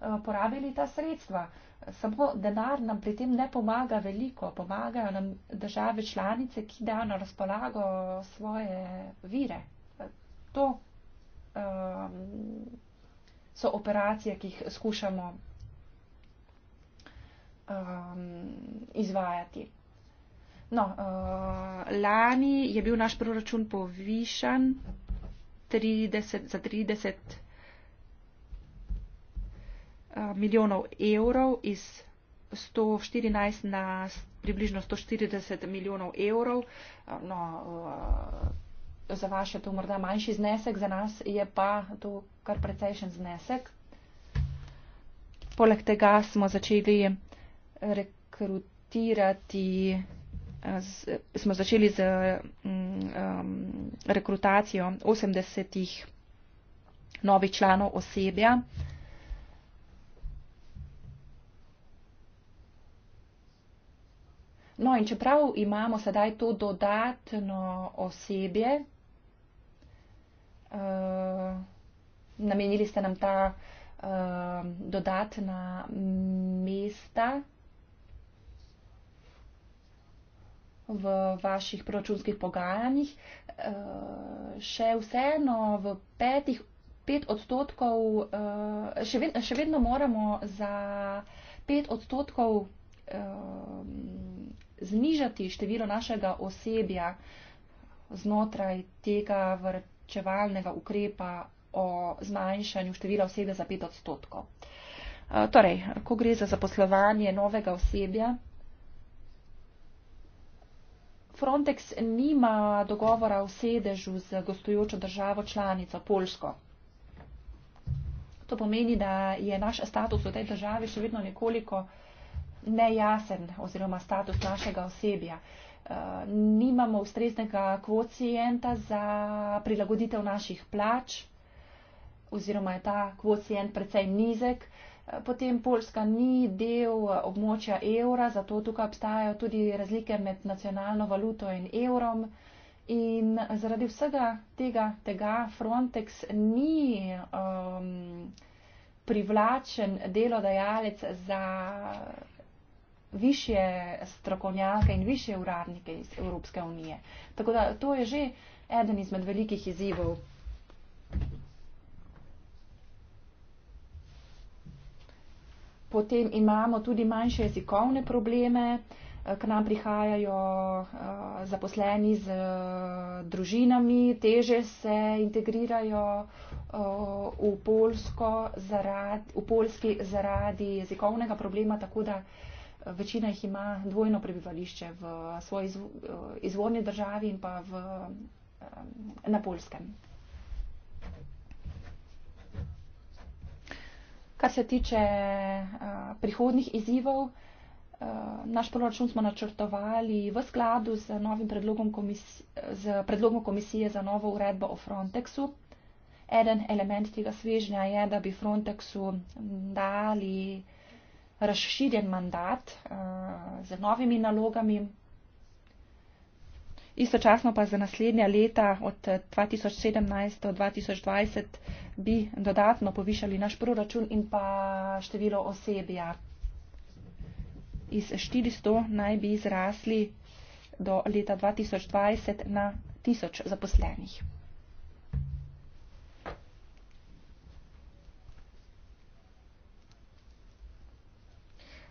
Eh, porabili ta sredstva. Samo denar nam pri tem ne pomaga veliko, pomagajo nam države članice, ki dajo na razpolago svoje vire. To um, so operacije, ki jih skušamo um, izvajati. No, uh, lani je bil naš proračun povišan 30, za 30. Eh, milijonov evrov iz 114 na približno 140 milijonov evrov. Eh, no, eh, za vaše to morda manjši znesek, za nas je pa to kar precejšen znesek. Poleg tega smo začeli rekrutirati, smo začeli z um, rekrutacijo 80 novih članov osebja. Uh, No in čeprav imamo sedaj to dodatno osebje, uh, namenili ste nam ta uh, dodatna mesta v vaših proračunskih pogajanjih, uh, še vseeno v petih, pet odstotkov, uh, še, ved, še vedno moramo za pet odstotkov uh, znižati število našega osebja znotraj tega vrčevalnega ukrepa o zmanjšanju števila osebja za pet odstotkov. Torej, ko gre za zaposlovanje novega osebja, Frontex nima dogovora o sedežu z gostujočo državo članico Polsko. To pomeni, da je naš status v tej državi še vedno nekoliko nejasen oziroma status našega osebja. Eh, nimamo ustreznega kvocijenta za prilagoditev naših plač oziroma je ta kvocijent precej nizek. Eh, potem Poljska ni del območja evra, zato tukaj obstajajo tudi razlike med nacionalno valuto in evrom. In zaradi vsega tega, tega Frontex ni um, privlačen delodajalec za višje strokovnjake in višje uradnike iz Evropske unije. Tako da to je že eden izmed velikih izzivov. Potem imamo tudi manjše jezikovne probleme. K nam prihajajo eh, zaposleni z eh, družinami, teže se integrirajo eh, v, Polsko zaradi, v Polski zaradi jezikovnega problema, tako da večina jih ima dvojno prebivališče v svoji eh, izvorni državi in pa v, eh, na Poljskem. Kar se tiče eh, prihodnih izzivov, naš proračun smo načrtovali v skladu z, predlogom komisije, z predlogom komisije za novo uredbo o Frontexu. Eden element tega svežnja je, da bi Frontexu dali razširjen mandat eh, z novimi nalogami. Istočasno pa za naslednja leta od 2017 eh, do 2020 bi dodatno povišali naš proračun in pa število osebja. Iz 400 naj bi zrasli do leta 2020 na 1000 zaposlenih.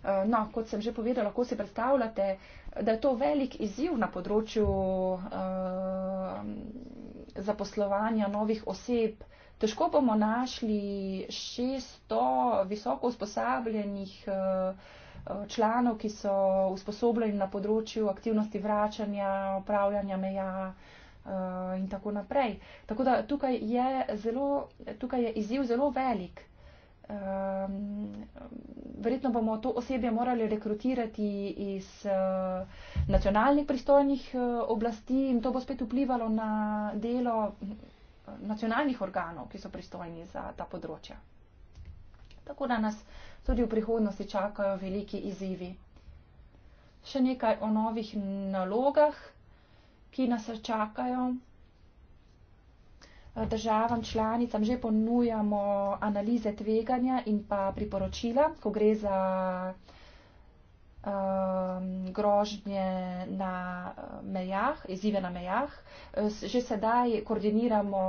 Eh, no, kot sem že povedala, lahko si predstavljate, da je to velik izziv na področju uh, zaposlovanja novih oseb. Težko bomo našli 600 visoko usposabljenih eh, članov, ki so usposobljeni na področju aktivnosti vračanja, upravljanja meja in tako naprej. Tako da tukaj je, zelo, tukaj je izziv zelo velik um, verjetno bomo to osebje morali rekrutirati iz uh, nacionalnih pristojnih uh, oblasti in to bo spet vplivalo na delo hm, nacionalnih organov, ki so pristojni za ta področja. Tako da nas tudi v prihodnosti čakajo veliki izzivi. Še nekaj o novih nalogah, ki nas čakajo. Eh, državam članicam že ponujamo analize tveganja in pa priporočila, ko gre za ehm, grožnje na eh, mejah, izzive na mejah. Eh, že sedaj koordiniramo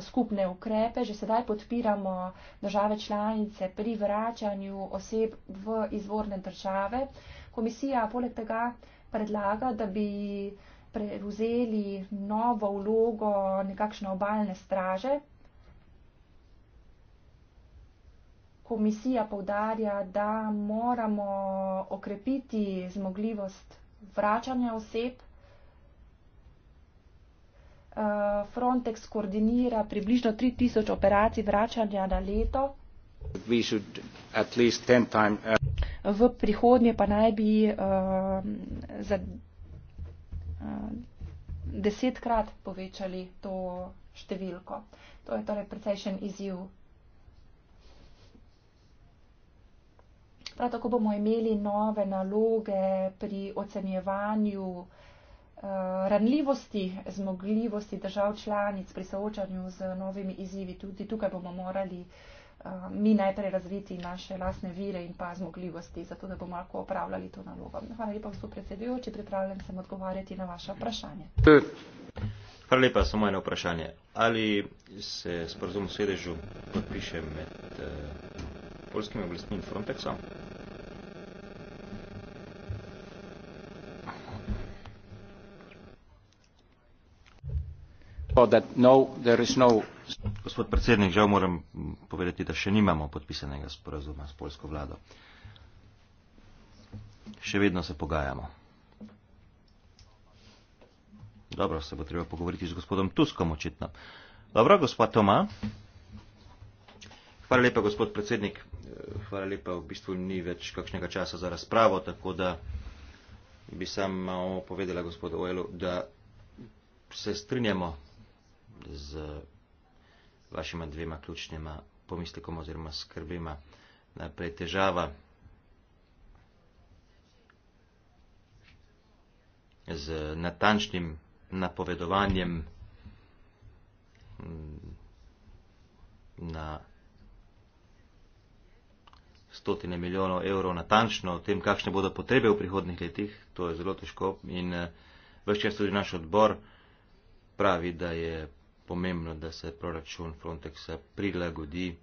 skupne ukrepe, že sedaj podpiramo države članice pri vračanju oseb v izvorne države. Komisija poleg tega predlaga, da bi prevzeli novo vlogo nekakšne obaljne straže. Komisija povdarja, da moramo okrepiti zmogljivost vračanja oseb. Eh, Frontex koordinira približno 3000 operacij vračanja na leto.
Eh,
v prihodnje pa naj bi uh, za Eh, desetkrat povečali to številko. To je torej precejšen izjiv. Prav tako bomo imeli nove naloge pri ocenjevanju eh, ranljivosti, zmogljivosti držav članic pri soočanju z novimi izjivi. Tudi tukaj bomo morali uh, Eh, mi najprej razviti naše lasne vire in pa zmogljivosti, zato da bomo lahko opravljali to nalogo. Hvala lepa, gospod predsedujoči, pripravljen sem odgovarjati na vaše vprašanje.
Hvala lepa, samo eno vprašanje. Ali se sporozum v sedežu podpiše med eh, polskimi oblastmi in Frontexom? So that no, there is no Gospod predsednik, žal moram povedati, da še nimamo podpisanega sporazuma s polsko vlado. Še vedno se pogajamo. Dobro, se bo treba pogovoriti z gospodom Tuskom očitno. Dobro, gospod Toma. Hvala lepa, gospod predsednik. Hvala lepa, v bistvu ni več kakšnega časa za razpravo, tako da bi sam malo povedala gospodu Oelu, da se strinjamo z vašima dvema ključnjama pomislikom oziroma skrbima najprej težava z natančnim napovedovanjem mm, na stotine milijonov evrov natančno o tem, kakšne bodo potrebe v prihodnih letih, to je zelo težko in eh, veščas tudi naš odbor pravi, da je pomembno, da se proračun Frontexa prilagodi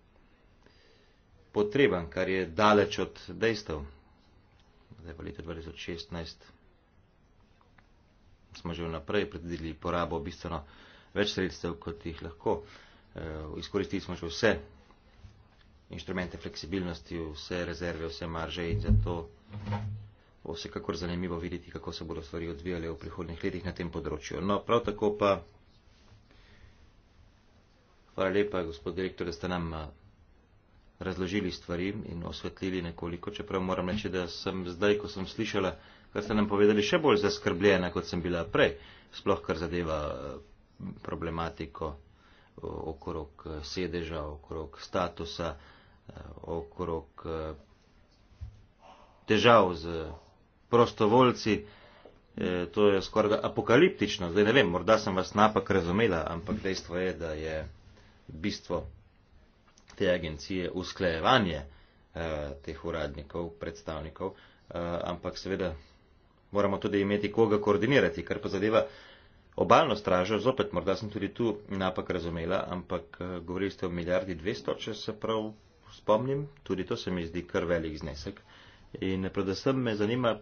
potrebam, kar je daleč od dejstev. Zdaj pa leta 2016 smo že vnaprej predvideli porabo bistveno več sredstev, kot jih lahko. E, izkoristili smo že vse inštrumente fleksibilnosti, vse rezerve, vse marže in zato bo vsekakor zanimivo videti, kako se bodo stvari odvijale v prihodnih letih na tem področju. No, prav tako pa Hvala lepa, gospod direktor, da ste nam eh, razložili stvari in osvetlili nekoliko, čeprav moram reči, da sem zdaj, ko sem slišala, kar ste nam povedali, še bolj zaskrbljena, kot sem bila prej, sploh kar zadeva eh, problematiko okrog eh, sedeža, okrog statusa, okrog težav z prostovoljci. To je skoraj apokaliptično. Zdaj ne vem, morda sem vas napak razumela, ampak dejstvo je, da je bistvo te agencije usklajevanje eh, teh uradnikov, predstavnikov, eh, ampak seveda moramo tudi imeti koga koordinirati, kar pa zadeva obalno stražo, zopet morda sem tudi tu napak razumela, ampak eh, govorili ste o milijardi 200, če se prav spomnim, tudi to se mi zdi kar velik znesek. In predvsem me zanima,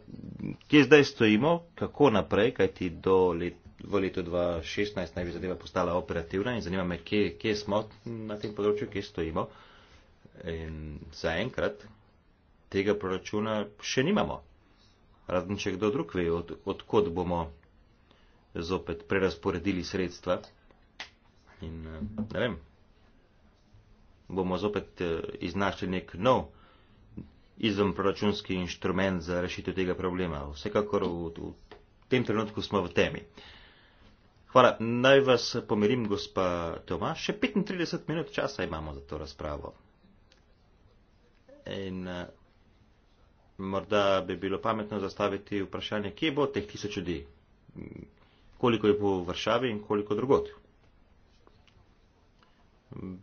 kje zdaj stojimo, kako naprej, kajti do leta v letu 2016 naj bi zadeva postala operativna in zanima me, kje, kje smo na tem področju, kje stojimo. In zaenkrat tega proračuna še nimamo. Razen če kdo drug ve, od, odkot bomo zopet prerasporedili sredstva. In eh, ne vem, bomo zopet eh, iznašli nek nov izvenproračunski inštrument za rešitev tega problema. Vsekakor v, v tem trenutku smo v temi. Uh, Hvala, naj vas pomirim, gospa Tomaš. Še 35 minut časa imamo za to razpravo. In uh, morda bi bilo pametno zastaviti vprašanje, kje bo teh tisoč ljudi, koliko je po Vršavi in koliko drugot.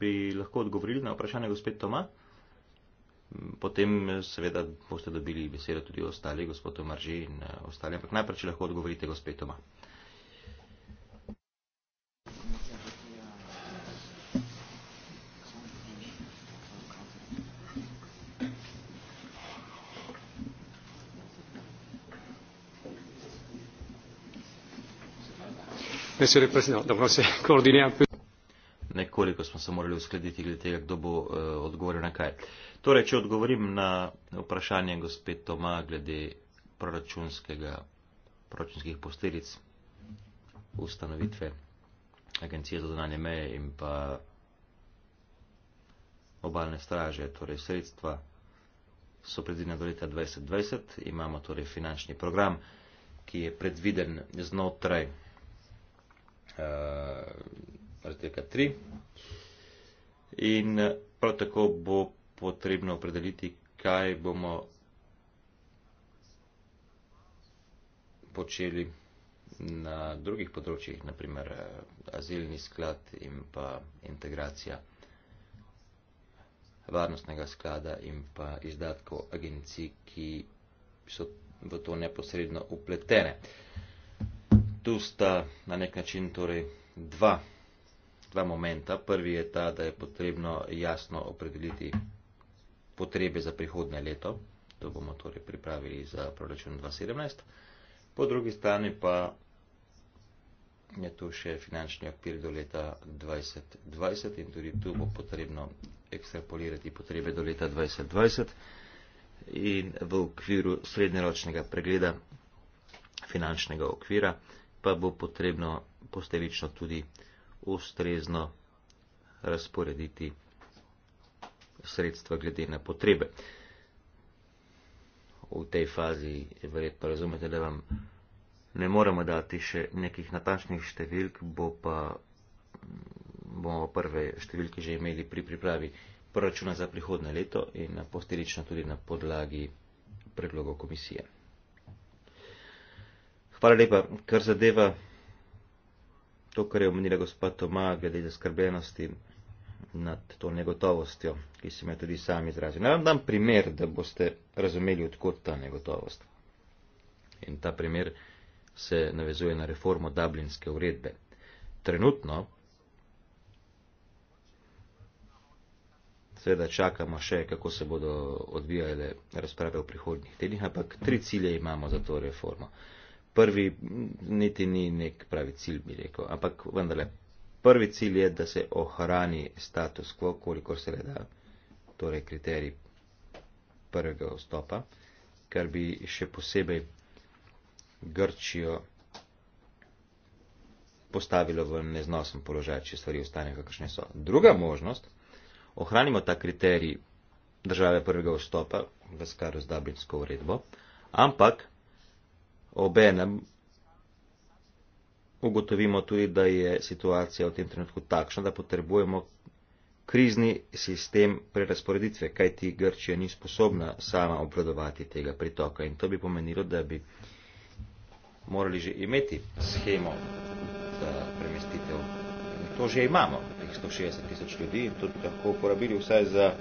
Bi lahko odgovorili na vprašanje, gospod Toma? Potem seveda boste dobili besedo tudi ostali, gospod Tomarži in eh, ostali, ampak najprej, če lahko odgovorite, gospod Toma. Nekoliko smo se morali uskladiti glede tega, kdo bo uh, odgovoril na kaj. Torej, če odgovorim na vprašanje gospe Toma glede proračunskega, proračunskih posteljic ustanovitve Agencije za zunanje meje in pa obalne straže, torej sredstva so predvidena do leta 2020, imamo torej finančni program, ki je predviden znotraj Eh, razdelka 3. In eh, prav tako bo potrebno opredeliti, kaj bomo počeli na drugih področjih, naprimer eh, azilni sklad in pa integracija varnostnega sklada in pa izdatkov agencij, ki so v to neposredno upletene. Uh, tu sta na nek način torej dva, dva momenta. Prvi je ta, da je potrebno jasno opredeliti potrebe za prihodne leto, to bomo torej pripravili za proračun 2017. Po drugi strani pa je tu še finančni okvir do leta 2020 in tudi tu bo potrebno ekstrapolirati potrebe do leta 2020 in v okviru srednjeročnega pregleda finančnega okvira pa bo potrebno posledično tudi ustrezno razporediti sredstva glede na potrebe. V tej fazi verjetno razumete, da vam ne moremo dati še nekih natančnih številk, bo pa, bomo prve številke že imeli pri pripravi proračuna za prihodne leto in posledično tudi na podlagi predlogov komisije. Hvala lepa, kar zadeva to, kar je omenila gospa Toma, glede zaskrbljenosti nad to negotovostjo, ki se me tudi sami izrazi. Naj vam dam primer, da boste razumeli, odkot ta negotovost. In ta primer se navezuje na reformo Dublinske uredbe. Trenutno, seveda čakamo še, kako se bodo odvijale razprave v prihodnjih tednih, ampak tri cilje imamo za to reformo prvi niti ni nek pravi cilj, bi rekel. Ampak vendarle, prvi cilj je, da se ohrani status quo, kolikor se le da, torej kriterij prvega vstopa, kar bi še posebej Grčijo postavilo v neznosen položaj, če stvari ostanejo, kakršne so. Druga možnost, ohranimo ta kriterij države prvega vstopa v skladu z Dublinsko uredbo, ampak obenem ugotovimo tudi, da je situacija v tem trenutku takšna, da potrebujemo krizni sistem prerasporeditve, kajti Grčija ni sposobna sama obvladovati tega pritoka in to bi pomenilo, da bi morali že imeti schemo za premestitev. To že imamo, teh 160 tisoč ljudi in to bi lahko uporabili vsaj za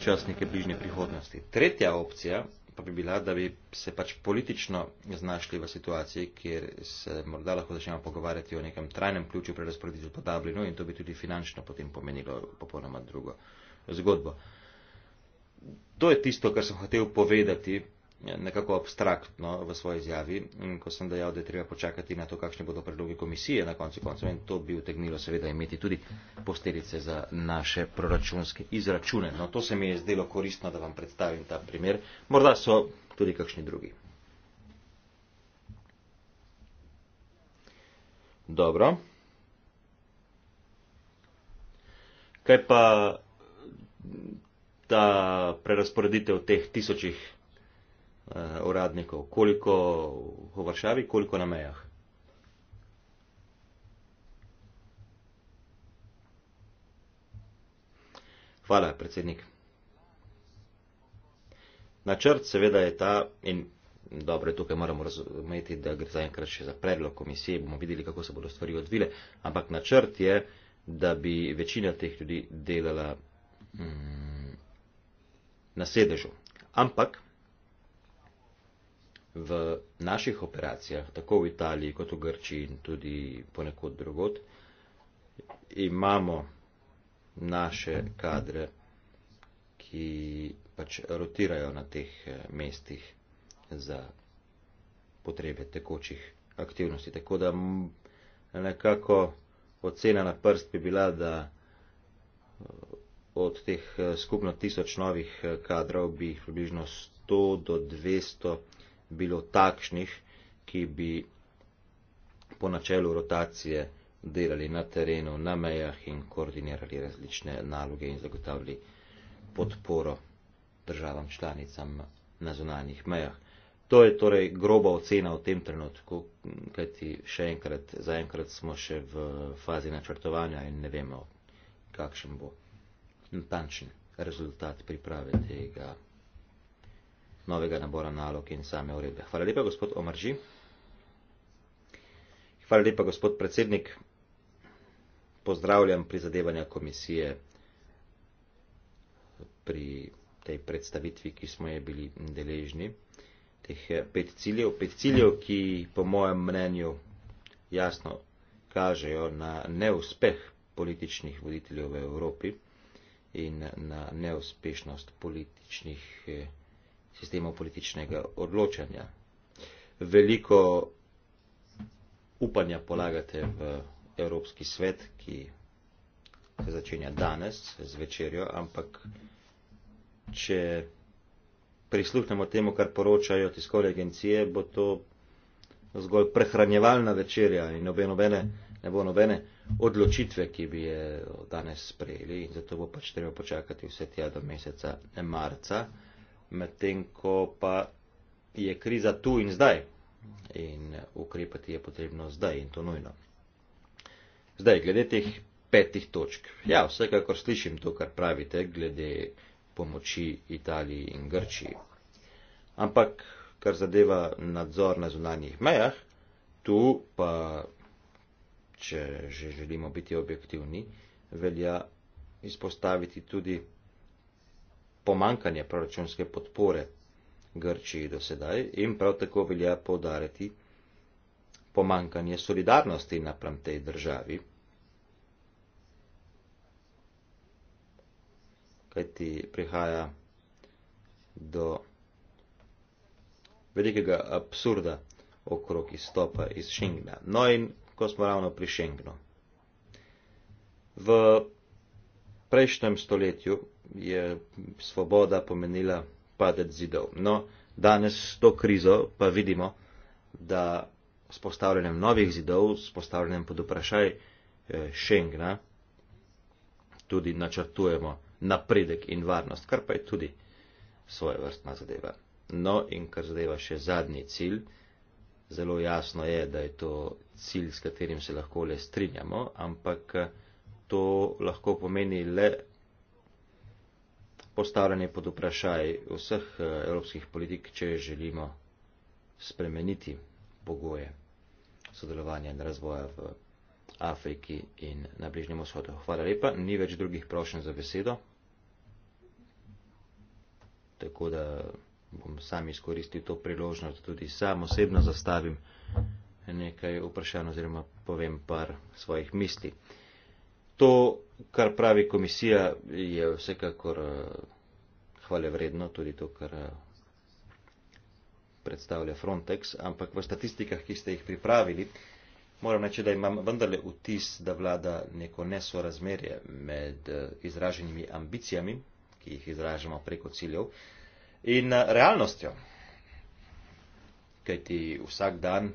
čas neke bližnje prihodnosti. Tretja opcija pa bi bila, da bi se pač politično znašli v situaciji, kjer se morda lahko začnemo pogovarjati o nekem trajnem ključu pri razporeditvi po Dublinu in to bi tudi finančno potem pomenilo popolnoma drugo zgodbo. To je tisto, kar sem hotel povedati Ja, nekako abstraktno v svoji izjavi, mm, ko sem dejal, da je treba počakati na to, kakšne bodo predloge komisije na koncu koncev in to bi utegnilo seveda imeti tudi posteljice za naše proračunske izračune. No, to se mi je zdelo koristno, da vam predstavim ta primer. Morda so tudi kakšni drugi. Dobro. Kaj pa ta prerasporeditev teh tisočih uh, uradnikov, koliko v Varšavi, koliko na mejah. Hvala, predsednik. Načrt seveda je ta in dobro je tukaj moramo razumeti, da gre zaenkrat še za predlog komisije, bomo videli, kako se bodo stvari odvile, ampak načrt je, da bi večina teh ljudi delala mm, na sedežu. Ampak v naših operacijah, tako v Italiji kot v Grčiji in tudi ponekod drugot, imamo naše kadre, ki pač rotirajo na teh eh, mestih za potrebe tekočih aktivnosti. Tako da nekako ocena na prst bi bila, da eh, od teh eh, skupno tisoč novih kadrov bi jih približno 100 do 200 bilo takšnih, ki bi po načelu rotacije delali na terenu, na mejah in koordinirali različne naloge in zagotavljali podporo državam članicam na zunanjih mejah. To je torej groba ocena v tem trenutku, kajti še enkrat, zaenkrat smo še v fazi načrtovanja in ne vemo, kakšen bo natančen rezultat priprave tega novega nabora nalog in same uredbe. Hvala lepa, gospod Omarži. Hvala lepa, gospod predsednik. Pozdravljam prizadevanja komisije pri tej predstavitvi, ki smo je bili deležni, teh eh, pet ciljev. Pet ciljev, ki po mojem mnenju jasno kažejo na neuspeh političnih voditeljev v Evropi in na neuspešnost političnih eh, sistemov političnega odločanja. Veliko upanja polagate v Evropski svet, ki se začenja danes z večerjo, ampak če prisluhnemo temu, kar poročajo tiskovne agencije, bo to zgolj prehranjevalna večerja in nobene, ne bo nobene odločitve, ki bi je danes sprejeli in zato bo pač treba počakati vse tja do meseca marca medtem ko pa je kriza tu in zdaj. In ukrepati je potrebno zdaj in to nujno. Zdaj, glede teh petih točk. Ja, vsekakor slišim to, kar pravite, glede pomoči Italiji in Grčiji. Ampak, kar zadeva nadzor na zunanjih mejah, tu pa, če že želimo biti objektivni, velja izpostaviti tudi pomankanje proračunske podpore Grčiji do sedaj in prav tako velja povdariti pomankanje solidarnosti napram tej državi. Kaj ti prihaja do velikega absurda okrog izstopa iz Šengna. No in ko smo ravno pri Šengnu. V prejšnjem stoletju, je svoboda pomenila padec zidov. No, danes s to krizo pa vidimo, da s postavljanjem novih zidov, s postavljanjem pod vprašaj eh, Schengna, tudi načrtujemo napredek in varnost, kar pa je tudi svoje vrstna zadeva. No, in kar zadeva še zadnji cilj, zelo jasno je, da je to cilj, s katerim se lahko le strinjamo, ampak eh, to lahko pomeni le postavljanje pod vprašaj vseh eh, evropskih politik, če želimo spremeniti pogoje sodelovanja in razvoja v Afriki in na Bližnjem vzhodu. Hvala lepa, ni več drugih prošen za besedo, tako da bom sam izkoristil to priložnost, tudi sam osebno zastavim nekaj vprašanj oziroma povem par svojih misli. To kar pravi komisija, je vsekakor eh, hvale vredno, tudi to, kar eh, predstavlja Frontex, ampak v statistikah, ki ste jih pripravili, moram reči, da imam vendarle vtis, da vlada neko nesorazmerje med eh, izraženimi ambicijami, ki jih izražamo preko ciljev, in realnostjo. Kajti vsak dan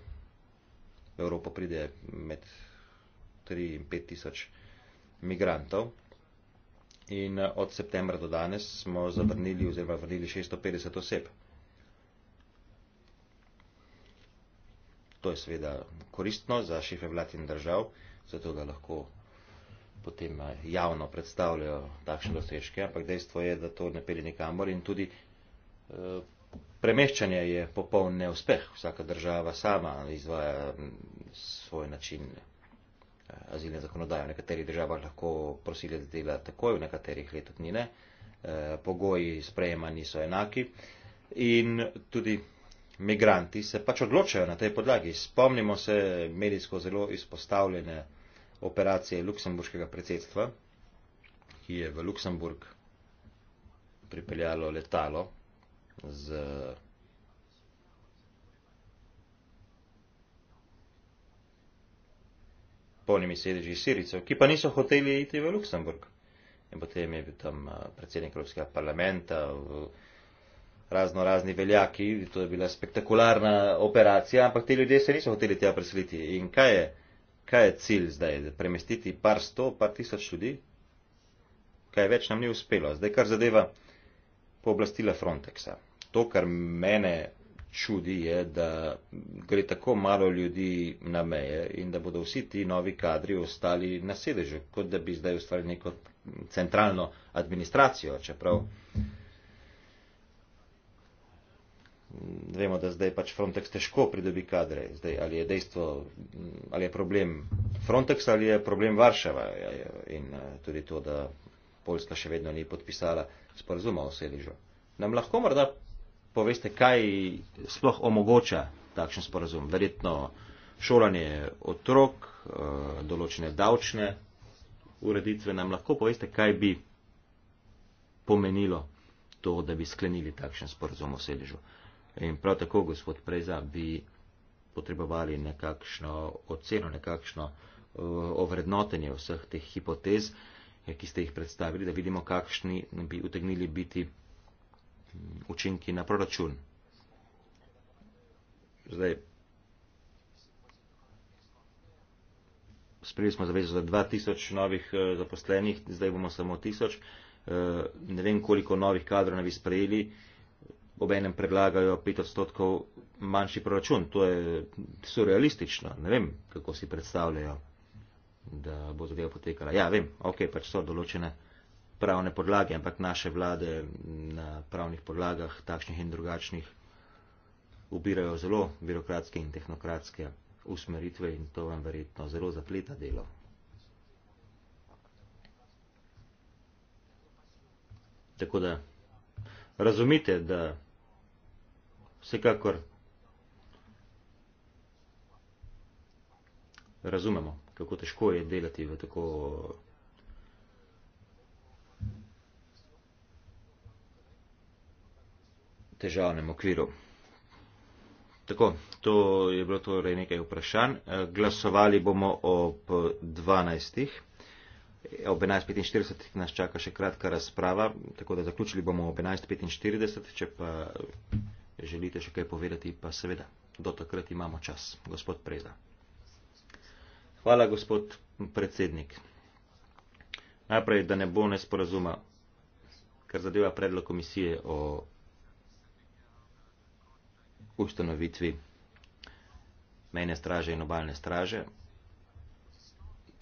Evropa pride med 3 in 5 tisoč migrantov. In eh, od septembra do danes smo zavrnili oziroma vrnili 650 oseb. To je seveda koristno za šefe vlad in držav, zato da lahko potem eh, javno predstavljajo takšne dosežke, ampak dejstvo je, da to ne pelje nikamor in tudi eh, premeščanje je popoln neuspeh. Vsaka država sama izvaja svoj način Eh, azilne zakonodaje. V nekaterih državah lahko prosilec dela takoj, v nekaterih leto dni ne. Eh, pogoji sprejema niso enaki in tudi migranti se pač odločajo na tej podlagi. Spomnimo se medijsko zelo izpostavljene operacije luksemburškega predsedstva, ki je v Luksemburg pripeljalo letalo z polnimi sedeži Sirice, ki pa niso hoteli iti v Luksemburg. In potem je bil tam eh, predsednik Evropskega parlamenta, razno razni veljaki, to je bila spektakularna operacija, ampak ti ljudje se niso hoteli tja preseliti. In kaj je, kaj je cilj zdaj? Premestiti par sto, par tisoč ljudi? Kaj več nam ni uspelo? Zdaj, kar zadeva pooblastila Frontexa. To, kar mene čudi, je, da gre tako malo ljudi na meje in da bodo vsi ti novi kadri ostali na sedežu, kot da bi zdaj ustvarili neko centralno administracijo, čeprav. Vemo, da zdaj pač Frontex težko pridobi kadre. Zdaj, ali, je dejstvo, ali je problem Frontex ali je problem Varšava ja, ja, in eh, tudi to, da Poljska še vedno ni podpisala sporazuma o sedežu. Nam lahko morda poveste, kaj sploh omogoča takšen sporazum? Verjetno šolanje otrok, eh, določene davčne ureditve. Nam lahko poveste, kaj bi pomenilo to, da bi sklenili takšen sporazum o sedežu. In prav tako, gospod Preza, bi potrebovali nekakšno oceno, nekakšno eh, ovrednotenje vseh teh hipotez, ki ste jih predstavili, da vidimo, kakšni bi utegnili biti učinki na proračun. Zdaj, sprejeli smo zavezo za 2000 novih eh, zaposlenih, zdaj bomo samo 1000. Eh, ne vem, koliko novih kadrov ne bi sprejeli, ob enem predlagajo 5 odstotkov manjši proračun. To je surrealistično, ne vem, kako si predstavljajo, da bo zadeva potekala. Ja, vem, ok, pač so določene pravne podlage, ampak naše vlade na pravnih podlagah, takšnih in drugačnih, ubirajo zelo birokratske in tehnokratske usmeritve in to vam verjetno zelo zapleta delo. Tako da razumite, da vsekakor razumemo, kako težko je delati v tako težavnem okviru. Tako, to je bilo torej nekaj vprašanj. Eh, glasovali bomo ob 12. Ob 11.45 nas čaka še kratka razprava, tako da zaključili bomo ob 11.45. Če pa želite še kaj povedati, pa seveda, do takrat imamo čas. Gospod Preza. Hvala, gospod predsednik. Najprej, da ne bo nesporazuma, ker zadeva predlog komisije o ustanovitvi mejne straže in obaljne straže.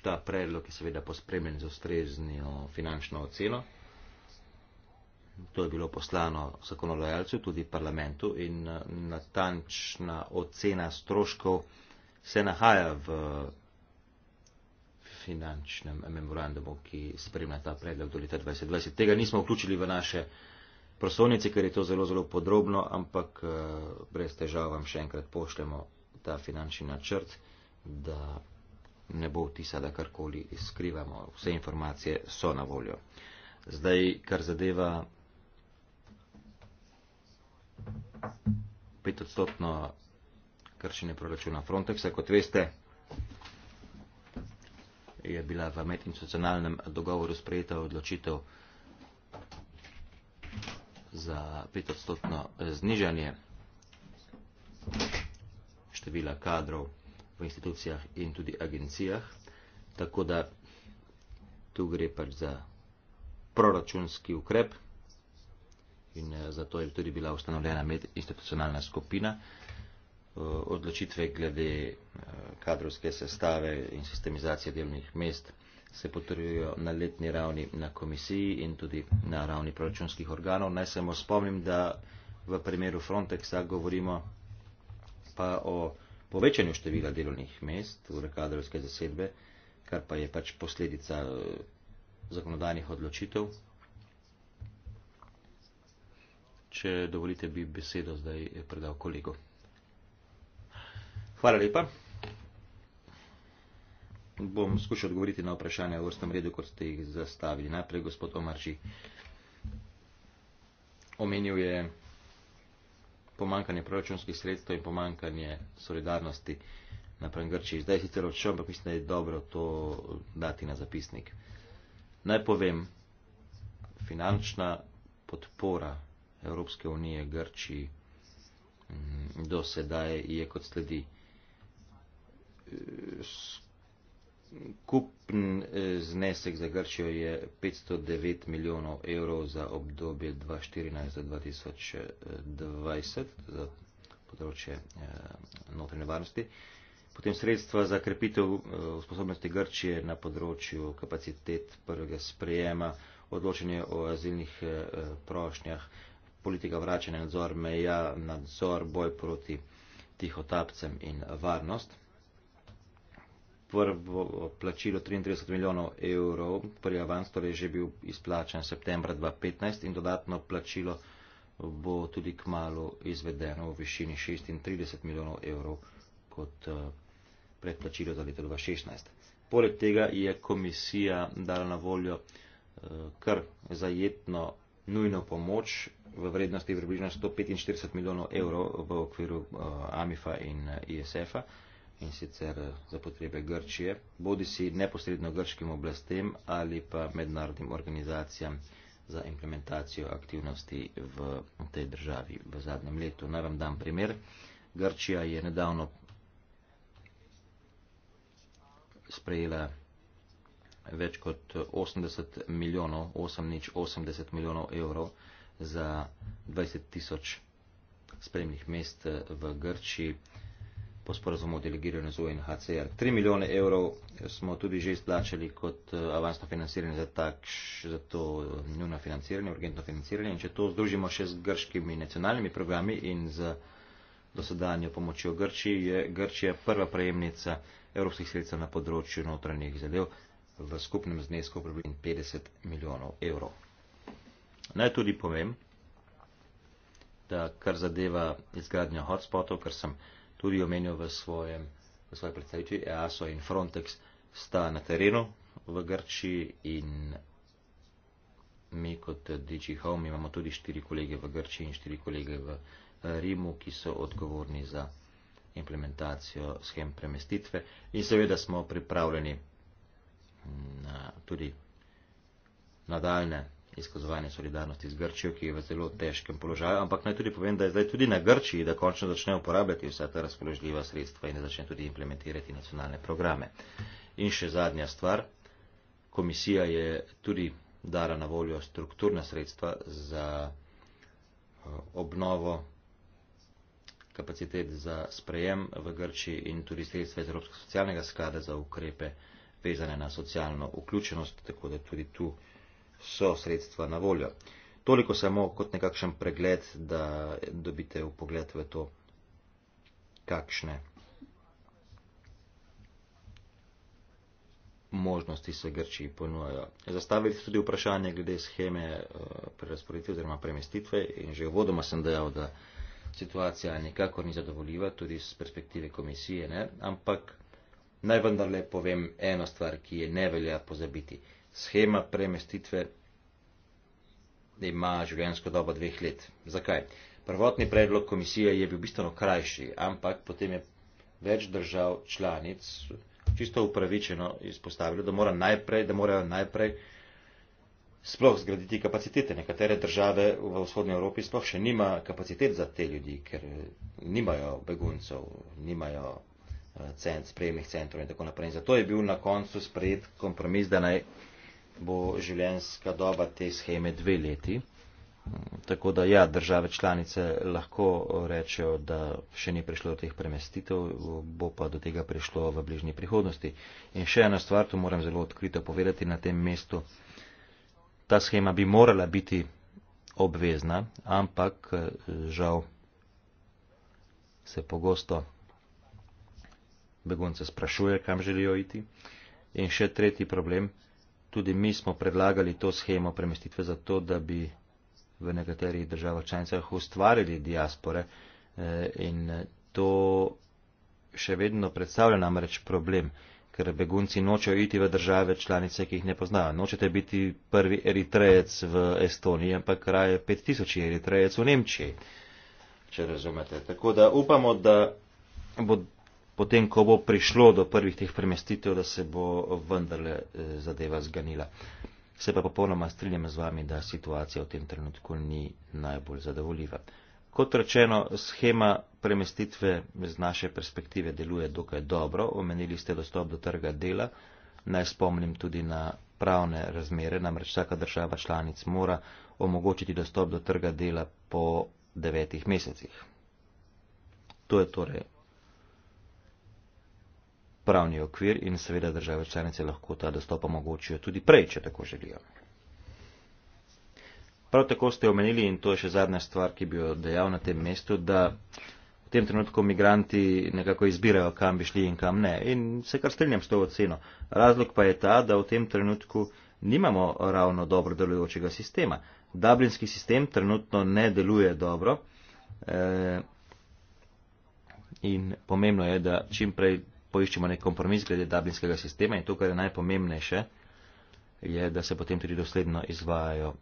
Ta predlog je seveda pospremljen z ustreznjo finančno oceno. To je bilo poslano zakonodajalcu, tudi parlamentu in eh, natančna ocena stroškov se nahaja v finančnem memorandumu, ki spremlja ta predlog do leta 2020. Tega nismo vključili v naše prosovnici, ker je to zelo, zelo podrobno, ampak eh, brez težav vam še enkrat pošljemo ta finančni načrt, da ne bo vtisa, da karkoli skrivamo. Vse informacije so na voljo. Zdaj, kar zadeva petodstotno kršenje proračuna Frontexa, kot veste, je bila v medinstitucionalnem dogovoru sprejeta odločitev, za petodstotno eh, znižanje števila kadrov v institucijah in tudi agencijah. Tako da tu gre pač za proračunski ukrep in eh, zato je tudi bila ustanovljena medinstitucionalna skupina. Eh, odločitve glede kadrovske sestave in sistemizacije delovnih mest se potrjujejo na letni ravni na komisiji in tudi na ravni proračunskih organov. Naj samo spomnim, da v primeru Frontexa govorimo pa o povečanju števila delovnih mest v rekadrovske zasedbe, kar pa je pač posledica eh, zakonodajnih odločitev. Če dovolite, bi besedo zdaj eh, predal kolegu. Hvala lepa bom skušal odgovoriti na vprašanje v vrstnem redu, kot ste jih zastavili. Najprej gospod Omarči. Omenil je pomankanje proračunskih sredstev in pomankanje solidarnosti naprem Grčiji. Zdaj sicer odšel, ampak mislim, da je dobro to dati na zapisnik. Naj povem, finančna podpora Evropske unije Grčiji mm, do sedaj je kot sledi Kupn eh, znesek za Grčijo je 509 milijonov evrov za obdobje 2014-2020 za področje eh, notranje varnosti. Potem sredstva za krepitev eh, sposobnosti Grčije na področju kapacitet prvega sprejema, odločenje o azilnih prošnjah, politika vračanja nadzor, meja, nadzor, boj proti tihotapcem in varnost prvo plačilo 33 milijonov evrov, prvi avans torej že bil izplačen septembra 2015 in dodatno plačilo bo tudi k malu izvedeno v višini 36 milijonov evrov kot eh, predplačilo za leto 2016. Poleg tega je komisija dala na voljo eh, kar zajetno nujno pomoč v vrednosti približno 145 milijonov evrov v okviru eh, AMIFA in ISF-a in sicer za potrebe Grčije, bodi si neposredno grškim oblastem ali pa mednarodnim organizacijam za implementacijo aktivnosti v tej državi v zadnjem letu. Naj vam dam primer. Grčija je nedavno sprejela več kot 80 milijonov, 8 nič 80 milijonov evrov za 20 tisoč spremnih mest v Grčiji po sporazumu o delegiranju z UNHCR. 3 milijone evrov smo tudi že izplačali kot eh, avansno financiranje za, takš, za to eh, njuno financiranje, urgentno financiranje. In če to združimo še z grškimi nacionalnimi programi in z dosedanjo pomočjo Grčiji, je Grčija prva prejemnica evropskih sredstev na področju notranjih zadev v skupnem znesku približno 50 milijonov evrov. Naj tudi povem, da kar zadeva izgradnjo hotspotov, kar sem tudi omenil v, svojem, v svoji predstavitvi, EASO in Frontex sta na terenu v Grčiji in mi kot DG Home imamo tudi štiri kolege v Grčiji in štiri kolege v eh, Rimu, ki so odgovorni za implementacijo schem premestitve in seveda smo pripravljeni mm, na tudi nadaljne izkazovanje solidarnosti z Grčijo, ki je v zelo težkem položaju, ampak naj tudi povem, da je zdaj tudi na Grčiji, da končno začne uporabljati vsa ta razpoložljiva sredstva in da začne tudi implementirati nacionalne programe. In še zadnja stvar, komisija je tudi dala na voljo strukturna sredstva za eh, obnovo kapacitet za sprejem v Grčiji in tudi sredstva iz Evropskega socialnega sklada za ukrepe vezane na socialno vključenost, tako da tudi tu so sredstva na voljo. Toliko samo kot nekakšen pregled, da dobite v pogled v to, kakšne možnosti se Grči ponujajo. Zastavili ste tudi vprašanje glede scheme eh, prerasporeditve oziroma premestitve in že vodoma sem dejal, da situacija nikakor ni zadovoljiva, tudi z perspektive komisije, ne? ampak naj vendarle povem eno stvar, ki je ne velja pozabiti schema premestitve ima življenjsko dobo dveh let. Zakaj? Prvotni predlog komisije je bil bistveno krajši, ampak potem je več držav članic čisto upravičeno izpostavilo, da, mora najprej, da morajo najprej sploh zgraditi kapacitete. Nekatere države v vzhodnji Evropi sploh še nima kapacitet za te ljudi, ker eh, nimajo beguncev, nimajo eh, cent, sprejemnih centrov in tako naprej. In zato je bil na koncu sprejet kompromis, da naj bo življenjska doba te scheme dve leti. Tako da ja, države članice lahko rečejo, da še ni prišlo do teh premestitev, bo pa do tega prišlo v bližnji prihodnosti. In še ena stvar, to moram zelo odkrito povedati na tem mestu. Ta schema bi morala biti obvezna, ampak žal se pogosto begunce sprašuje, kam želijo iti. In še tretji problem, tudi mi smo predlagali to schemo premestitve zato, da bi v nekaterih državah članicah ustvarili diaspore eh, in to še vedno predstavlja namreč problem, ker begunci nočejo iti v države članice, ki jih ne poznajo. Nočete biti prvi eritrejec v Estoniji, ampak raje 5000 eritrejec v Nemčiji, če razumete. Tako da upamo, da bo potem, ko bo prišlo do prvih teh premestitev, da se bo vendarle eh, zadeva zganila. Se pa popolnoma strinjam z vami, da situacija v tem trenutku ni najbolj zadovoljiva. Kot rečeno, schema premestitve z naše perspektive deluje dokaj dobro. Omenili ste dostop do trga dela. Naj spomnim tudi na pravne razmere, namreč vsaka država članic mora omogočiti dostop do trga dela po devetih mesecih. To je torej pravni okvir in seveda države članice lahko ta dostop omogočijo tudi prej, če tako želijo. Prav tako ste omenili, in to je še zadnja stvar, ki bi jo dejal na tem mestu, da v tem trenutku migranti nekako izbirajo, kam bi šli in kam ne. In se kar strinjam s to oceno. Razlog pa je ta, da v tem trenutku nimamo ravno dobro delujočega sistema. Dublinski sistem trenutno ne deluje dobro. E, in pomembno je, da čim prej poiščemo nek kompromis glede dublinskega sistema in to, kar je najpomembnejše, je, da se potem tudi dosledno izvajajo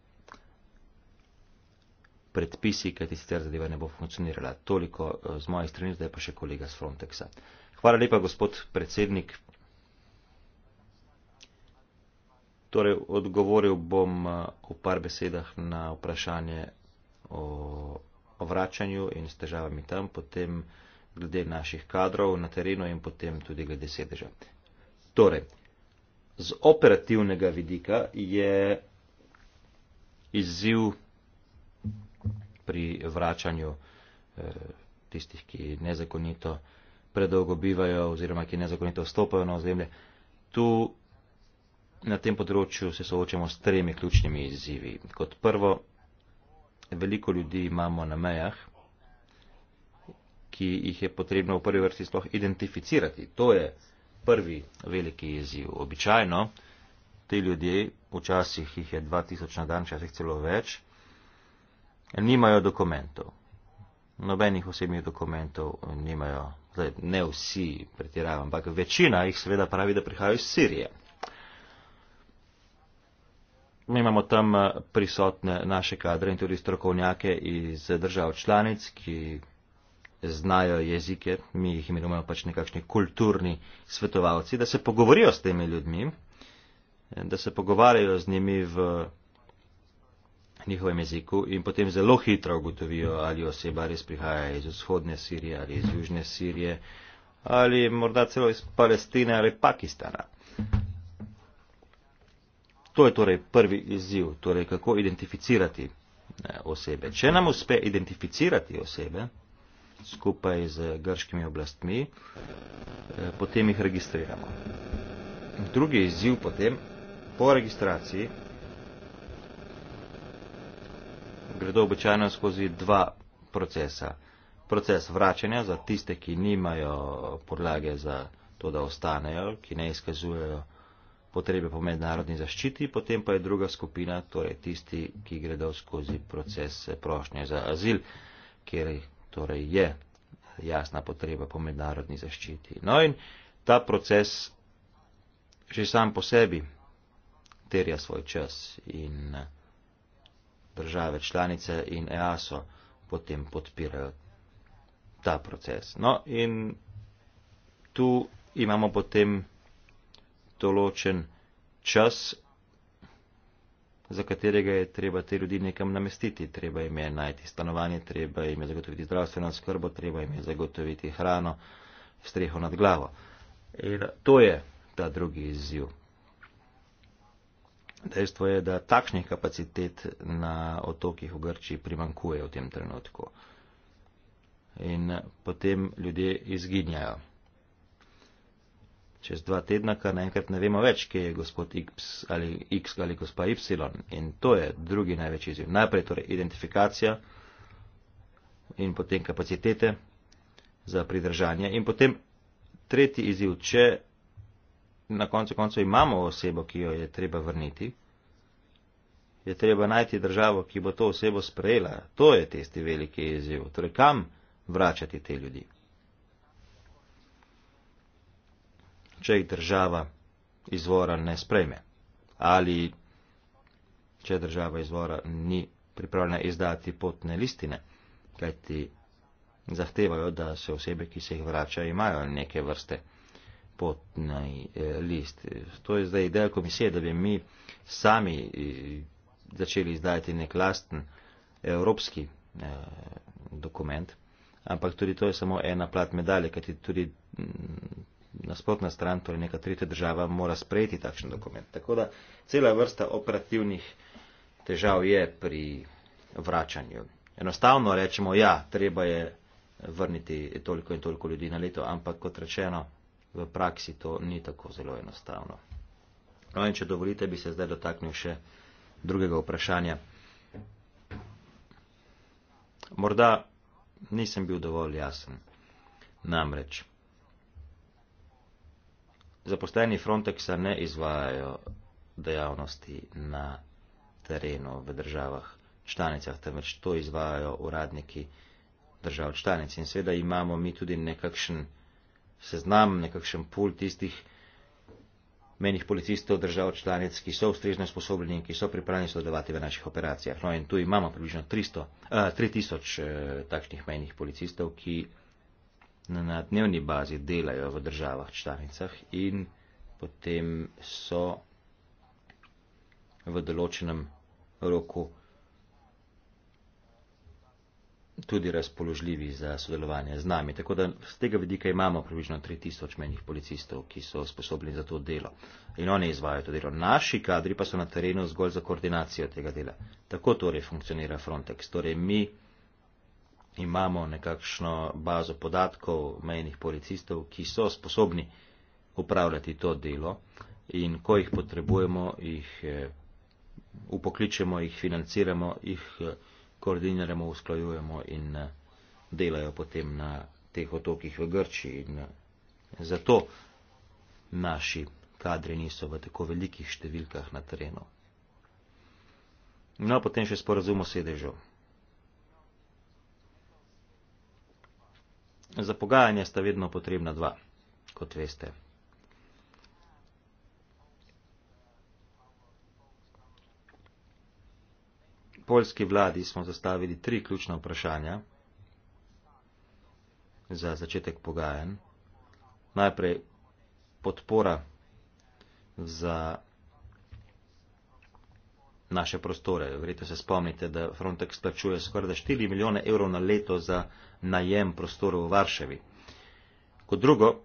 predpisi, kajti sicer zadeva ne bo funkcionirala. Toliko eh, z moje strani, zdaj pa še kolega z Frontexa. Hvala lepa, gospod predsednik. Torej, odgovoril bom eh, v par besedah na vprašanje o vračanju in s težavami tam, potem glede naših kadrov na terenu in potem tudi glede sedeža. Torej, z operativnega vidika je izziv pri vračanju eh, tistih, ki nezakonito predolgo bivajo oziroma ki nezakonito vstopajo na ozemlje. Tu na tem področju se soočamo s tremi ključnimi izzivi. Kot prvo, veliko ljudi imamo na mejah ki jih je potrebno v prvi vrsti sploh identificirati. To je prvi veliki izziv. Običajno te ljudje, včasih jih je 2000 na dan, včasih celo več, nimajo dokumentov. Nobenih osebnih dokumentov nimajo. Zdaj, ne vsi pretirajo, ampak večina jih seveda pravi, da prihajajo iz Sirije. Mi imamo tam eh, prisotne naše kadre in tudi strokovnjake iz držav članic, ki znajo jezike, mi jih imenujemo pač nekakšni kulturni svetovalci, da se pogovorijo s temi ljudmi, da se pogovarjajo z njimi v njihovem jeziku in potem zelo hitro ugotovijo, ali oseba res prihaja iz vzhodne Sirije ali iz južne Sirije ali morda celo iz Palestine ali Pakistana. To je torej prvi izziv, torej kako identificirati eh, osebe. Če nam uspe identificirati osebe, skupaj z grškimi oblastmi, eh, potem jih registriramo. Drugi izziv potem, po registraciji, gredo običajno skozi dva procesa. Proces vračanja za tiste, ki nimajo podlage za to, da ostanejo, ki ne izkazujejo potrebe po mednarodni zaščiti, potem pa je druga skupina, torej tisti, ki gredo skozi proces prošnje za azil, kjer jih torej je jasna potreba po mednarodni zaščiti. No in ta proces že sam po sebi terja svoj čas in eh, države članice in EASO potem podpirajo ta proces. No in tu imamo potem določen čas za katerega je treba te ljudi nekam namestiti, treba jim je najti stanovanje, treba jim je zagotoviti zdravstveno skrbo, treba jim je zagotoviti hrano, streho nad glavo. In to je ta drugi izziv. Dejstvo je, da takšnih kapacitet na otokih v Grčiji primankuje v tem trenutku. In potem ljudje izginjajo čez dva tedna, kar naenkrat ne vemo več, kje je gospod X ali, X ali gospa Y. In to je drugi največji izziv. Najprej torej identifikacija in potem kapacitete za pridržanje. In potem tretji izziv, če na koncu koncu imamo osebo, ki jo je treba vrniti, je treba najti državo, ki bo to osebo sprejela. To je tisti veliki izziv. Torej, kam vračati te ljudi? če jih država izvora ne sprejme ali če država izvora ni pripravljena izdati potne listine, kajti zahtevajo, da se osebe, ki se jih vrača, imajo neke vrste potne eh, list. To je zdaj ideja komisije, da bi mi sami eh, začeli izdajati nek lasten evropski eh, dokument, ampak tudi to je samo ena plat medalje, kajti tudi mm, nasprotna stran, torej neka tretja država, mora sprejeti takšen dokument. Tako da cela vrsta operativnih težav je pri vračanju. Enostavno rečemo, ja, treba je vrniti toliko in toliko ljudi na leto, ampak kot rečeno, v praksi to ni tako zelo enostavno. No in če dovolite, bi se zdaj dotaknil še drugega vprašanja. Morda nisem bil dovolj jasen. Namreč zaposleni Frontexa ne izvajajo dejavnosti na terenu v državah članicah, temveč to izvajajo uradniki držav članic. In seveda imamo mi tudi nekakšen seznam, nekakšen pul tistih menih policistov držav članic, ki so ustrežno sposobljeni in ki so pripravljeni sodelovati v naših operacijah. No in tu imamo približno 300, eh, 3000 eh, takšnih menih policistov, ki na dnevni bazi delajo v državah članicah in potem so v določenem roku tudi razpoložljivi za sodelovanje z nami. Tako da z tega vidika imamo približno 3000 menjih policistov, ki so sposobni za to delo. In oni izvajo to delo. Naši kadri pa so na terenu zgolj za koordinacijo tega dela. Tako torej funkcionira Frontex. Torej mi imamo nekakšno bazo podatkov mejnih policistov, ki so sposobni upravljati to delo in ko jih potrebujemo, jih eh, upokličemo, jih financiramo, jih eh, koordiniramo, usklajujemo in eh, delajo potem na teh otokih v Grčiji. In zato naši kadri niso v tako velikih številkah na terenu. No, potem še sporazum o sedežu. za pogajanje sta vedno potrebna dva, kot veste. Poljski vladi smo zastavili tri ključna vprašanja za začetek pogajanj. Najprej podpora za naše prostore. Verjetno se spomnite, da Frontex plačuje skoraj 4 milijone evrov na leto za najem prostorov v Varševi. Kot drugo,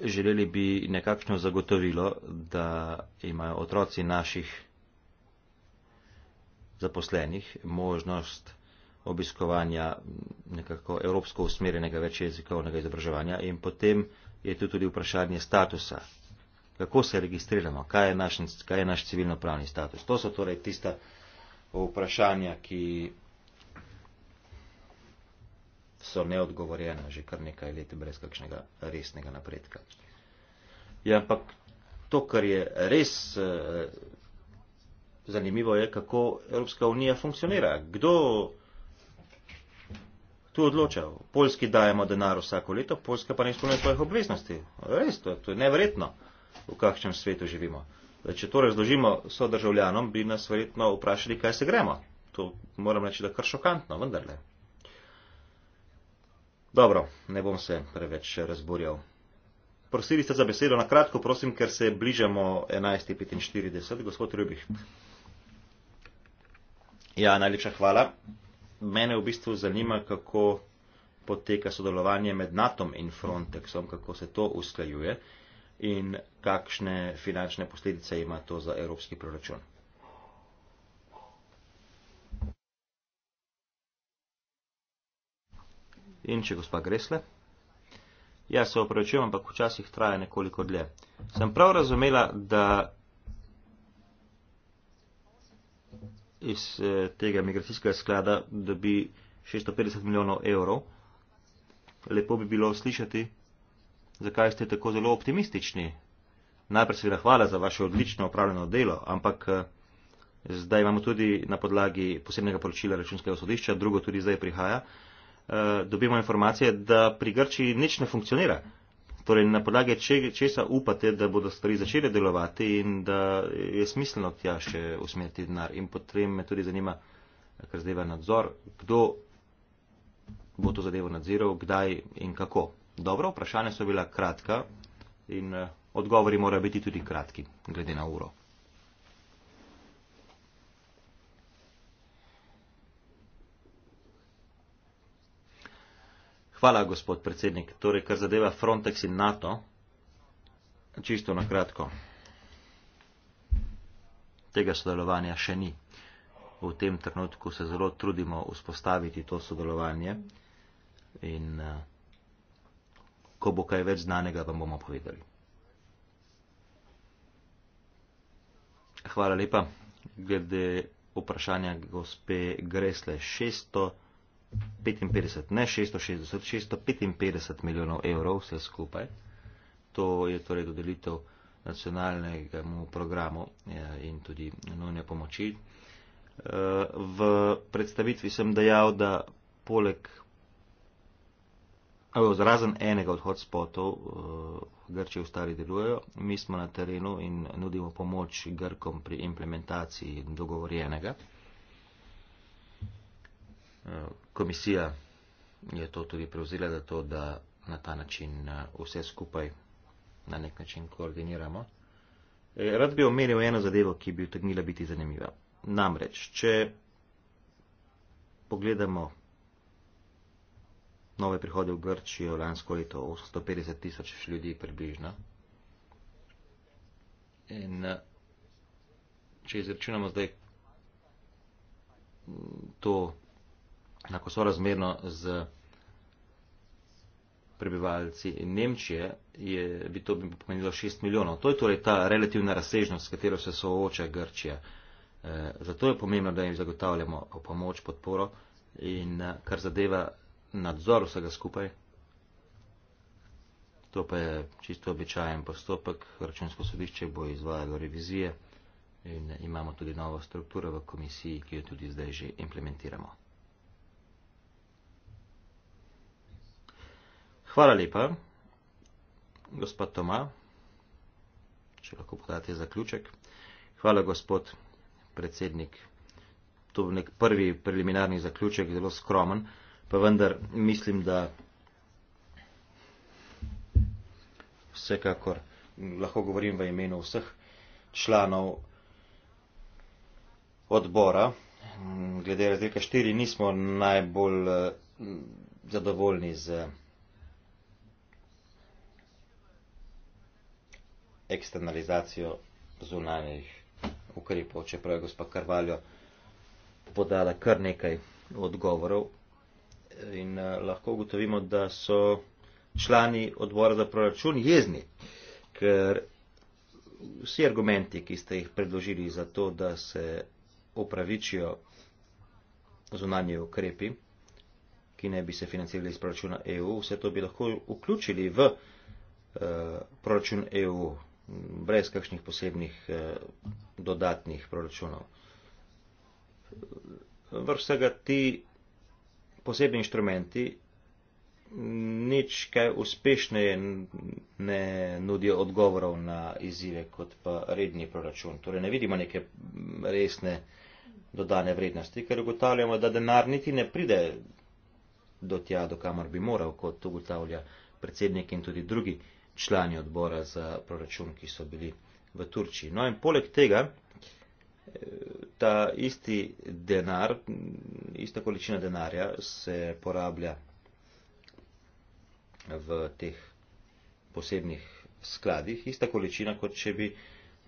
želeli bi nekakšno zagotovilo, da imajo otroci naših zaposlenih možnost obiskovanja nekako evropsko usmerjenega večjezikovnega izobraževanja in potem je tu tudi vprašanje statusa kako se registriramo, kaj je naš, kaj je naš civilno pravni status. To so torej tista vprašanja, ki so neodgovorjena že kar nekaj let brez kakšnega resnega napredka. Ja, ampak to, kar je res eh, zanimivo, je, kako Evropska unija funkcionira. Kdo tu odloča? Polski dajemo denar vsako leto, Polska pa ne izpolnjuje svojih obveznosti. Res, to, to je neverjetno v kakšnem svetu živimo. Da, če to razložimo so državljanom, bi nas verjetno vprašali, kaj se gremo. To moram reči, da kar šokantno, vendarle. Dobro, ne bom se preveč razburjal. Prosili ste za besedo na kratko, prosim, ker se bližamo 11.45. Gospod Rubih. Ja, najlepša hvala. Mene v bistvu zanima, kako poteka sodelovanje med NATO in Frontexom, kako se to usklajuje. Uh, in kakšne finančne posledice ima to za evropski proračun. In če gospa Gresle? Ja, se opravičujem, ampak včasih traja nekoliko dlje. Sem prav razumela, da iz eh, tega migracijskega sklada dobi 650 milijonov evrov. Lepo bi bilo slišati, zakaj ste tako zelo optimistični. Najprej seveda hvala za vaše odlično upravljeno delo, ampak eh, zdaj imamo tudi na podlagi posebnega poročila računskega sodišča, drugo tudi zdaj prihaja, eh, dobimo informacije, da pri Grčiji nič ne funkcionira. Torej, na podlagi česa upate, da bodo stvari začele delovati in da je smiselno tja še usmeriti denar. In potem me tudi zanima, ker zdaj je nadzor, kdo bo to zadevo nadziral, kdaj in kako. Dobro, vprašanja so bila kratka in eh, odgovori morajo biti tudi kratki, glede na uro. Hvala, gospod predsednik. Torej, kar zadeva Frontex in NATO, čisto na kratko. Tega sodelovanja še ni. V tem trenutku se zelo trudimo vzpostaviti to sodelovanje in uh, ko bo kaj več znanega, vam bomo povedali. Hvala lepa. Glede vprašanja gospe Gresle, 655, ne 660, 655 milijonov evrov vse skupaj. To je torej dodelitev nacionalnega programu ja, in tudi nujne pomoči. Eh, v predstavitvi sem dejal, da poleg Razen enega od hotspotov, eh, Grče v stari delujejo, mi smo na terenu in nudimo pomoč Grkom pri implementaciji dogovorjenega. Eh, komisija je to tudi prevzela za to, da na ta način eh, vse skupaj na nek način koordiniramo. Rad bi omenil eno zadevo, ki bi utegnila biti zanimiva. Namreč, če pogledamo nove prihode v Grčijo lansko leto 850 tisoč ljudi približno. In če izračunamo zdaj to enako sorazmerno z prebivalci Nemčije, je, bi to bi pomenilo 6 milijonov. To je torej ta relativna razsežnost, s katero se sooča Grčija. E, zato je pomembno, da jim zagotavljamo pomoč, podporo in kar zadeva nadzor vsega skupaj. To pa je čisto običajen postopek. Računsko sodišče bo izvajalo revizije in imamo tudi novo strukturo v komisiji, ki jo tudi zdaj že implementiramo. Hvala lepa, gospod Toma, če lahko podate zaključek. Hvala, gospod predsednik. To je nek prvi preliminarni zaključek, zelo skromen pa vendar mislim, da vsekakor lahko govorim v imenu vseh članov odbora. Glede razreka 4 nismo najbolj eh, zadovoljni z eksternalizacijo zunanjih ukrepov, čeprav je gospod Karvaljo podala kar nekaj odgovorov in eh, lahko ugotovimo, da so člani odbora za proračun jezni, ker vsi argumenti, ki ste jih predložili za to, da se opravičijo zunanje ukrepi, ki ne bi se financirali iz proračuna EU, vse to bi lahko vključili v eh, proračun EU brez kakšnih posebnih eh, dodatnih proračunov. Vrh vsega ti posebni inštrumenti nič kaj uspešneje ne nudijo odgovorov na izzive kot pa redni proračun. Torej ne vidimo neke resne dodane vrednosti, ker ugotavljamo, da denar niti ne pride do tja, do kamor bi moral, kot ugotavlja predsednik in tudi drugi člani odbora za proračun, ki so bili v Turčiji. No in poleg tega, ta isti denar, ista količina denarja se porablja v teh posebnih skladih, ista količina, kot če bi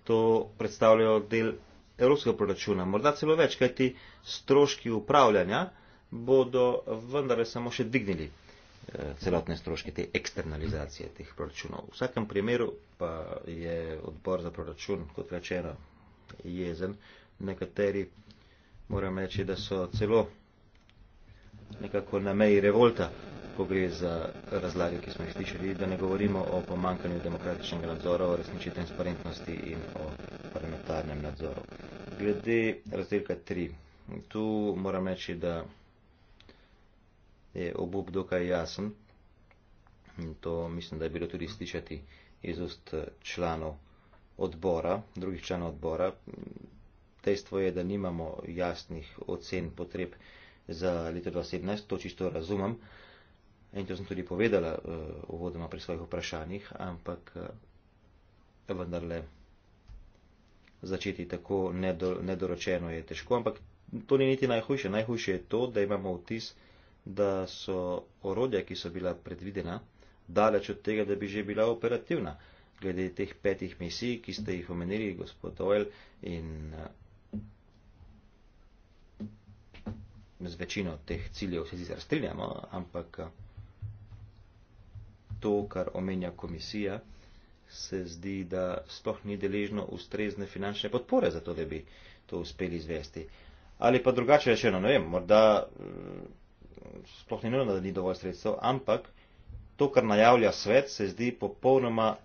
to predstavljalo del evropskega proračuna, morda celo več, kajti stroški upravljanja bodo vendarle samo še dvignili eh, celotne stroške te eksternalizacije teh proračunov. V vsakem primeru pa je odbor za proračun, kot rečeno, jezen. Nekateri moram reči, da so celo nekako na meji revolta, ko gre za razlage, ki smo jih slišali, da ne govorimo o pomankanju demokratičnega nadzora, o resniči transparentnosti in o parlamentarnem nadzoru. Glede razdelka 3, tu moram reči, da je obup dokaj jasen in to mislim, da je bilo tudi slišati iz ust članov odbora, drugih članov odbora. Dejstvo je, da nimamo jasnih ocen potreb za leto 2017, to čisto razumem. In to sem tudi povedala uh, uvodoma pri svojih vprašanjih, ampak uh, vendarle začeti tako nedo, nedoročeno je težko. Ampak to ni niti najhujše. Najhujše je to, da imamo vtis, da so orodja, ki so bila predvidena, daleč od tega, da bi že bila operativna. Uh, glede teh petih misij, ki ste jih omenili, gospod Oil, in eh, z večino teh ciljev se sicer strinjamo, ampak eh, to, kar omenja komisija, se zdi, da sploh ni deležno ustrezne finančne podpore za to, da bi to uspeli izvesti. Ali pa drugače rečeno, ne vem, morda eh, sploh ni nujno, da ni dovolj sredstev, ampak to, kar najavlja svet, se zdi popolnoma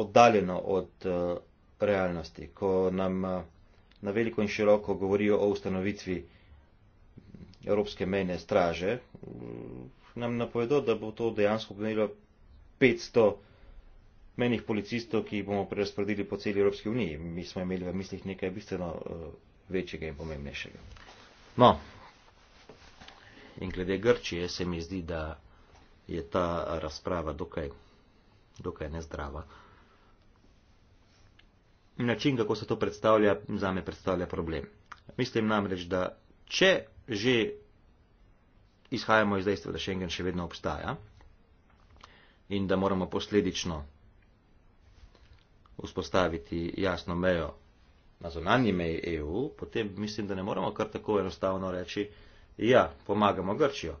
oddaljeno od eh, realnosti, ko nam eh, na veliko in široko govorijo o ustanovitvi Evropske mejne straže, eh, nam napovedo, da bo to dejansko pomenilo 500 mejnih policistov, ki jih bomo prerasporedili po celi Evropski uniji. Mi smo imeli v mislih nekaj bistveno večjega in pomembnejšega. No, in glede Grčije se mi zdi, da je ta razprava dokaj, dokaj nezdrava način, kako se to predstavlja, za me predstavlja problem. Mislim namreč, da če že izhajamo iz dejstva, da Schengen še vedno obstaja in da moramo posledično vzpostaviti jasno mejo na zonanji meji EU, potem mislim, da ne moramo kar tako enostavno reči, ja, pomagamo Grčijo.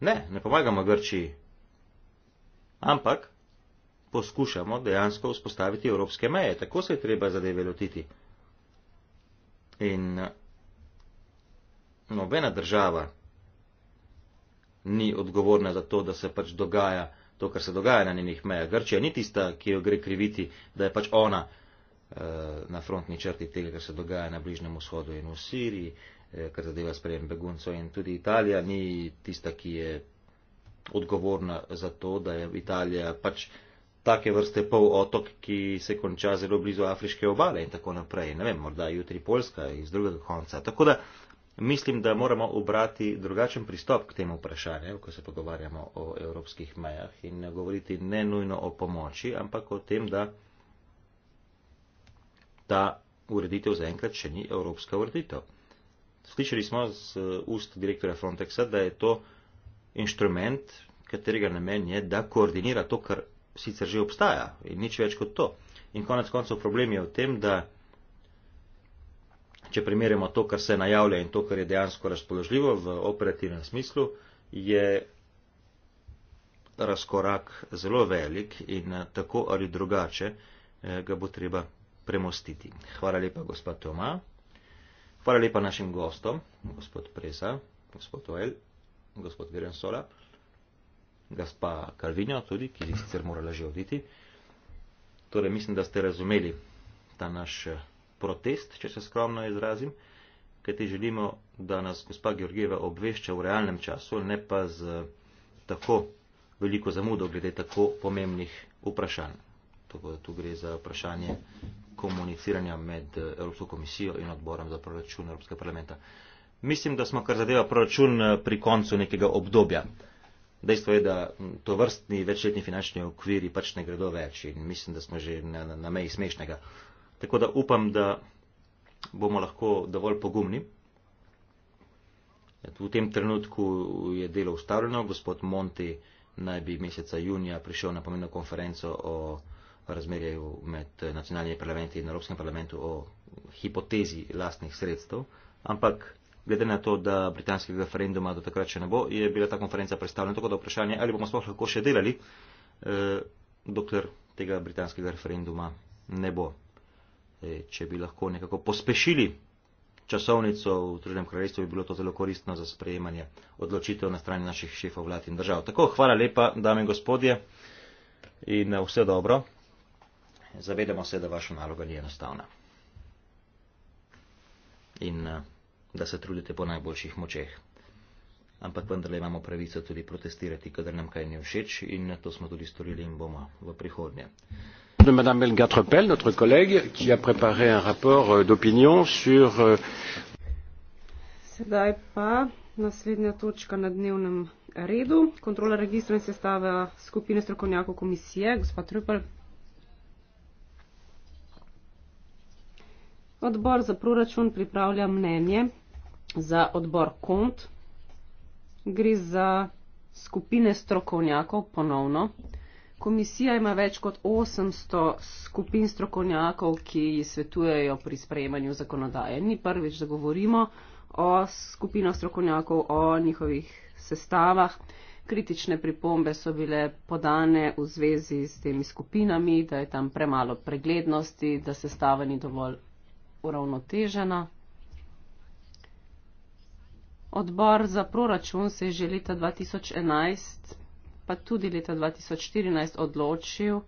Ne, ne pomagamo Grčiji. Ampak poskušamo dejansko vzpostaviti evropske meje. Tako se je treba zadeve lotiti. In eh, nobena država ni odgovorna za to, da se pač dogaja to, kar se dogaja na njenih mejah. Grčija ni tista, ki jo gre kriviti, da je pač ona eh, na frontni črti tega, kar se dogaja na Bližnjem vzhodu in v Siriji, eh, kar zadeva sprejem beguncov. In tudi Italija ni tista, ki je odgovorna za to, da je Italija pač eh, take vrste pol otok, ki se konča zelo blizu afriške obale in tako naprej. Ne vem, morda jutri Poljska iz drugega konca. Tako da mislim, da moramo obrati drugačen pristop k temu vprašanju, ko se pogovarjamo o evropskih mejah in govoriti ne nujno o pomoči, ampak o tem, da ta ureditev zaenkrat še ni evropska ureditev. Slišali smo z ust direktorja Frontexa, da je to inštrument, katerega namen je, da koordinira to, kar sicer že obstaja in nič več kot to. In konec koncev problem je v tem, da če primerjamo to, kar se najavlja in to, kar je dejansko razpoložljivo v operativnem smislu, je razkorak zelo velik in eh, tako ali drugače eh, ga bo treba premostiti. Hvala lepa, gospod Toma. Hvala lepa našim gostom, gospod Presa, gospod Oel, gospod Virensola gospa Kalvinjo, tudi, ki je sicer morala že oditi. Torej, mislim, da ste razumeli ta naš eh, protest, če se skromno izrazim, kaj ti želimo, da nas gospa Georgieva obvešča v realnem času, ne pa z eh, tako veliko zamudo glede tako pomembnih vprašanj. Tako da tu gre za vprašanje komuniciranja med eh, Evropsko komisijo in odborom za proračun Evropskega parlamenta. Mislim, da smo kar zadeva proračun pri koncu nekega obdobja. Dejstvo je, da mm, to vrstni večletni finančni okviri pač ne gredo več in mislim, da smo že na, na, na meji smešnega. Tako da upam, da bomo lahko dovolj pogumni. V tem trenutku je delo ustavljeno, gospod Monti naj bi meseca junija prišel na pomembno konferenco o razmerju med nacionalnimi parlamenti in Evropskim parlamentu o hipotezi lastnih sredstev, ampak glede na to, da britanskega referenduma do takrat še ne bo, je bila ta konferenca predstavljena tako, da vprašanje, ali bomo sploh lahko še delali, eh, dokler tega britanskega referenduma ne bo. E, če bi lahko nekako pospešili časovnico v Združenem kraljestvu, bi bilo to zelo koristno za sprejemanje odločitev na strani naših šefov vlad in držav. Tako, hvala lepa, dame in gospodje, in eh, vse dobro. Zavedamo se, da vaša naloga ni enostavna. In uh da se trudite po najboljših močeh. Ampak vendarle imamo pravico tudi protestirati, kadar nam kaj ne všeč in to smo tudi storili in bomo v prihodnje. De Madame Belgatrepel, notre collègue, qui a préparé un rapport euh, d'opinion sur. Euh,
Sedaj pa naslednja točka na dnevnem redu. Kontrola registra in sestava skupine strokovnjakov komisije, gospod Trupel. Odbor za proračun pripravlja mnenje za odbor KONT. Gre za skupine strokovnjakov ponovno. Komisija ima več kot 800 skupin strokovnjakov, ki svetujejo pri sprejemanju zakonodaje. Ni prvič, da govorimo o skupinah strokovnjakov, o njihovih sestavah. Kritične pripombe so bile podane v zvezi s temi skupinami, da je tam premalo preglednosti, da sestava ni dovolj uravnotežena. Odbor za proračun se je že leta 2011, pa tudi leta 2014 odločil,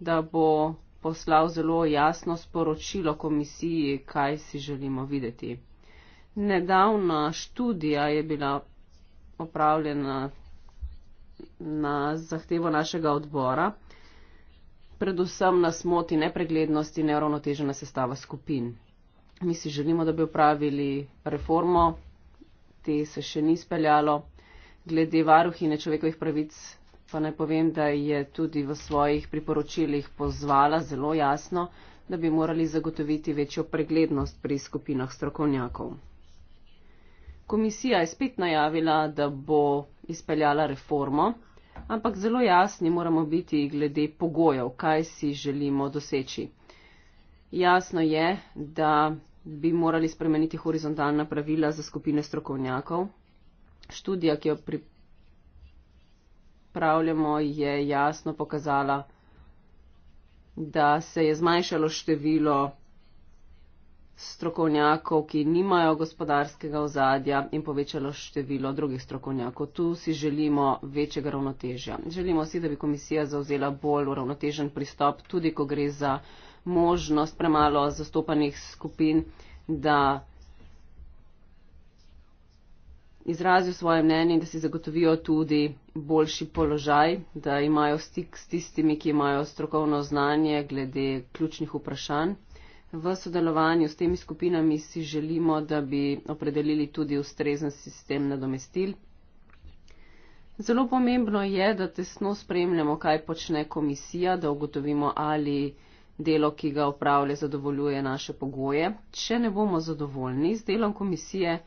da bo poslal zelo jasno sporočilo komisiji, kaj si želimo videti. Nedavna študija je bila opravljena na zahtevo našega odbora. Predvsem nas moti nepreglednost in neravnotežena sestava skupin. Mi si želimo, da bi upravili reformo oblasti se še ni speljalo. Glede varuhine človekovih pravic pa naj povem, da je tudi v svojih priporočilih pozvala zelo jasno, da bi morali zagotoviti večjo preglednost pri skupinah strokovnjakov. Komisija je spet najavila, da bo izpeljala reformo, ampak zelo jasni moramo biti glede pogojev, kaj si želimo doseči. Jasno je, da bi morali spremeniti horizontalna pravila za skupine strokovnjakov. Študija, ki jo pripravljamo, je jasno pokazala, da se je zmanjšalo število strokovnjakov, ki nimajo gospodarskega ozadja in povečalo število drugih strokovnjakov. Tu si želimo večjega ravnotežja. Želimo si, da bi komisija zauzela bolj uravnotežen pristop, tudi ko gre za možnost premalo zastopanih skupin, da izrazijo svoje mnenje in da si zagotovijo tudi boljši položaj, da imajo stik s tistimi, ki imajo strokovno znanje glede ključnih vprašanj. V sodelovanju s temi skupinami si želimo, da bi opredelili tudi ustrezen sistem nadomestil. Zelo pomembno je, da tesno spremljamo, kaj počne komisija, da ugotovimo, ali delo, ki ga upravlja, zadovoljuje naše pogoje. Če ne bomo zadovoljni z delom komisije,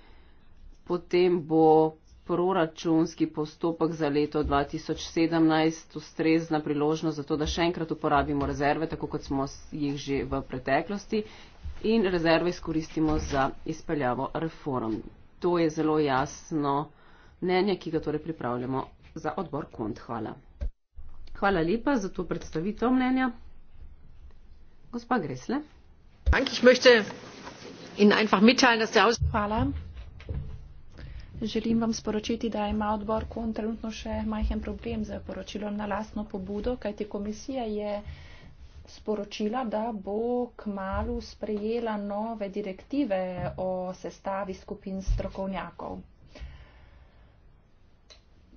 potem bo proračunski postopek za leto 2017 ustrezna priložnost za to, da še enkrat uporabimo rezerve, tako kot smo jih že v preteklosti, in rezerve izkoristimo za izpeljavo reform. To je zelo jasno mnenje, ki ga torej pripravljamo za odbor KONT. Hvala. Hvala lepa za to predstavitev mnenja.
Želim vam sporočiti, da ima odbor KON trenutno še majhen problem z poročilom na lastno pobudo, kajti komisija je sporočila, da bo k malu sprejela nove direktive o sestavi skupin strokovnjakov.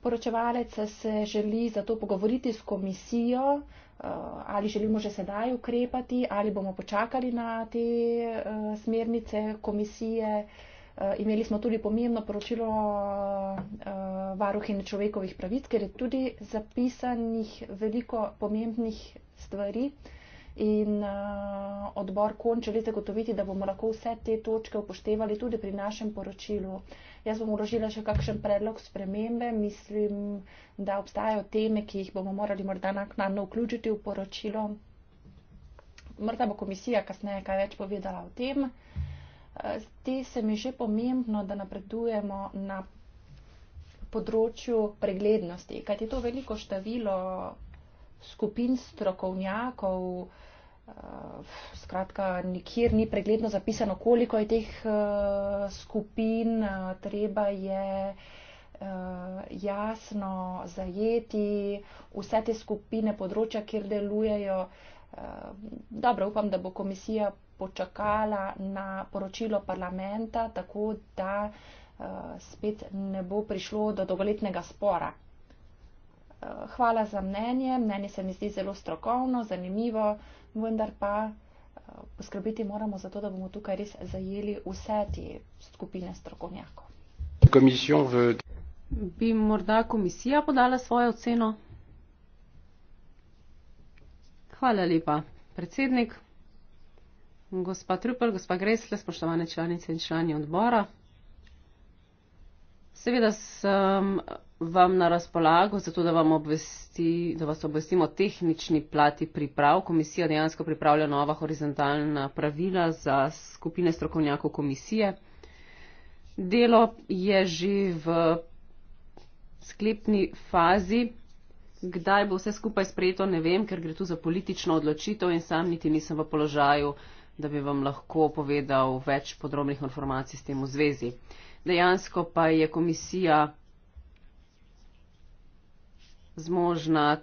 Poročevalec se želi zato pogovoriti s komisijo, Eh, ali želimo že sedaj ukrepati, ali bomo počakali na te eh, smernice komisije. Eh, imeli smo tudi pomembno poročilo varuhine človekovih pravic, ker je tudi zapisanih veliko pomembnih stvari in uh, odbor KON želi zagotoviti, da bomo lahko vse te točke upoštevali tudi pri našem poročilu. Jaz bom uložila še kakšen predlog spremembe. Mislim, da obstajajo teme, ki jih bomo morali morda naknadno vključiti v poročilo. Morda bo komisija kasneje kaj več povedala o tem. Eh, zdi se mi že pomembno, da napredujemo na področju preglednosti, kajti to veliko število skupin strokovnjakov, eh, skratka, nikjer ni pregledno zapisano, koliko je teh eh, skupin, eh, treba je jasno zajeti vse te skupine področja, kjer delujejo. Dobro, upam, da bo komisija počakala na poročilo parlamenta, tako da spet ne bo prišlo do dolgoletnega spora hvala za mnenje. Mnenje se mi zdi zelo strokovno, zanimivo, vendar pa eh, poskrbiti moramo za to, da bomo tukaj res zajeli vse te skupine strokovnjakov.
Bi morda komisija podala svojo oceno? Hvala lepa, predsednik, gospa Trupel, gospa Gresle, spoštovane članice in člani odbora. Seveda sem. Um, vam na razpolago, zato da, obvesti, da vas obvestimo o tehnični plati priprav. Komisija dejansko pripravlja nova horizontalna pravila za skupine strokovnjakov komisije. Delo je že v sklepni fazi. Kdaj bo vse skupaj sprejeto, ne vem, ker gre tu za politično odločitev in sam niti nisem v položaju, da bi vam lahko povedal več podrobnih informacij s tem v zvezi. Dejansko pa je komisija zmožna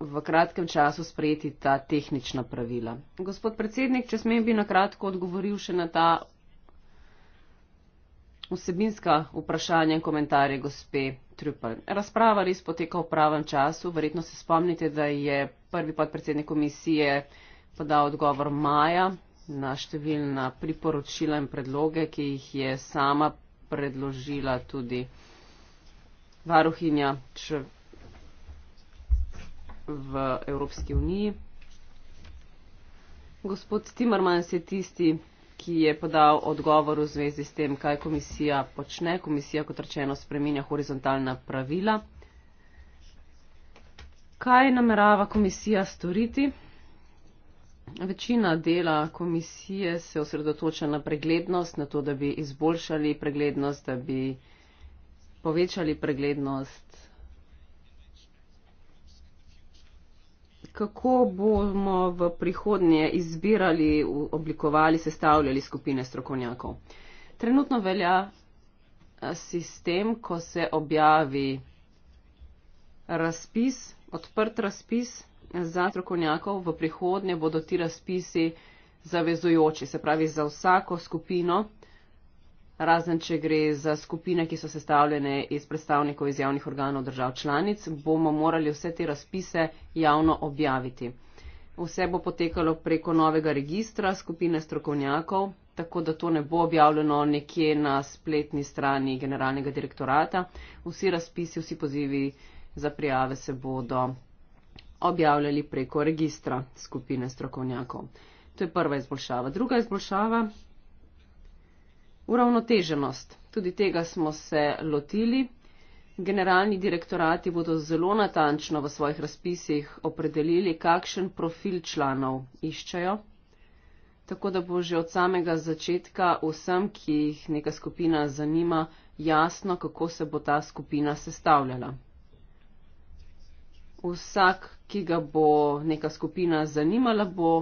v kratkem času sprejeti ta tehnična pravila. Gospod predsednik, če smem bi nakratko odgovoril še na ta vsebinska vprašanja in komentarje gospe Trupel. Razprava res poteka v pravem času. Verjetno se spomnite, da je prvi podpredsednik komisije podal odgovor maja na številna priporočila in predloge, ki jih je sama predložila tudi varuhinja v Evropski uniji. Gospod Timmermans je tisti, ki je podal odgovor v zvezi s tem, kaj komisija počne. Komisija, kot rečeno, spreminja horizontalna pravila. Kaj namerava komisija storiti? Večina dela komisije se osredotoča na preglednost, na to, da bi izboljšali preglednost, da bi povečali preglednost, kako bomo v prihodnje izbirali, oblikovali, sestavljali skupine strokovnjakov. Trenutno velja eh, sistem, ko se objavi razpis, odprt razpis za strokovnjakov, v prihodnje bodo ti razpisi zavezujoči, se pravi za vsako skupino razen če gre za skupine, ki so sestavljene iz predstavnikov iz javnih organov držav članic, bomo morali vse te razpise javno objaviti. Vse bo potekalo preko novega registra skupine strokovnjakov, tako da to ne bo objavljeno nekje na spletni strani generalnega direktorata. Vsi razpisi, vsi pozivi za prijave se bodo objavljali preko registra skupine strokovnjakov. To je prva izboljšava. Druga izboljšava Uravnoteženost. Tudi tega smo se lotili. Generalni direktorati bodo zelo natančno v svojih razpisih opredelili, kakšen profil članov iščejo, tako da bo že od samega začetka vsem, ki jih neka skupina zanima, jasno, kako se bo ta skupina sestavljala. Vsak, ki ga bo neka skupina zanimala, bo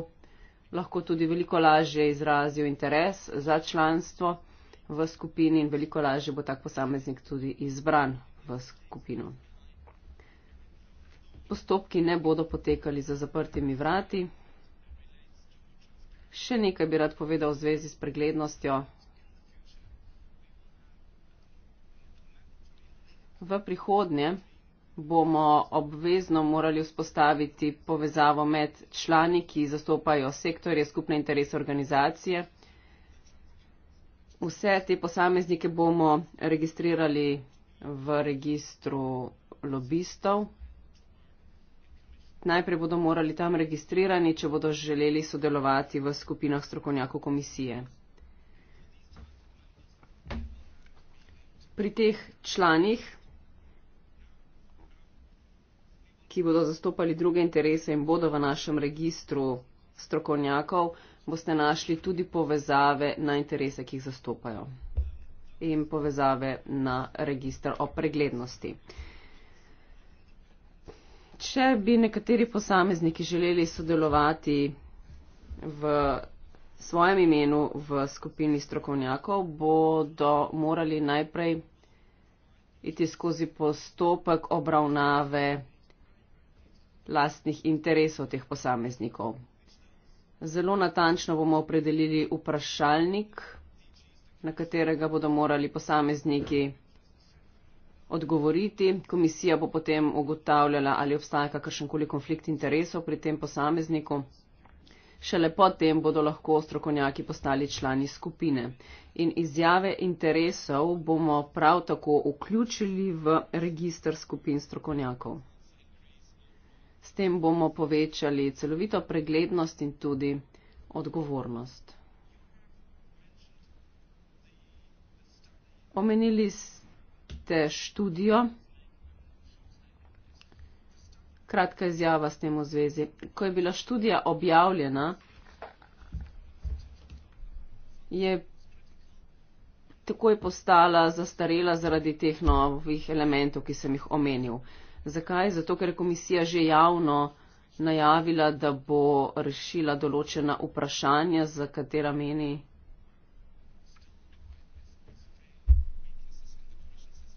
lahko tudi veliko lažje izrazil interes za članstvo v skupini in veliko lažje bo tak posameznik tudi izbran v skupino. Postopki ne bodo potekali za zaprtimi vrati. Še nekaj bi rad povedal v zvezi s preglednostjo. V prihodnje bomo obvezno morali vzpostaviti povezavo med člani, ki zastopajo sektorje skupne interese organizacije vse te posameznike bomo registrirali v registru lobistov. Najprej bodo morali tam registrirani, če bodo želeli sodelovati v skupinah strokovnjakov komisije. Pri teh članih, ki bodo zastopali druge interese in bodo v našem registru strokovnjakov, boste našli tudi povezave na interese, ki jih zastopajo in povezave na registr o preglednosti. Če bi nekateri posamezniki želeli sodelovati v svojem imenu v skupini strokovnjakov, bodo morali najprej iti skozi postopek obravnave lastnih interesov teh posameznikov. Zelo natančno bomo opredelili vprašalnik, na katerega bodo morali posamezniki odgovoriti. Komisija bo potem ugotavljala, ali obstaja kakršenkoli konflikt interesov pri tem posamezniku. Šele potem bodo lahko strokovnjaki postali člani skupine. In izjave interesov bomo prav tako vključili v registr skupin strokovnjakov. S tem bomo povečali celovito preglednost in tudi odgovornost. Omenili ste študijo. Kratka izjava s tem v zvezi. Ko je bila študija objavljena, je takoj postala zastarela zaradi teh novih elementov, ki sem jih omenil. Zakaj? Zato, ker je komisija že javno najavila, da bo rešila določena vprašanja, za katera meni,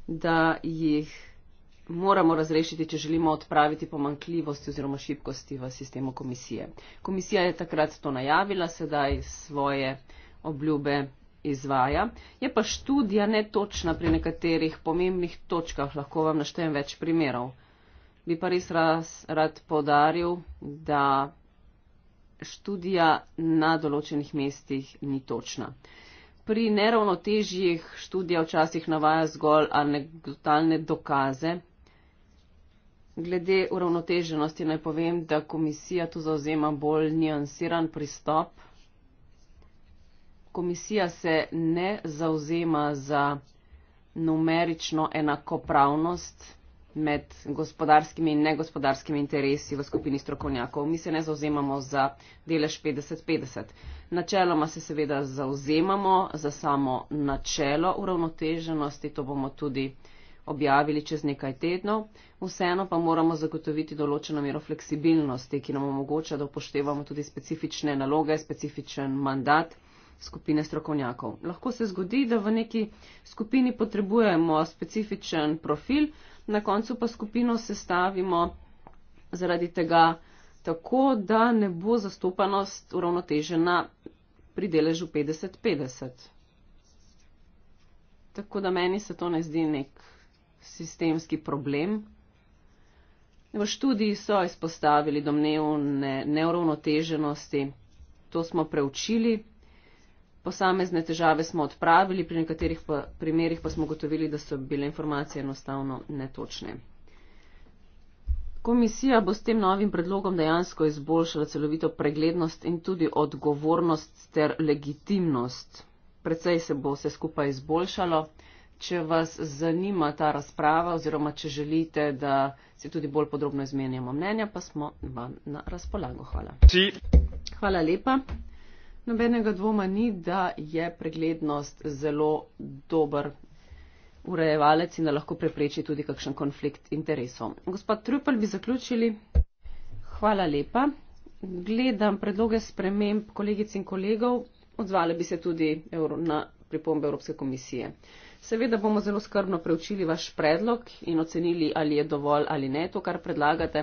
da jih moramo razrešiti, če želimo odpraviti pomankljivosti oziroma šibkosti v sistemu komisije. Komisija je takrat to najavila, sedaj svoje obljube izvaja. Je pa študija netočna pri nekaterih pomembnih točkah, lahko vam naštejem več primerov. Bi pa res raz, rad podaril, da študija na določenih mestih ni točna. Pri neravnotežjih študija včasih navaja zgolj anegdotalne dokaze. Glede uravnoteženosti naj povem, da komisija tu zauzema bolj njansiran pristop komisija se ne zauzema za numerično enakopravnost med gospodarskimi in negospodarskimi interesi v skupini strokovnjakov. Mi se ne zauzemamo za delež 50-50. Načeloma se seveda zauzemamo za samo načelo uravnoteženosti, to bomo tudi objavili čez nekaj tednov. Vseeno pa moramo zagotoviti določeno mero fleksibilnosti, ki nam omogoča, da upoštevamo tudi specifične naloge, specifičen mandat skupine strokovnjakov. Lahko se zgodi, da v neki skupini potrebujemo specifičen profil, na koncu pa skupino sestavimo zaradi tega tako, da ne bo zastopanost uravnotežena pri deležu 50-50. Tako da meni se to ne zdi nek sistemski problem. V študiji so izpostavili domnevne neuravnoteženosti, to smo preučili posamezne težave smo odpravili, pri nekaterih pa, primerjih pa smo gotovili, da so bile informacije enostavno netočne. Komisija bo s tem novim predlogom dejansko izboljšala celovito preglednost in tudi odgovornost ter legitimnost. Predvsej se bo vse skupaj izboljšalo. Če vas zanima ta razprava oziroma če želite, da se tudi bolj podrobno izmenjamo mnenja, pa smo vam na razpolago. Hvala. Hvala lepa. Nobenega dvoma ni, da je preglednost zelo dober urejevalec in da lahko prepreči tudi kakšen konflikt interesov. Gospod Trupel bi zaključili. Hvala lepa. Gledam predloge sprememb kolegic in kolegov. Odzvale bi se tudi na pripombe Evropske komisije. Seveda bomo zelo skrbno preučili vaš predlog in ocenili, ali je dovolj ali ne to, kar predlagate,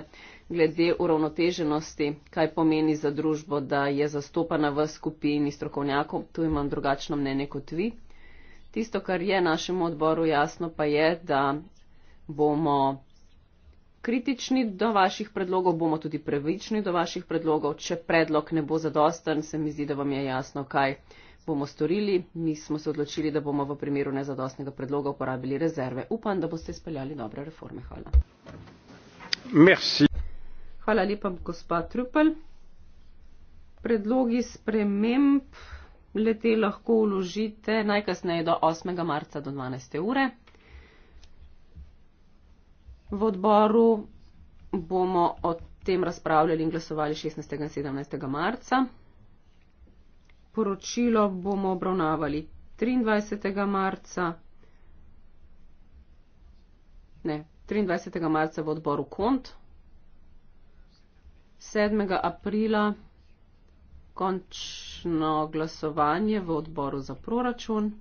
glede uravnoteženosti, kaj pomeni za družbo, da je zastopana v skupini strokovnjakov. Tu imam drugačno mnenje kot vi. Tisto, kar je našemu odboru jasno, pa je, da bomo kritični do vaših predlogov, bomo tudi prevični do vaših predlogov. Če predlog ne bo zadosten, se mi zdi, da vam je jasno, kaj bomo storili. Mi smo se odločili, da bomo v primeru nezadostnega predloga uporabili rezerve. Upam, da boste speljali dobre reforme. Hvala. Merci. Hvala lepa, gospa Trupel. Predlogi sprememb lete lahko uložite najkasneje do 8. marca do 12. ure. V odboru bomo o tem razpravljali in glasovali 16. in 17. marca poročilo bomo obravnavali 23. marca. Ne, 23. marca v odboru KONT, 7. aprila končno glasovanje v odboru za proračun,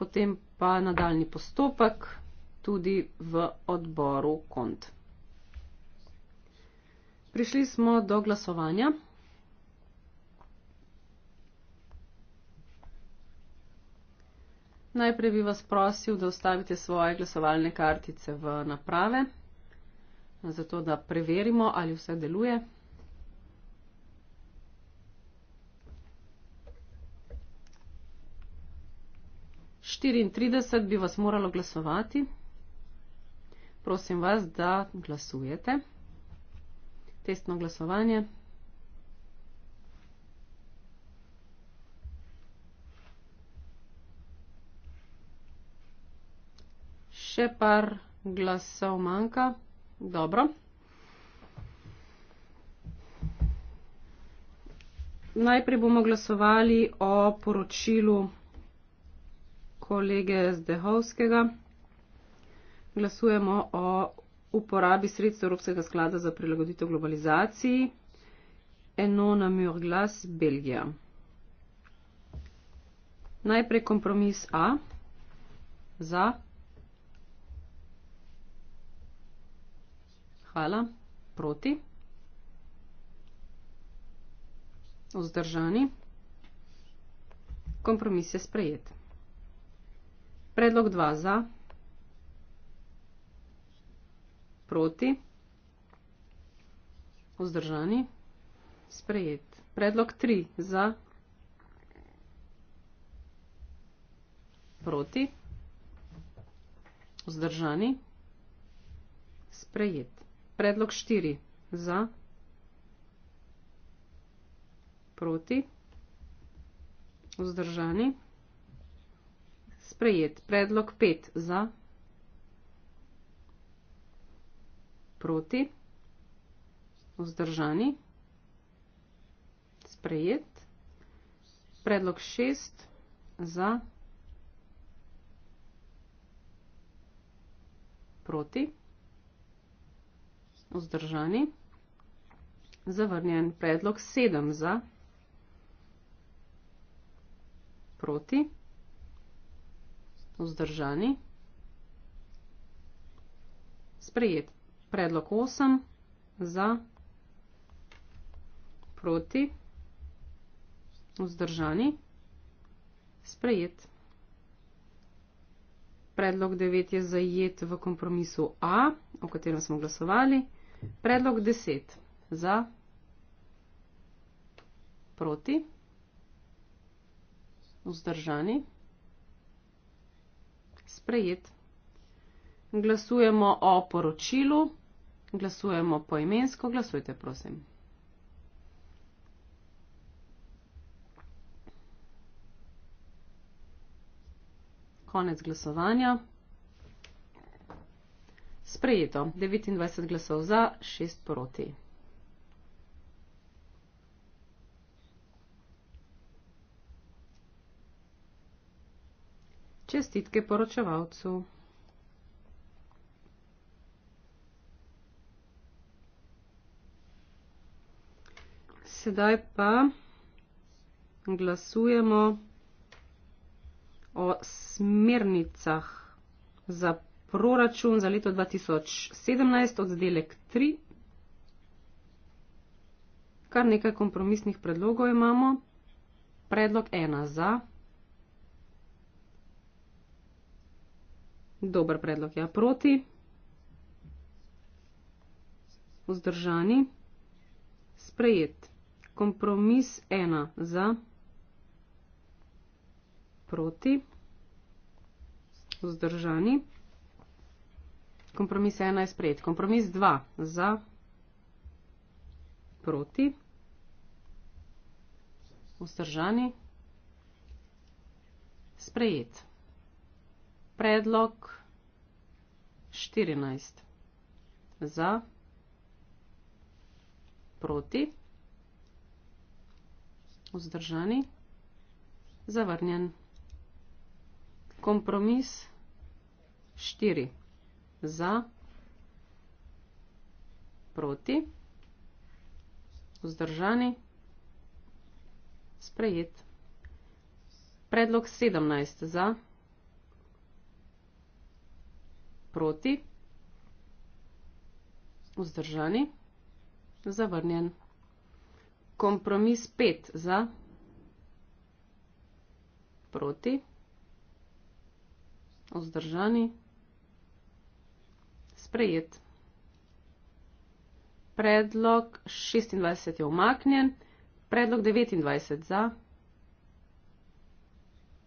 potem pa nadaljni postopek tudi v odboru KONT. Prišli smo do glasovanja. Najprej bi vas prosil, da ostavite svoje glasovalne kartice v naprave, zato da preverimo, ali vse deluje. Štiriintrideset bi vas moralo glasovati. Prosim vas, da glasujete. Testno glasovanje. Še par glasov manjka. Dobro. Najprej bomo glasovali o poročilu kolege Zdehovskega. Glasujemo o uporabi sredstva Evropskega sklada za prilagoditev globalizaciji. Eno na mur glas Belgija. Najprej kompromis A za. Hvala. Proti. Ozdržani. Kompromis je sprejet. Predlog 2 za. Proti. Ozdržani. Sprejet. Predlog 3 za. Proti. Ozdržani. Sprejet. Predlog 4. Za. Proti. Vzdržani. Sprejet. Predlog 5. Za. Proti. Vzdržani. Sprejet. Predlog 6. Za. Proti vzdržani. Zavrnjen predlog 7 za proti vzdržani. Sprejet predlog 8 za proti vzdržani. Sprejet. Predlog 9 je zajet v kompromisu A, o katerem smo glasovali. Predlog 10. Za. Proti. Vzdržani. Sprejet. Glasujemo o poročilu. Glasujemo poimensko. Glasujte, prosim. Konec glasovanja sprejeto 29 glasov za, 6 proti. Čestitke poročevalcu. Sedaj pa glasujemo o smernicah za proračun za leto 2017, oddelek 3. Kar nekaj kompromisnih predlogov imamo. Predlog 1 za. Dober predlog je ja, proti. Vzdržani. Sprejet. Kompromis 1 za. Proti. Vzdržani. Kompromis 1 je sprejet. Kompromis 2 za proti. Vzdržani. Sprejet. Predlog 14 za proti. Vzdržani. Zavrnjen. Kompromis 4 za, proti, vzdržani, sprejet. Predlog 17 za, proti, vzdržani, zavrnjen. Kompromis 5 za, proti, vzdržani, zavrnjen sprejet. Predlog 26 je omaknjen, predlog 29 za,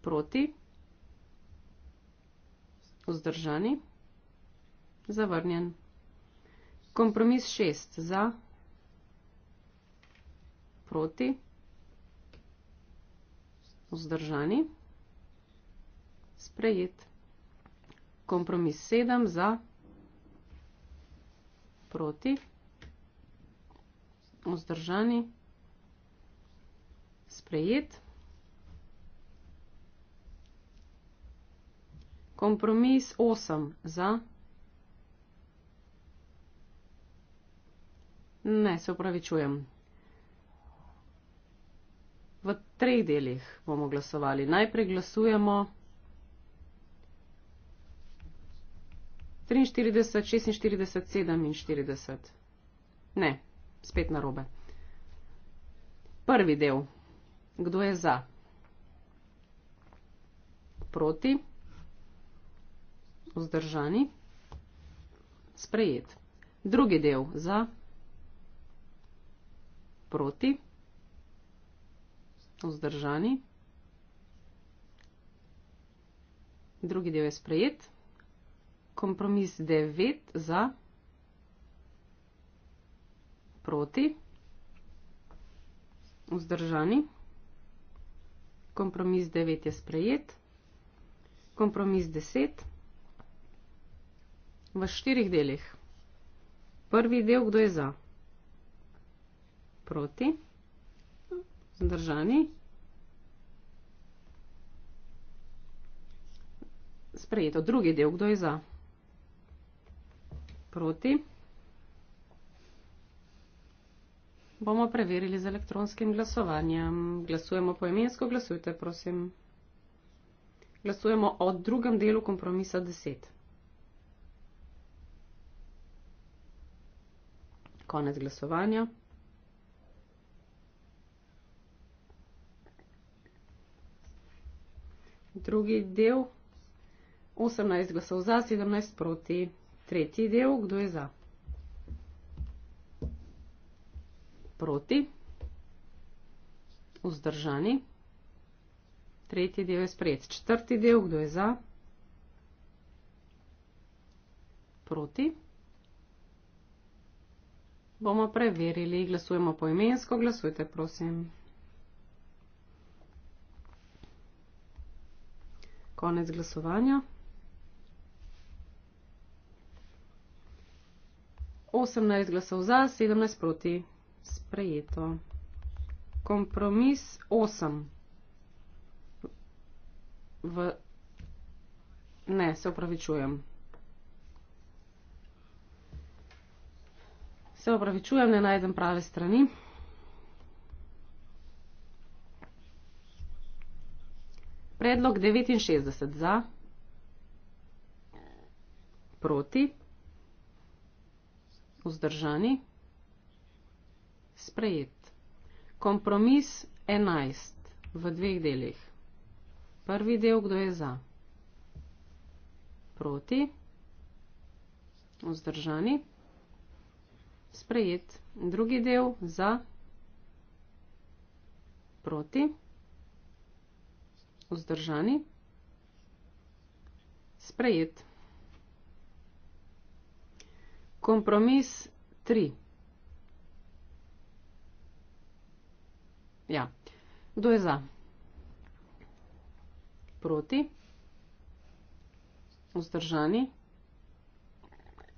proti, vzdržani, zavrnjen. Kompromis 6 za, proti, vzdržani, sprejet. Kompromis 7 za, proti proti, vzdržani, sprejet. Kompromis 8 za. Ne, se upravičujem. V treh delih bomo glasovali. Najprej glasujemo. 43, 46, 47. Ne, spet na robe. Prvi del. Kdo je za? Proti? Vzdržani? Sprejet. Drugi del. Za? Proti? Vzdržani? Drugi del je sprejet kompromis 9 za proti, vzdržani, kompromis 9 je sprejet, kompromis 10 v štirih delih. Prvi del, kdo je za? Proti, vzdržani, sprejeto. Drugi del, kdo je za? Proti proti. Bomo preverili z elektronskim glasovanjem. Glasujemo poemensko, glasujte prosim. Glasujemo o drugem delu kompromisa 10. Konec glasovanja. Drugi del. 18 glasov za, 17 proti. Tretji del, kdo je za? Proti. Vzdržani. Tretji del je spred. Četrti del, kdo je za? Proti. Bomo preverili, glasujemo po imensko, glasujte prosim. Konec glasovanja. 18 glasov za, 17 proti. Sprejeto. Kompromis 8. V... Ne, se upravičujem. Se upravičujem, ne najdem prave strani. Predlog 69 za, proti vzdržani. Sprejet. Kompromis 11 v dveh delih. Prvi del, kdo je za. Proti. Vzdržani. Sprejet. Drugi del za. Proti. Vzdržani. Sprejet. Kompromis 3. Ja. Kdo je za? Proti? Vzdržani?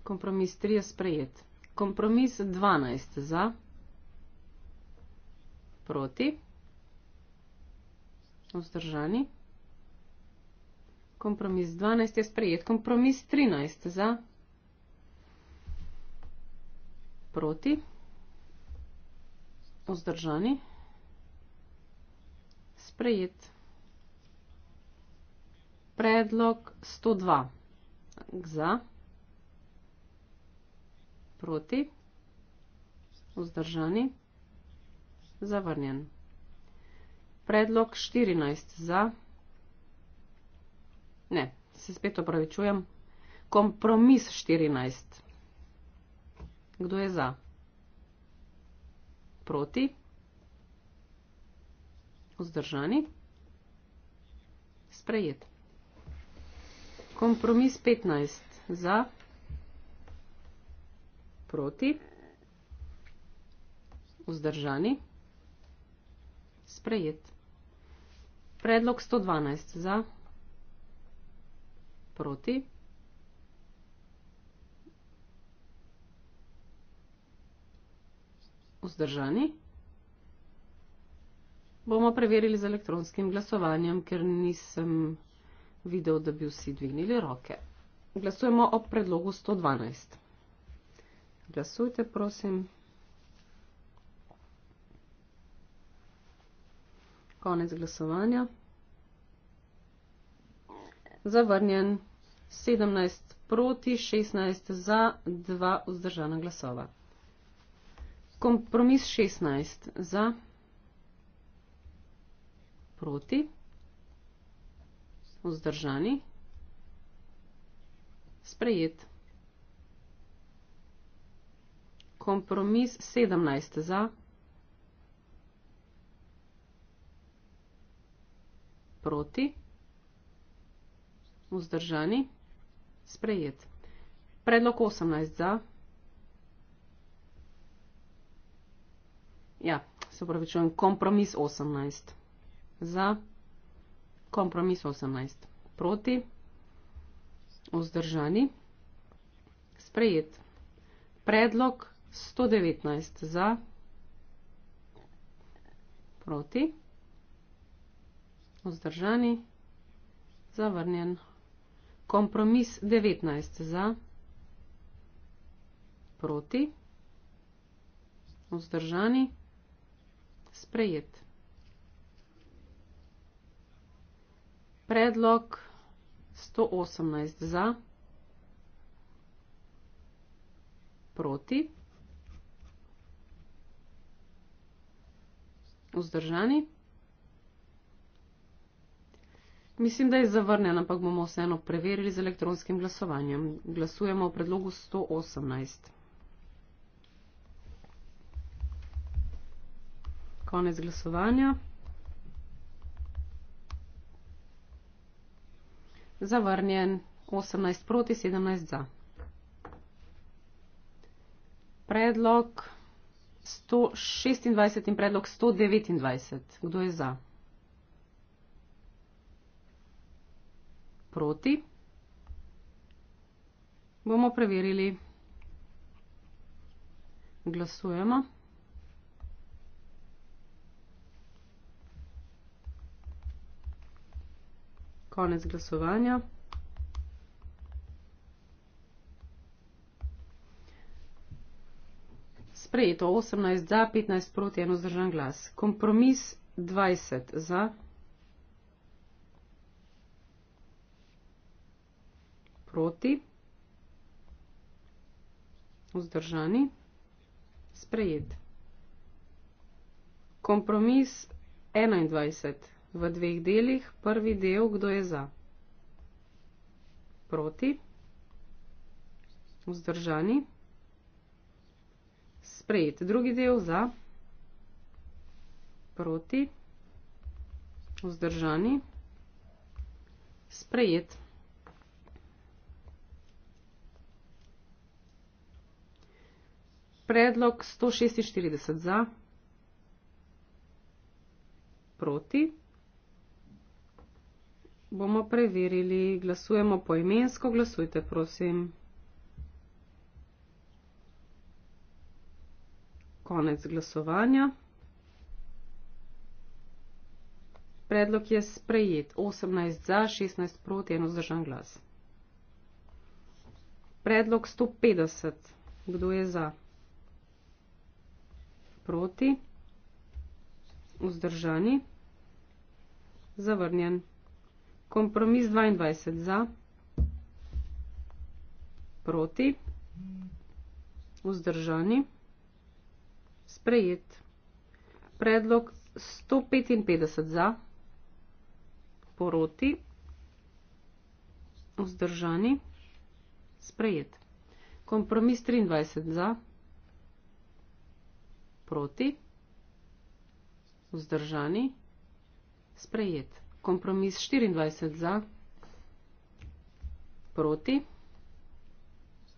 Kompromis 3 je sprejet. Kompromis 12 za? Proti? Vzdržani? Kompromis 12 je sprejet. Kompromis 13 za? Proti? proti, vzdržani, sprejet. Predlog 102 za, proti, vzdržani, zavrnjen. Predlog 14 za, ne, se spet opravičujem, kompromis 14 za. Kdo je za? Proti? Vzdržani? Sprejet. Kompromis 15. Za? Proti? Vzdržani? Sprejet. Predlog 112. Za? Proti? vzdržani. Bomo preverili z elektronskim glasovanjem, ker nisem videl, da bi vsi dvignili roke. Glasujemo o predlogu 112. Glasujte, prosim. Konec glasovanja. Zavrnjen 17 proti 16 za 2 vzdržana glasova. Kompromis 16 za proti vzdržani sprejet. Kompromis 17 za proti vzdržani sprejet. Predlog 18 za proti. ja, se pravi, čujem, kompromis 18. Za, kompromis 18. Proti, vzdržani, sprejet. Predlog 119 za, proti, vzdržani, zavrnjen. Kompromis 19 za, proti, vzdržani, zavrnjen sprejet. Predlog 118 za, proti, vzdržani. Mislim, da je zavrnjen, ampak bomo vseeno preverili z elektronskim glasovanjem. Glasujemo o predlogu 118. konec glasovanja. Zavrnjen 18 proti 17 za. Predlog 126 in predlog 129. Kdo je za? Proti. Bomo preverili. Glasujemo. konec glasovanja. Sprejeto 18 za, 15 proti, eno zdržan glas. Kompromis 20 za. Proti. Vzdržani. Sprejet. Kompromis 21 v dveh delih, prvi del, kdo je za, proti, vzdržani, sprejet, drugi del za, proti, vzdržani, sprejet. Predlog 146 za, proti, vzdržani, sprejet. Bomo preverili. Glasujemo poimensko. Glasujte, prosim. Konec glasovanja. Predlog je sprejet. 18 za, 16 proti, eno zdržan glas. Predlog 150. Kdo je za? Proti. Vzdržani. Zavrnjen kompromis 22 za, proti, vzdržani, sprejet, predlog 155 za, proti, vzdržani, sprejet, kompromis 23 za, proti, vzdržani, sprejet kompromis 24 za, proti,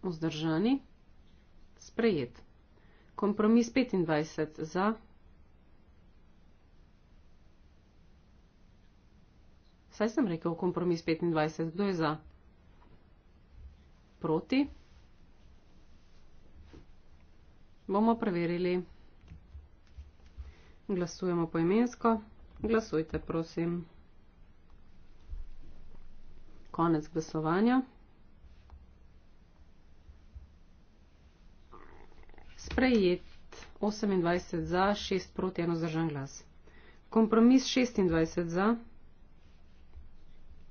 vzdržani, sprejet. Kompromis 25 za, saj sem rekel kompromis 25, kdo je za, proti, bomo preverili. Glasujemo poimensko. Glasujte, prosim konec glasovanja. Sprejet 28 za, 6 proti, 1 zdržan glas. Kompromis 26 za,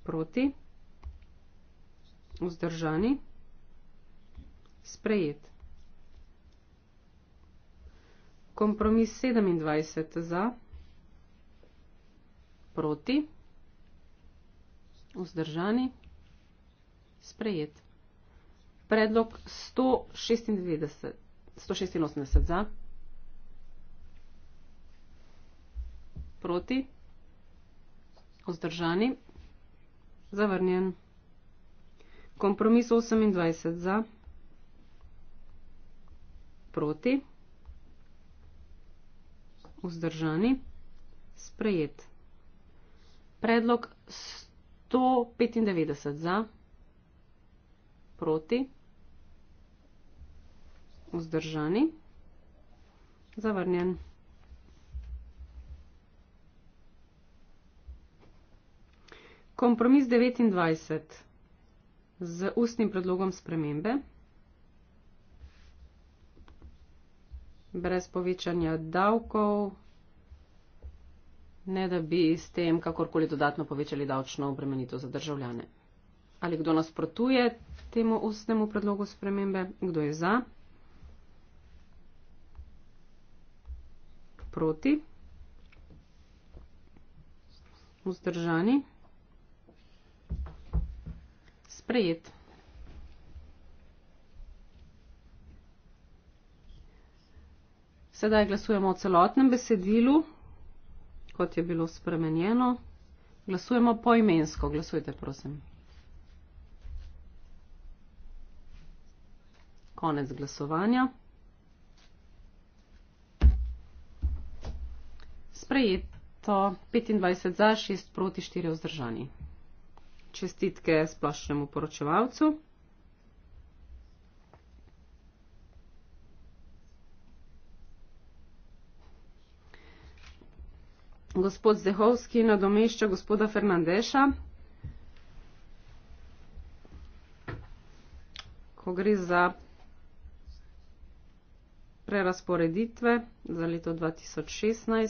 proti, vzdržani, sprejet. Kompromis 27 za, proti vzdržani, sprejet. Predlog 196, 186 za, proti, vzdržani, zavrnjen. Kompromis 28 za, proti, vzdržani, sprejet. Predlog 195 za, proti, vzdržani, zavrnjen. Kompromis 29 z ustnim predlogom spremembe, brez povečanja davkov, ne da bi s tem kakorkoli dodatno povečali davčno obremenitev za državljane. Ali kdo nasprotuje temu ustnemu predlogu spremembe? Kdo je za? Proti? Vzdržani? Sprejet. Sedaj glasujemo o celotnem besedilu kot je bilo spremenjeno. Glasujemo poimensko, glasujte prosim. Konec glasovanja. Sprejeto 25 za, 6 proti, 4 vzdržani. Čestitke splošnemu poročevalcu. gospod Zehovski nadomešča gospoda Fernandeša. Ko gre za prerasporeditve za leto 2016.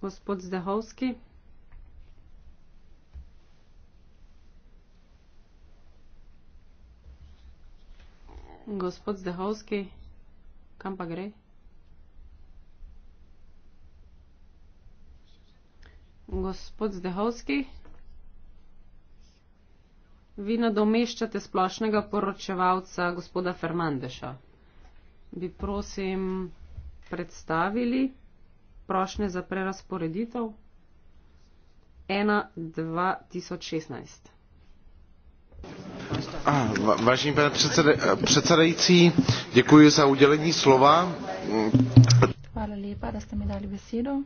Gospod Zdehovski. Gospod Zdehovski, kam pa gre? gospod Zdehovski. Vi nadomeščate splošnega poročevalca gospoda Fernandeša. Bi prosim predstavili prošnje za prerasporeditev 1.2016.
A, vážený pane předsede, předsedající, děkuji za udělení slova.
Hvala lepa, da ste mi dali besedo.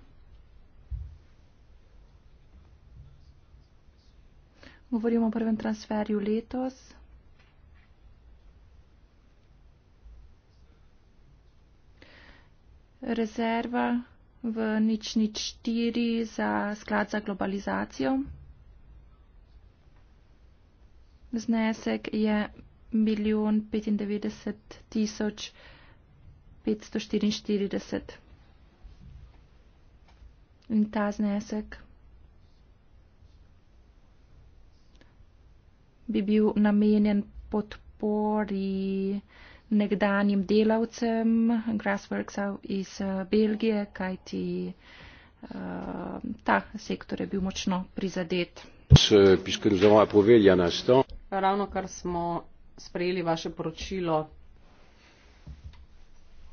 Govorimo o prvem transferju letos. Rezerva v nič nič štiri za sklad za globalizacijo. Znesek je milijon petindevetdeset tisoč petsto štiriinštirideset. In ta znesek bi bil namenjen podpori nekdanjim delavcem Grassworksa iz eh, Belgije, kajti
eh, ta sektor je bil močno prizadet. Ravno kar smo sprejeli vaše poročilo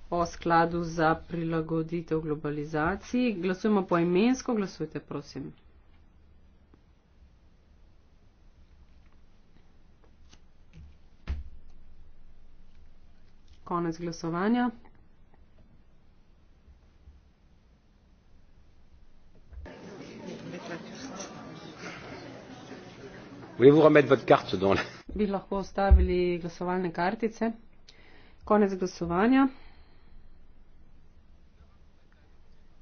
o skladu za prilagoditev globalizaciji. Glasujemo poimensko, glasujte prosim. konec glasovanja. Bi lahko ostavili glasovalne kartice. Konec glasovanja.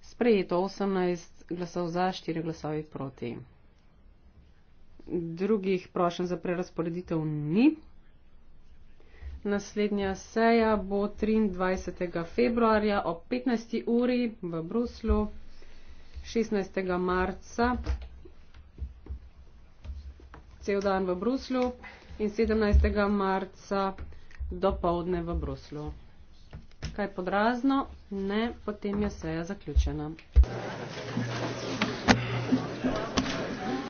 Sprejeto 18 glasov za, 4 glasovi proti. Drugih prošen za prerasporeditev ni. Naslednja seja bo 23. februarja ob 15. uri v Bruslu, 16. marca cel dan v Bruslu in 17. marca do povdne v Bruslu. Kaj podrazno? Ne, potem je seja zaključena.